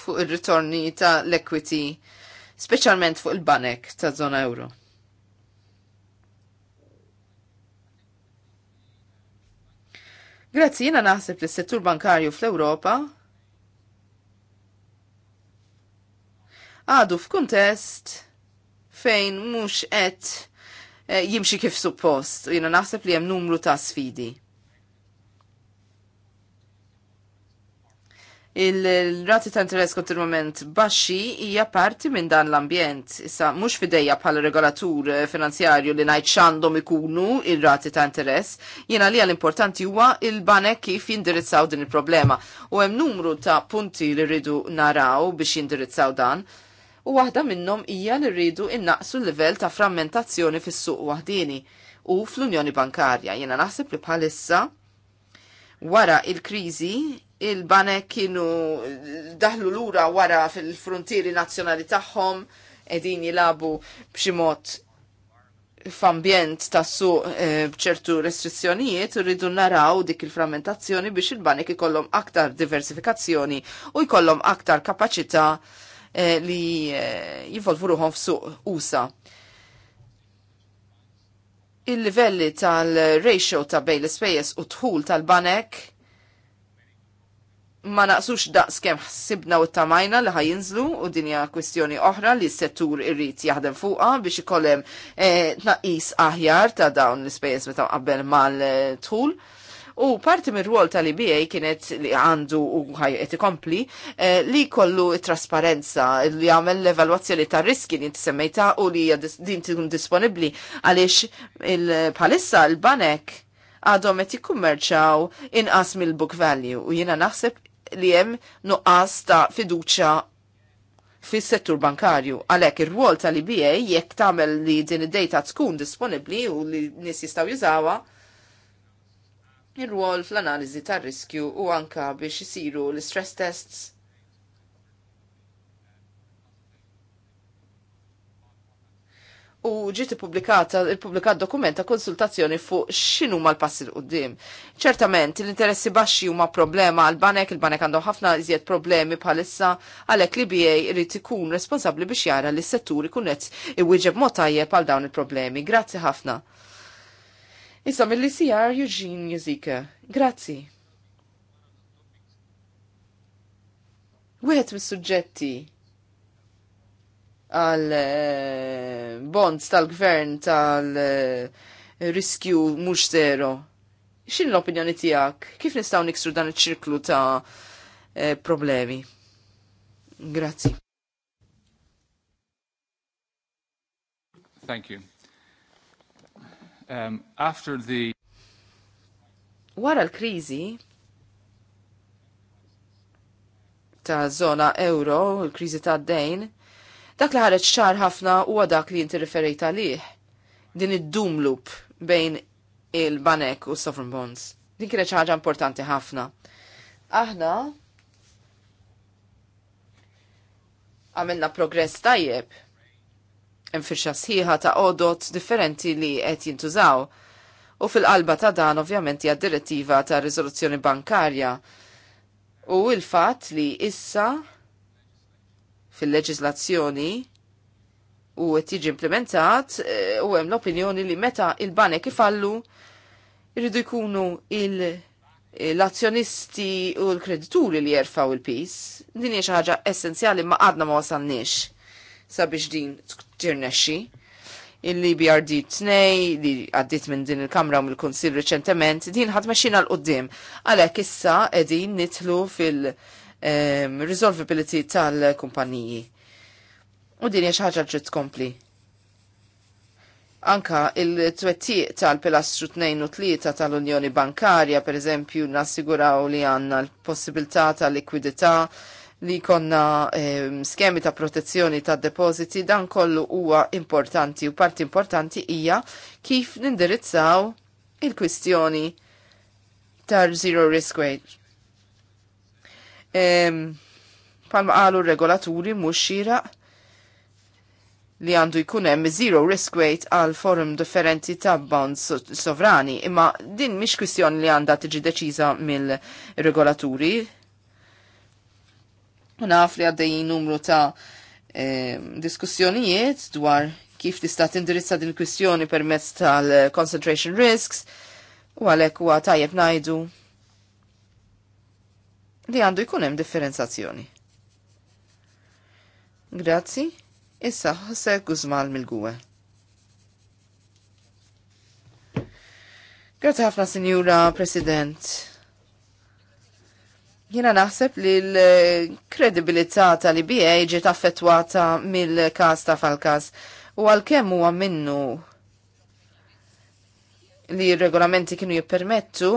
fuq il-ritorni tal equity specialment fuq il-banek ta' zona euro. Grazzi, jina naħseb li s-settur bankarju fl-Europa għadu f'kuntest fejn mhux qed eh, jimxi kif suppost, jiena naħseb li hemm numru ta' sfidi. Il-rati ta' interess moment baxxi hija parti minn dan l-ambjent. Issa mhux fidejja bħal regolatur eh, finanzjarju li ngħid x'għandhom ikunu il-rati ta' interess, jiena li l-importanti huwa il-banek kif jindirizzaw din il-problema. U hemm numru ta' punti li rridu naraw biex jindirizzaw dan u waħda minnhom hija li rridu innaqsu l-livell ta' frammentazzjoni fis-suq waħdini u fl-Unjoni Bankarja. Jiena naħseb li bħalissa wara il-kriżi il-banek kienu daħlu lura wara fil-frontieri nazzjonali tagħhom qegħdin jilabu b'xi mod f'ambjent ta' suq eh, bċertu restrizzjonijiet rridu naraw dik il-frammentazzjoni biex il-banek ikollhom aktar diversifikazzjoni u jkollhom aktar kapaċità Eh, li eh, jivolvu ruħom f'suq USA. Il-livelli tal-ratio ta' bejn l ispejjeż u tħul tal-banek ma naqsux daqs kem ħsibna u tamajna li ħajinżlu u dinja kwestjoni oħra li s-settur irrit jaħdem fuqa biex ikollem eh, aħjar ta' dawn l-ispejjeż meta qabel mal-tħul. U parti mir ruol tal-IBA kienet li għandu u ħajet ikompli eh, li kollu trasparenza li għamel l-evaluazzjoni ta' riski li jintisemmejta u li din tkun disponibli għaliex il-palissa l-banek għadhom qed jikkummerċaw inqas mill-book value u jiena naħseb li hemm nuqqas ta' fiduċja fis-settur bankarju. Għalhekk ir-rwol tal-IBA jekk tagħmel li din id-data tkun disponibbli u li nies jistgħu jużawha, ir-rwol fl-analiżi tar-riskju u anka biex isiru l-stress tests. U ġiet ippubblikata il dokument ta' konsultazzjoni fuq x'inhu l passi l qudiem Ċertament l-interessi baxxi huma problema għal banek il-banek għandhom ħafna iżjed problemi bħalissa għalhekk li BA irid ikun responsabbli biex jara li s-settur ikun qed iwieġeb mod tajjeb għal dawn il-problemi. Grazzi ħafna. Issa mill sijar Eugene Jezika. Grazzi. Wieħed mis-suġġetti għal eh, bonds tal-gvern tal-riskju eh, mhux zero. X'in l-opinjoni tiegħek? Kif nistgħu niksru dan iċ-ċirklu ta' eh, problemi? Grazzi. Thank you um, after the wara l-kriżi ta' zona euro, l-kriżi ta' d-dejn, dak li ħareġ ċar ħafna huwa dak li inti riferejt għalih. Din id-doom loop bejn il-banek u sovereign bonds. Din kienet ħaġa importanti ħafna. Aħna għamilna progress tajjeb hemm firxa sħiħa ta' odot differenti li qed jintużaw. U fil-qalba ta' dan ovvjament hija direttiva ta' riżoluzzjoni bankarja. U il-fatt li issa fil-leġislazzjoni u qed jiġi implementat e, u hemm l-opinjoni li meta il-banek ifallu jridu jkunu il- l-azzjonisti u l-kredituri li jerfaw il-pis, din hija xi ħaġa essenzjali ma għadna ma wasalniex sabiex din tirnexxi. Il-BRD 2 li għaddit minn din il-Kamra u mill-Kunsil reċentement, din ħad meċina l-qoddim. Għalek issa edin nitlu fil-resolvability ehm, tal-kumpaniji. U din hija xi ħaġa ġrid tkompli. Anka il-twettiq tal-pilastru 2 u 3 tal-Unjoni Bankarja, per eżempju, nassiguraw li għanna l-possibilità tal-likwidità, tal tal likwidità li konna eh, skemi ta' protezzjoni ta' depositi dan kollu huwa importanti u parti importanti hija kif nindirizzaw il-kwistjoni tar zero risk wage. Ehm, palma għalu regolaturi mhux xira li għandu jkun hemm zero risk weight għal forum differenti ta' bonds sovrani, imma din mhix kwistjoni li għandha tiġi deċiża mill-regolaturi, Naf li għaddejjin numru ta' eh, diskussjonijiet dwar kif tista' tindirizza din kwistjoni permezz tal-concentration risks u għalhekk huwa tajjeb ngħidu li għandu jkun hemm differenzazzjoni. Grazzi, issa ħasse Guzmal mill-Gwe. Grazzi ħafna, Signora President. Jina naħseb li l-kredibilità tal-IBA ġiet affettwata mill-kas ta' fal-kas u għal kem huwa minnu li r-regolamenti kienu jippermettu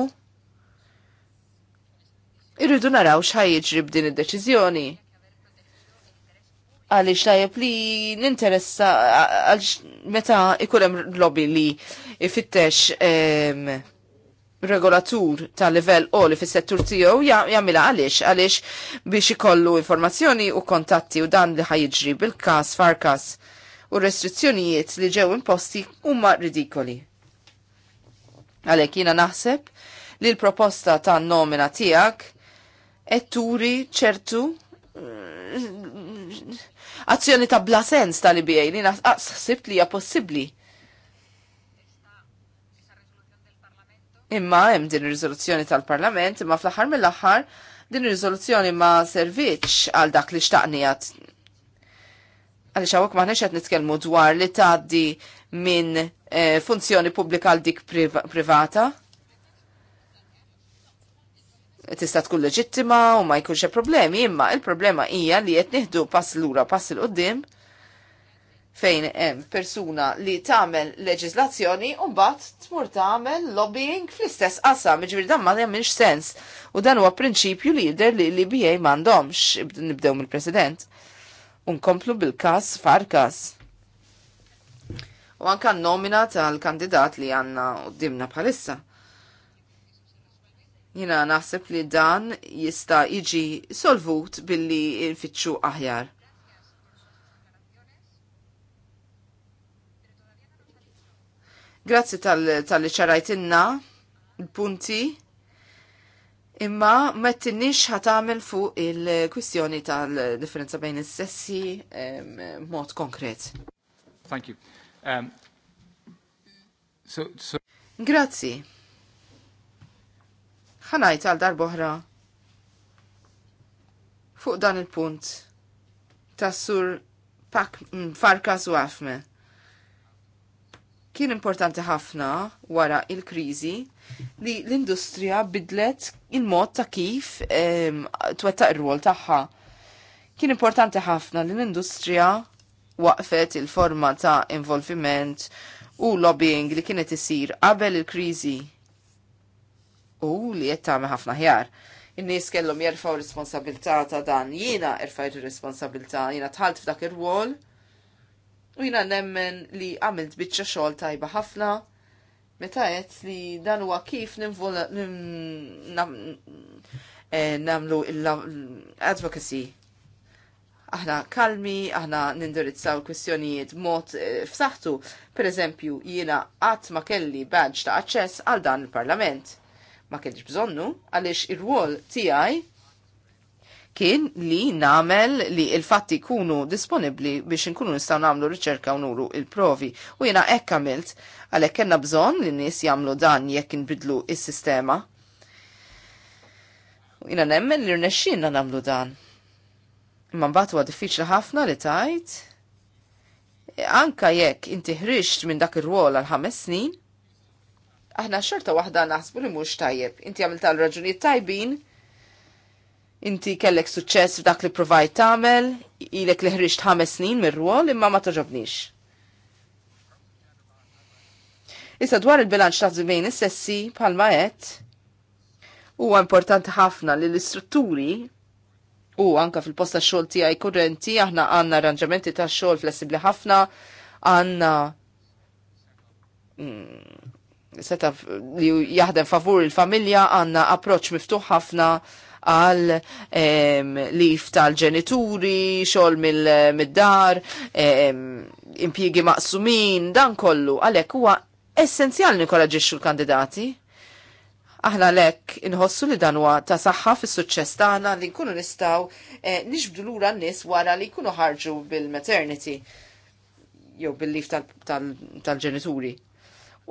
irridu naraw x'ħajjiġri b'din id-deċiżjoni. Għaliex tajjeb li ninteressa għaliex meta ikun hemm lobby li ifittex regolatur ta' livell oli fis settur tiegħu jagħmilha għaliex għaliex biex ikollu informazzjoni u kontatti u dan li ħajġri bil-każ farkas u restrizzjonijiet li ġew imposti huma ridikoli. Għalhekk jiena naħseb li l-proposta ta' nomina tiegħek qed turi ċertu azzjoni ta' bla sens tal-IBA li naħsibt li hija possibbli Imma hemm din ir-riżoluzzjoni tal-Parlament, imma fl-aħħar mill-aħħar din ir-riżoluzzjoni ma servitx għal dak li xtaqnijat. Għaliex hawnhekk maħniex qed nitkellmu dwar li tgħaddi minn eh, funzjoni pubblika għal dik privata. Tista' tkun leġittima u ma jkunx problemi, imma il-problema hija li qed nieħdu pass lura pass il qudiem fejn hemm persuna li tagħmel leġislazzjoni u mbagħad tmur tagħmel lobbying fl-istess qasam, jiġifieri dan ma jemmilx sens. U dan huwa prinċipju li jidher li li BA m'għandhomx nibdew mill-President. Unkomplu bil-każ far każ. U anka nomina tal-kandidat li għanna qoddimna bħalissa. Jina naħseb li dan jista' jiġi solvut billi nfittxu aħjar Grazzi tal-li ċarajtinna l-punti imma mettinix ħatamil fuq il-kwistjoni tal-differenza bejn is-sessi mod konkret. Thank you. Um, so, so... Grazzi. Ħanajt għal darboħra fuq dan il-punt tas-sur Farkas u Afme. Kien importanti ħafna wara il-kriżi li l-industrija bidlet il-mod ta' kif twettaq ir-rwol tagħha. Kien importanti ħafna li l-industrija waqfet il-forma ta' involviment u lobbying li kienet isir qabel il-kriżi u li qed tagħmel ħafna ħjar in-nies kellhom jerfgħu responsabilità ta' dan. Jiena erfajt responsabilità jiena tħalt f'dak ir-rwol U jina nemmen li għamilt bitċa xol tajba ħafna, meta għet li dan huwa kif eh, namlu l-advocacy. Aħna kalmi, aħna nindirizzaw kwistjonijiet mod eh, f'saħħtu. Per eżempju, jiena qatt ma kelli badge ta' aċċess għal dan il-Parlament. Ma kellix bżonnu għaliex ir-rwol tiegħi kien li namel li il-fatti kunu disponibli biex nkunu nistaw namlu riċerka u nuru il-provi. U jena ekk għamilt għalek kena bżon li nis jamlu dan jekk nbidlu il-sistema. U jena nemmen li rnexxinna namlu dan. Imma mbagħad huwa diffiċli ħafna li tajt. Anka jekk inti ħriġt minn dak ir-rwol għal ħames snin, aħna xorta waħda naħsbu li mhux tajjeb. Inti għamilt tal raġunijiet tajbin, Inti kellek suċċess f'dak li provajt tagħmel, ilek li ħriġt ħames snin mir-rwol imma ma toġobnix. Issa dwar il-bilanċ ta' żmien is-sessi bħalma qed huwa importanti ħafna li l-istrutturi u anka fil-posta xogħol tiegħi kurrenti aħna għandna arranġamenti tax xogħol flessibbli ħafna, għandna mm, seta li jaħdem favur il-familja għandna approċċ miftuħ ħafna għal lif tal-ġenituri, xogħol mill-dar, impjiegi maqsumin, dan kollu għalhekk huwa nikola ġiexu l-kandidati. Aħna lek inħossu li dan huwa ta' saħħa fis-suċċess tagħna li nkunu nistgħu eh, nixbdu lura n-nies wara li jkunu ħarġu bil-maternity jew bil-lif tal-ġenituri.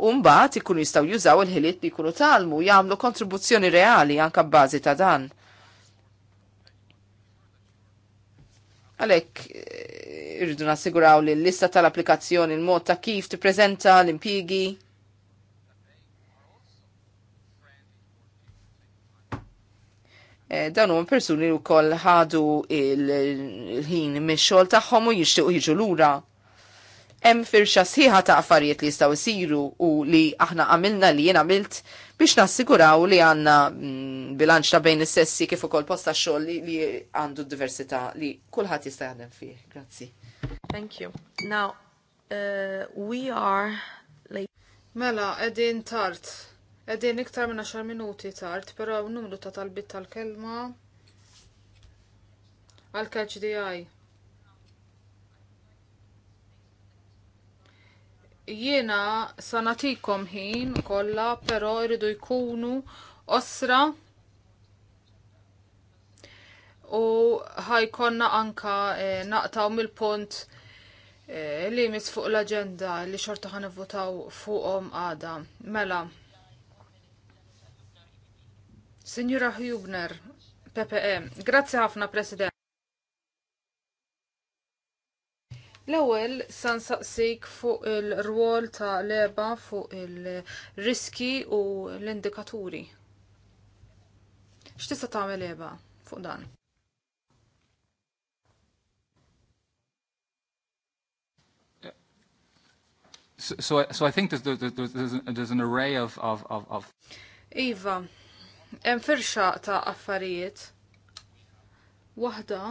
Umbat ikunu jistaw jużaw il-ħiliet li jkunu talmu jagħmlu kontribuzzjoni reali anka bbażi ta' dan. Għalek, eh, irridu nassiguraw li l-lista tal-applikazzjoni, il-mod ta' kif tippreżenta l-impjigi, eh, dan huma persuni li wkoll ħadu il-ħin mix-xogħol tagħhom u jixtiequ jiġu lura. Hemm firxa sħiħa ta' affarijiet li jistgħu jsiru u li aħna għamilna li jien għamilt biex nassiguraw li għanna mm, bilanċ ta' bejn is-sessi kif ukoll posta xogħol li għandu diversità li kulħadd jista' jaħdem fih. Grazzi. Thank you. Now, uh, we are late. Mela, edin tard. Edin iktar minn 10 minuti tard, pero numru ta' talbit tal-kelma għal khdi Jiena sanatikom ħin kollha, però jridu jkunu osra u ħajkonna anka eh, naqtaw mill-punt eh, li mis fuq l-agenda li xorta ħan votaw fuqhom għada. Mela. Signora Hubner, PPE, grazzi ħafna President. L-ewwel san saqsik fuq il-rwol ta' leba fuq il-riski u l-indikaturi. X'tista' tagħmel leba fuq dan? So, so, so I think there's, there's, there's, there's an array of, of, of, of... Iva, hemm firxa ta' affarijiet. Waħda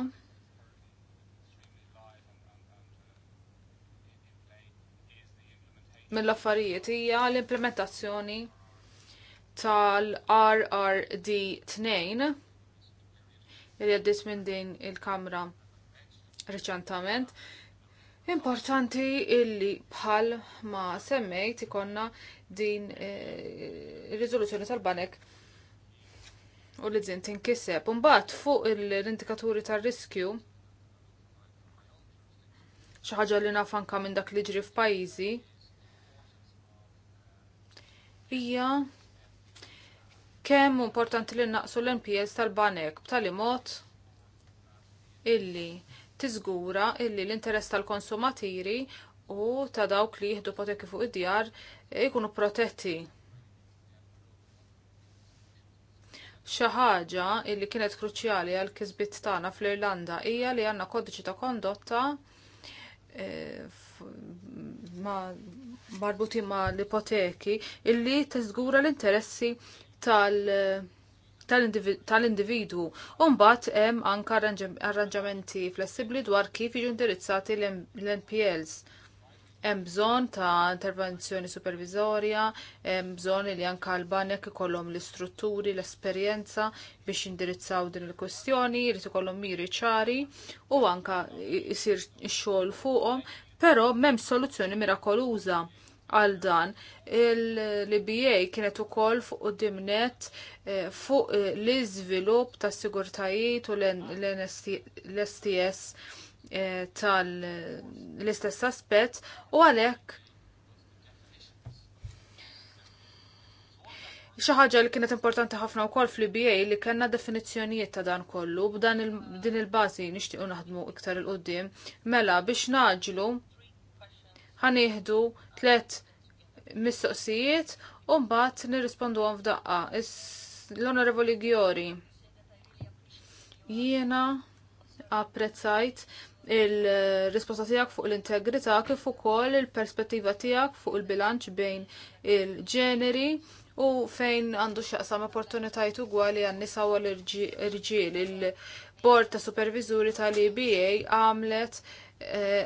mill-affarijiet hija l-implementazzjoni tal-RRD 2 li għaddit minn din il-kamra reċentament. Importanti illi bħal ma semmejt ikonna din eh, il-rizoluzjoni tal-banek u li dżin tinkiseb. Umbat fuq l-indikaturi tal-riskju xi ħaġa li naf anke minn dak li ġri f'pajjiżi hija kemm importanti li naqsu l-NPS tal-banek b'tali mod illi tiżgura illi l-interess tal-konsumatiri u ta' dawk li jieħdu poteki fuq id-djar ikunu protetti. Xi ħaġa illi kienet kruċjali għal kisbit tagħna fl-Irlanda hija li għandna kodiċi ta' kondotta eh, ma' marbuti ma l-ipoteki illi teżgura l-interessi tal-individwu. Tal Umbat hemm anka arranġamenti flessibli dwar kif jiġu indirizzati l-NPLs hemm bżonn ta' intervenzjoni supervizorja, hemm bżonn li anke l-banek ikollhom l-istrutturi, l-esperjenza biex indirizzaw din il-kwestjoni, jrid ikollhom miri ċari u anke jsir x-xogħol fuqhom, però m'hemm soluzzjoni mirakoluża għal dan. Il-LBA kienet ukoll fuq dimnet eh, fuq l-iżvilupp tas sigurtajiet u l-STS Eh, tal-istess aspett u għalhekk xi ħaġa li kienet importanti ħafna wkoll fl-IBA li kellna definizzjonijiet ta' dan kollu b'dan din il-bażi nixtiequ naħdmu iktar il qudiem mela biex naġlu ħanieħdu tliet mistoqsijiet u mbagħad nirrisponduhom f'daqqa. L-Onorevoli Gjori jiena apprezzajt il-risposta tiegħek fuq l-integrità kif ukoll il-perspettiva tiegħek fuq il-bilanċ bejn il-ġeneri u fejn għandu x'jaqsam opportunitajiet ugwali għan-nisa u l-irġiel. Il-Bord ta' Supervizuri tal-EBA għamlet eh,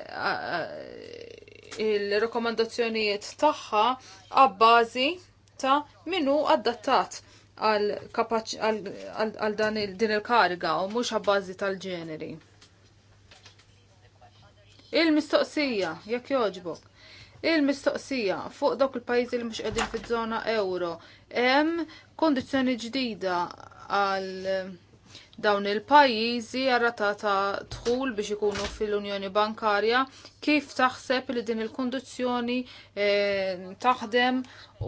il-rekomandazzjonijiet tagħha għabbażi ta' minu adattat għal din il-kariga u mhux għabbażi tal-ġeneri. Il-mistoqsija, jekk joġbok. Il-mistoqsija fuq dawk il-pajjiżi li mhux qegħdin fiż-żona euro hemm kondizzjoni ġdida għal dawn il-pajjiżi għarrata ta' dħul biex ikunu fil-Unjoni Bankarja, kif taħseb li din il-kondizzjoni eh, taħdem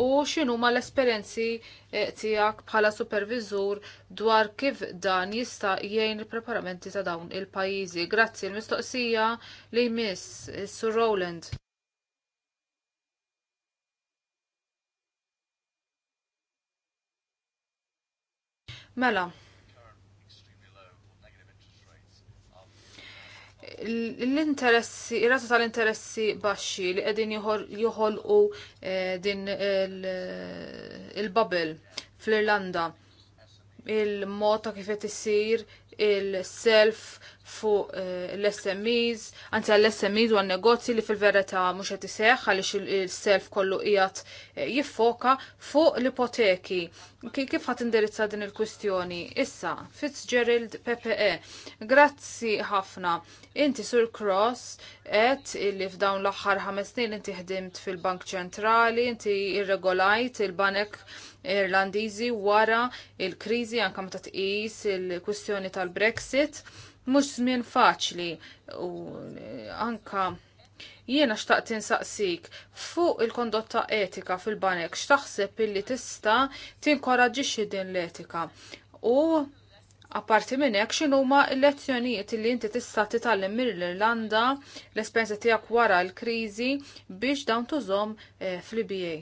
u xinu ma l-esperjenzi eh, tiegħek bħala supervizur dwar kif dan jista' jgħin il-preparamenti ta' dawn il-pajjiżi. Grazzi l-mistoqsija li jmiss Sur Rowland. Mela, l-interessi, ir-rata tal-interessi baxxi li qegħdin joħolqu eh, din eh, il-bubble fl-Irlanda il mota kif qed isir il-self fuq eh, l-SMEs, anzi għall-SMEs u għal-negozji li fil-verita mux għet iseħ għalix il-self kollu ijat eh, jiffoka fuq l-ipoteki. Kif għat indirizza din il-kustjoni? Issa, Fitzgerald PPE, grazzi ħafna. Inti sur Cross, et li f'dawn l-axħar ħames snin inti ħdimt fil-Bank Ċentrali, inti irregolajt il-banek Irlandiżi wara il-kriżi anke meta tqis il kustjoni tal-Brexit Mhux żmien faċli u eh, anka jiena xtaqt insaqsik fuq il-kondotta etika fil-banek x'taħseb illi tista' tinkoraġġixxi din l-etika u apparti minn hekk x'inhu huma l-lezzjonijiet li inti tista' titgħallem mill-Irlanda l espenza tiegħek wara l-kriżi biex dawn tużom eh, fl-IBA.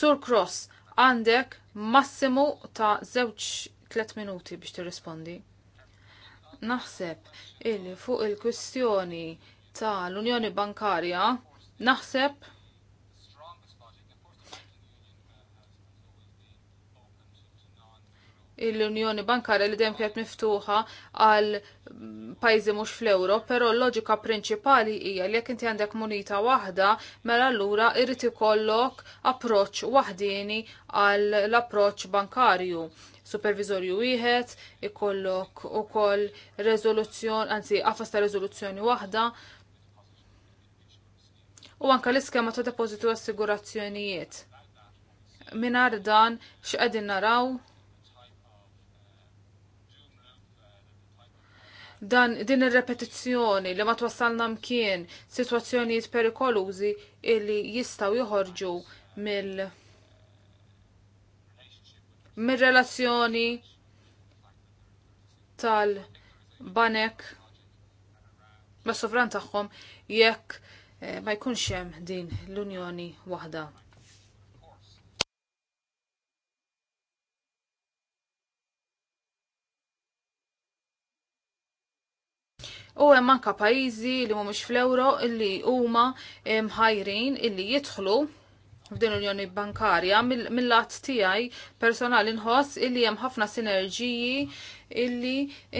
Sur Cross, għandek massimu ta' żewġ tlet minuti biex tirrispondi. Naħseb illi fuq il-kwistjoni tal-Unjoni Bankarja, naħseb l-Unjoni Bankarja li dejjem kienet miftuħa għal pajjiżi mhux fl-Ewro, però l-loġika prinċipali hija li jekk inti għandek munita waħda, mela allura irid ikollok approċċ waħdieni għall approċċ bankarju supervizorju wieħed, ikollok ukoll rezoluzzjoni, anzi qafas ta' rezoluzzjoni waħda. U anka l-iskema ta' depożitu assigurazzjonijiet. Minar dan x'qegħdin naraw dan din ir-repetizzjoni li ma twassalna mkien sitwazzjonijiet perikolużi illi jistgħu joħorġu mill- mir-relazzjoni tal-banek ma' sovran tagħhom jekk eh, ma jkunx hemm din l-Unjoni waħda. U hemm anke pajjiżi li mhumiex fl-ewro illi huma mħajrin illi jidħlu f'din l-Unjoni Bankarja mill-lat tiegħi personali inħoss illi hemm ħafna sinerġiji illi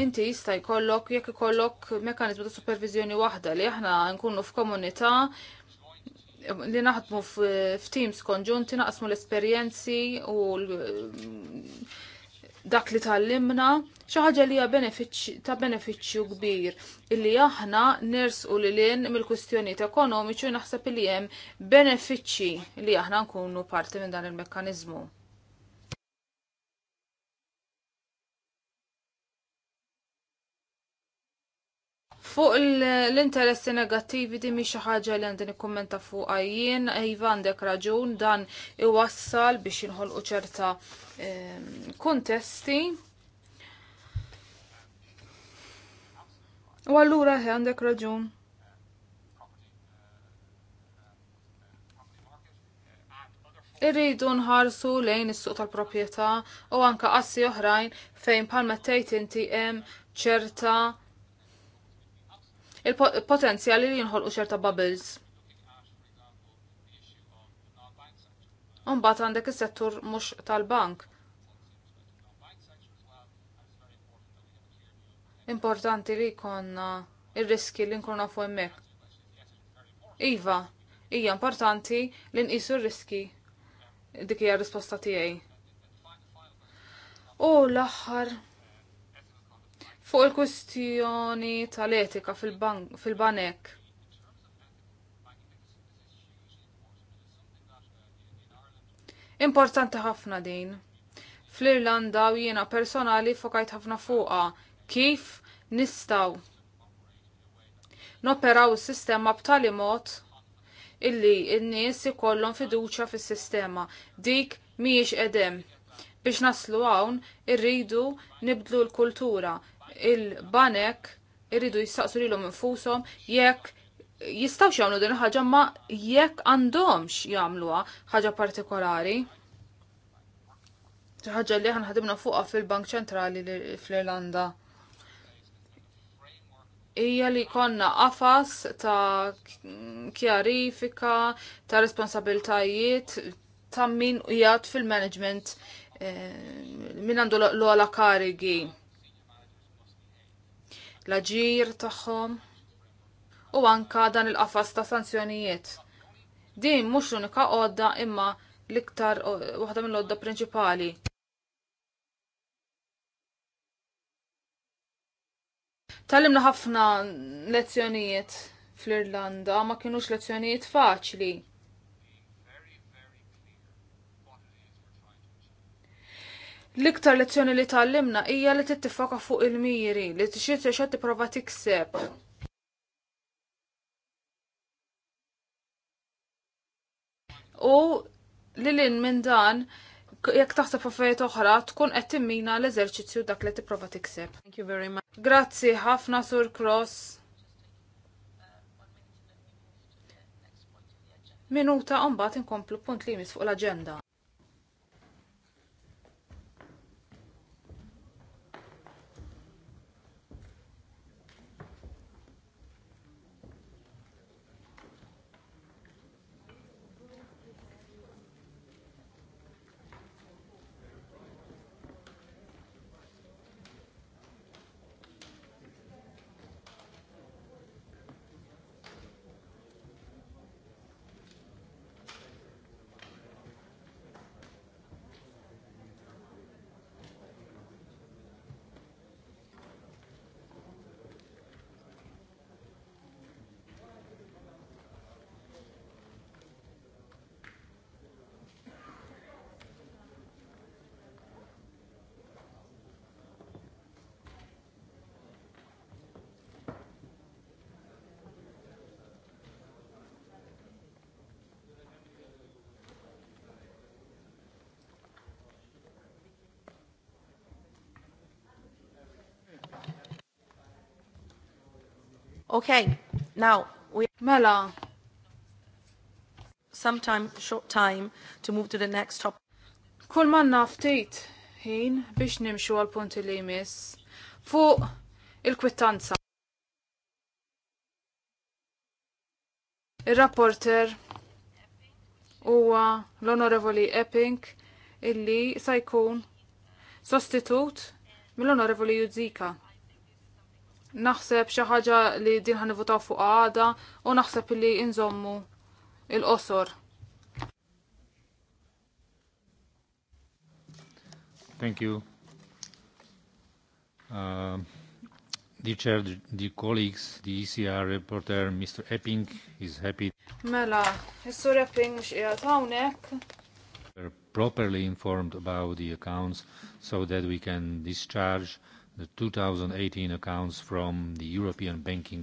inti jista' jkollok jekk ikollok mekkaniżmu ta' supervizjoni waħda li aħna nkunu f'komunità li naħdmu f'teams konġunti naqsmu l-esperjenzi u dak li tal-limna xaħġa li ta' beneficju kbir illi aħna nersqu li l-in mill-kustjoniet ekonomiċi naħseb li hemm benefiċċji li aħna nkunu parti minn dan il-mekkanizmu. Fuq l-interessi negattivi di mi ħaġa li għandin ikkummenta fuq għajjien, Iva għandek raġun dan iwassal biex jinħolqu ċerta ehm, kontesti. U allura għandek raġun. irridu nħarsu lejn is-suq tal-proprjetà u anka qassi oħrajn fejn bħalma tgħid inti hemm ċerta il-potenzjali li jinħolqu ċerta bubbles. Umbat għandek is-settur mhux tal-bank. Importanti li jkollna ir-riski li nkunu nafu hemmhekk. Iva, hija importanti li nqisu r-riski. Dik hija risposta tiegħi. U l-aħħar fuq il-kustjoni tal-etika fil-banek. Importanti ħafna din. Fl-Irlanda u jiena personali fokajt ħafna fuqa kif nistaw noperaw s-sistema b'tali mod illi n-nies ikollhom fiduċja fis-sistema. Dik mhijiex edem. Biex naslu hawn irridu nibdlu l-kultura, il-banek irridu jistaqsu l-om infushom jekk jistgħux jagħmlu din ħagġa ħaġa ma jekk għandhomx jagħmluha ħaġa partikolari. ħaġa li aħna ħadimna fuqha fil-Bank Ċentrali fl-Irlanda hija li konna qafas ta' kjarifika, ta' responsabiltajiet, ta' min jgħat fil-management, eh, min għandu l-għala karigi l-aġir tagħhom u anka dan il-qafas ta' sanzjonijiet. Din mhux l-unika għodda imma l-iktar waħda mill-għodda prinċipali. Tallimna ħafna lezzjonijiet fl-Irlanda, ma kienux lezzjonijiet faċli. L-iktar lezzjoni li tallimna hija li tittifoka fuq il-miri, li t-xiet xa tipprova tikseb. U li lin minn dan jekk taħseb affarijiet oħra tkun qed timmina l-eżerċizzju dak li tipprova tikseb. Thank you very much. Grazzi ħafna Sur Cross. Minuta u mbagħad inkomplu punt li jmiss fuq l-aġenda. Okay, now we... Mela. Sometime, short time to move to the next topic. Kull manna ftit ħin biex nimxu għal punti li jmiss fuq il-kwittanza. Il-rapporter huwa l-Onorevoli Epping illi sa jkun sostitut mill-Onorevoli Judzika naħseb xi ħaġa li din ħan ħanivutaw fuq għada u naħseb li inżommu il-qosor. Thank you. Uh, um, the Chair, the, the colleagues, the ECR reporter, Mr. Epping, is happy. Mela, Mr. Epping mux qiegħed hawnhekk. Properly informed about the accounts so that we can discharge the 2018 accounts from the European Banking.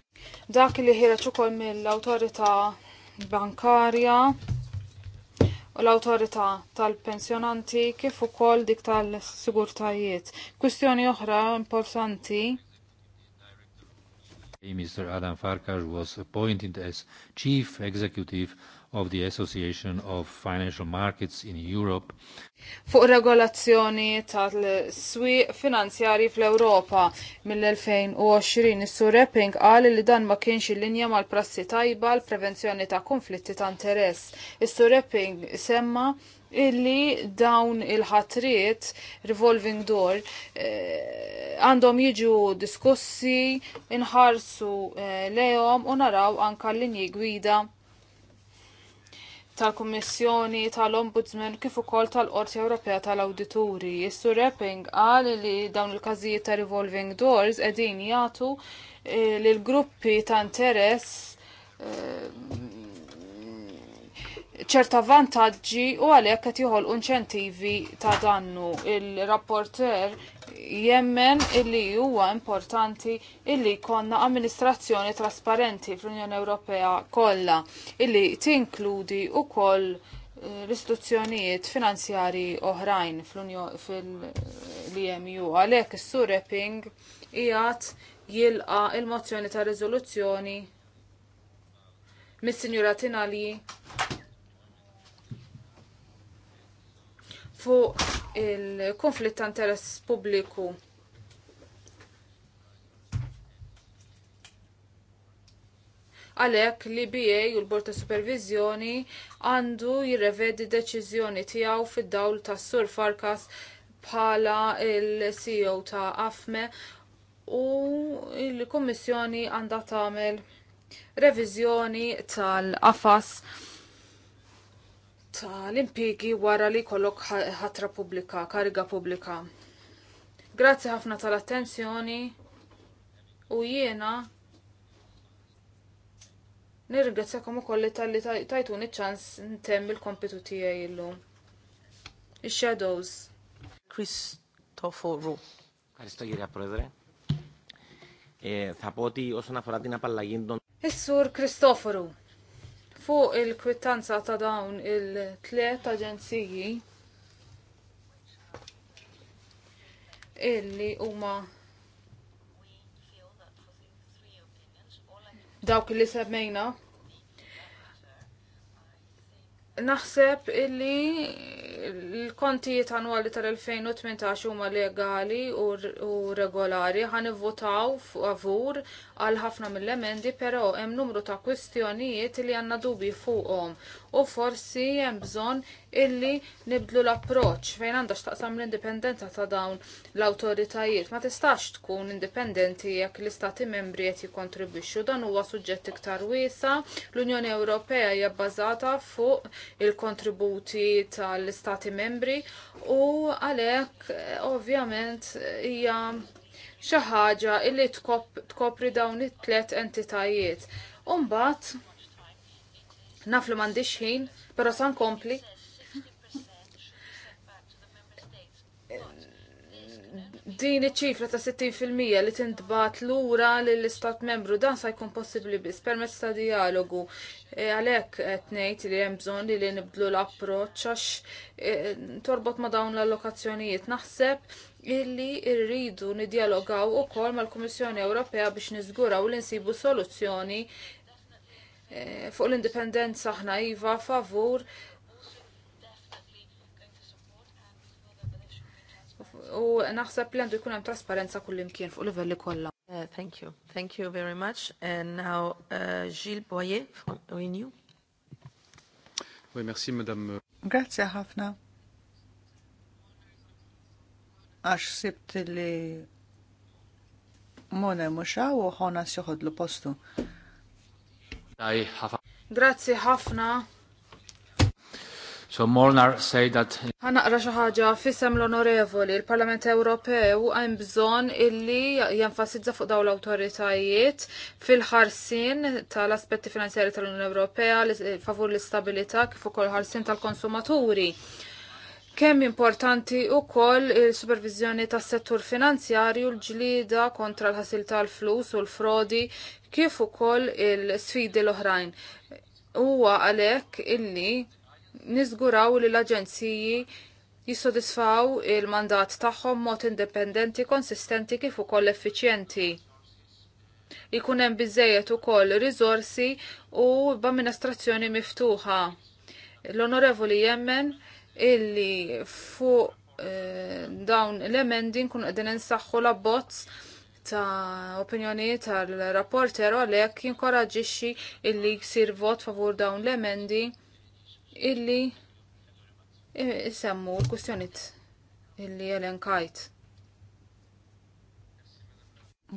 Dak li ħireġ ukoll mill-Awtorità Bankarja u l-Awtorità tal-Pensjonanti kif ukoll dik tal-Sigurtajiet. Kwistjoni oħra importanti Mr. Adam Farkas was appointed as Chief Executive of the Association of Financial Markets in Europe. Fuq regolazzjoni tal-swi finanzjari fl-Europa mill-2020 is-Sur Epping qal li dan ma kienx il-linja mal-prassi tajba l-prevenzjoni ta' konflitti ta' interess. Is-Sur Epping semma illi dawn il-ħatriet revolving door eh, għandhom eh, jiġu diskussi, inħarsu eh, lejom u naraw anka l-linji gwida tal-Kummissjoni tal-Ombudsman kif ukoll tal-Qorti Ewropea tal-Awdituri. is Repping Epping qal li dawn il-każijiet ta' revolving doors qegħdin jagħtu eh, lil gruppi ta' interess eh, ċerta vantaġġi u għalhekk qed joħolqu inċentivi ta' dannu. Il-rapporter jemmen illi huwa importanti illi konna amministrazzjoni trasparenti fl-Unjoni Ewropea kollha illi tinkludi wkoll eh, l-istituzzjonijiet finanzjari oħrajn fil-EMU. Għalhekk is-Sur Epping qiegħed jilqa il-mozzjoni ta' riżoluzzjoni mis-Sinjura Tinali fuq il-konflitt ta' interess pubbliku. Għalhekk li BA u l-Bord ta' Supervizjoni għandu jirrevedi deċiżjoni tiegħu fid-dawl ta' Sur Farkas bħala il-CEO ta' AFME u l kummissjoni għandha tagħmel reviżjoni tal afas l impigi wara li kollok ħatra pubblika, kariga pubblika. Grazzi ħafna tal-attenzjoni u jiena nirringrazzjakom ukoll li tal-li tajtuni ċans ntemm il-kompitu tiegħi illum. Ix-Shadows. Kristoforu. Ευχαριστώ κύριε Πρόεδρε. Ε, θα πω ότι όσον αφορά την απαλλαγή των... Κριστόφορου fuq il-kwittanza ta' dawn il tlet aġenziji illi huma dawk li semmejna Naħseb illi l-kontijiet annwali tal-2018 huma legali u regolari ħan votaw favur għal ħafna mill-emendi, però hemm numru ta' kwistjonijiet li għandna dubi fuqhom u forsi hemm bżonn illi nibdlu l-approċċ fejn għandha x'taqsam l-indipendenza ta' dawn l-awtoritajiet. Ma tistax tkun indipendenti jekk l-istati membri qed jikkontribwixxu dan huwa suġġett iktar wiesa. L-Unjoni Ewropea hija bbażata fuq il-kontributi tal-istati membri u għalhekk ovvjament hija xi ħaġa illi tkopri dawn it-tlet entitajiet. Umbagħad Naflu mandiċ ħin, però san kompli. Din iċ-ċifra ta' 60% li tintbat lura lill-istat membru dan sa jkun possibbli biss permezz ta' dialogu. E, għalhekk qed ngħid li hemm bżonn li nibdlu l-approċċ għax e, torbot ma' dawn l-allokazzjonijiet naħseb illi rridu nidjalogaw ukoll mal-Kummissjoni Ewropea biex niżguraw li nsibu soluzzjoni Eh, fuq l-indipendenza ħna iva favur u naħseb li għandu jkun hemm trasparenza kullimkien fuq livelli kollha. Eh, thank you. Thank you very much. And now uh, Gilles Boyer from Renew. Oui, merci madame. Grazie ħafna. Għax sibt li Mona muxa u ħona joħodlu postu. Grazzi ħafna. So Molnar say that... xi ħaġa, fisem l-onorevoli, il-Parlament Ewropew hemm bżonn illi jenfasizza fuq daw l awtoritajiet fil-ħarsin tal-aspetti finanzjari tal-Unjoni Ewropea favur l istabilità kif ukoll ħarsin tal-konsumaturi. tal konsumaturi kemm importanti wkoll il-supervizjoni tas-settur finanzjarju l-ġlida kontra l-ħasil tal-flus u l-frodi kif ukoll il-sfidi l-oħrajn. Huwa għalhekk illi niżguraw li l-aġenziji jissodisfaw il-mandat tagħhom mod indipendenti, konsistenti kif ukoll effiċjenti. Ikun hemm biżejjed ukoll riżorsi u b'amministrazzjoni miftuħa. L-Onorevoli Jemmen illi fuq eh, dawn l-emendi nkun għedin insaħħu l bots ta' opinjoni tal-rapporter għalhekk jinkoraġixxi illi jsir vot favur dawn l-emendi illi eh, semmu l-kustjonit illi jelenkajt.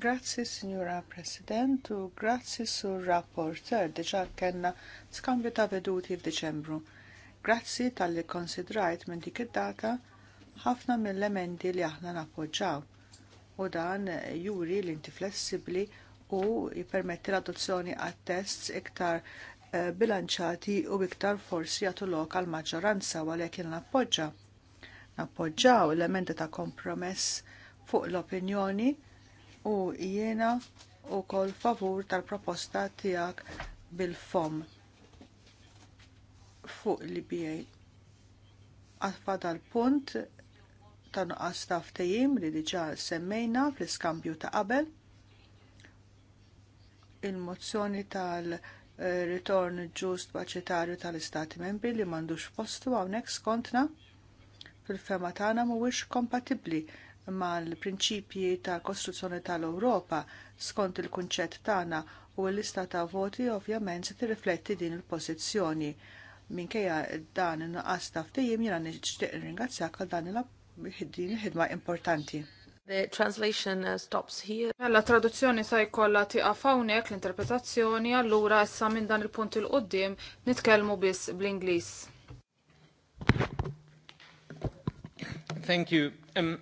Grazzi Signora President u grazzi sur rapporter diġa kenna skambju ta' veduti f'Diċembru. Grazzi tal-li konsidrajt minn dik id-data ħafna mill-elementi li aħna nappoġġaw u dan juri li inti flessibli u jipermetti l-adozzjoni għat tests iktar eh, bilanċati u iktar forsi għatu lokal maġġoranza għalek jena nappoġġa. Nappoġġaw elementi ta' kompromess fuq l-opinjoni u jiena u kol favur tal-proposta tijak bil-fom fuq l-BA. Għatfa dal-punt ta' nuqqas ta' ftejim li diġa semmejna fl-iskambju ta' qabel il-mozzjoni tal-ritorn ġust baċetarju tal-Istati membri li mandux postu għawnek skontna fil-fema tagħna mhuwiex kompatibbli mal-prinċipji tal-Kostruzzjoni tal-Ewropa skont il-kunċett tagħna u l-lista ta' voti ovvjament se tirrifletti din il-pożizzjoni minkejja dan in-nuqqas ta' ftehim jiena nixtieq nirringrazzjak għal dan il-ħidma importanti. The translation uh, stops here. Mela traduzzjoni sa jkollha tieqaf hawnhekk l-interpretazzjoni allura issa minn dan il-punt il qudiem nitkellmu biss bl-Ingliż. Thank you. Um,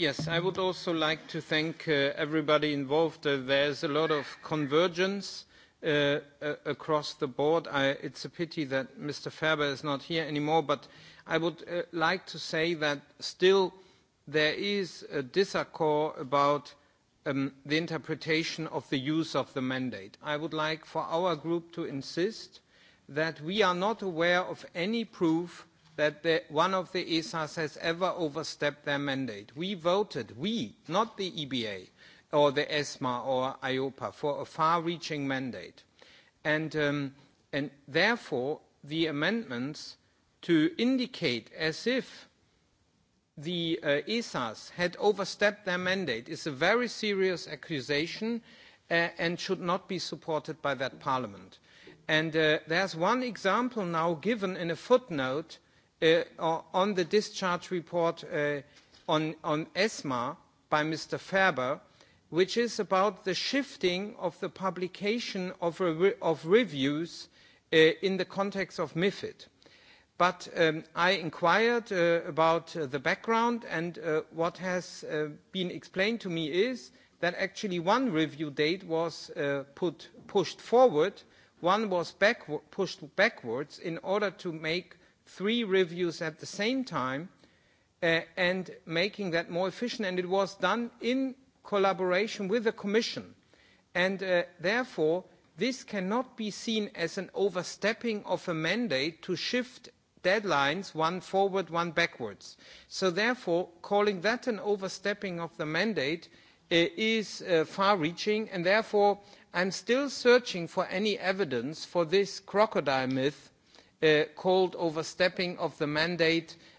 Yes, I would also like to thank uh, everybody involved. Uh, there's a lot of convergence Uh, uh, across the board. I, it's a pity that Mr. Ferber is not here anymore, but I would uh, like to say that still there is a disaccord about um, the interpretation of the use of the mandate. I would like for our group to insist that we are not aware of any proof that the, one of the ESAs has ever overstepped their mandate. We voted, we, not the EBA or the ESMA or IOPA for a far-reaching mandate. And, um, and therefore, the amendments to indicate as if the uh, ESAs had overstepped their mandate is a very serious accusation uh, and should not be supported by that parliament. And uh, there's one example now given in a footnote uh, on the discharge report uh, on, on ESMA by Mr. Ferber, which is about the shifting of the publication of, re of reviews uh, in the context of MIFID. But um, I inquired uh, about uh, the background and uh, what has uh, been explained to me is that actually one review date was uh, put, pushed forward, one was back, pushed backwards in order to make three reviews at the same time uh, and making that more efficient. And it was done in collaboration with the Commission. And uh, therefore, this cannot be seen as an overstepping of a mandate to shift deadlines, one forward, one backwards. So therefore, calling that an overstepping of the mandate uh, is uh, far-reaching, and therefore I'm still searching for any evidence for this crocodile myth uh, called overstepping of the mandate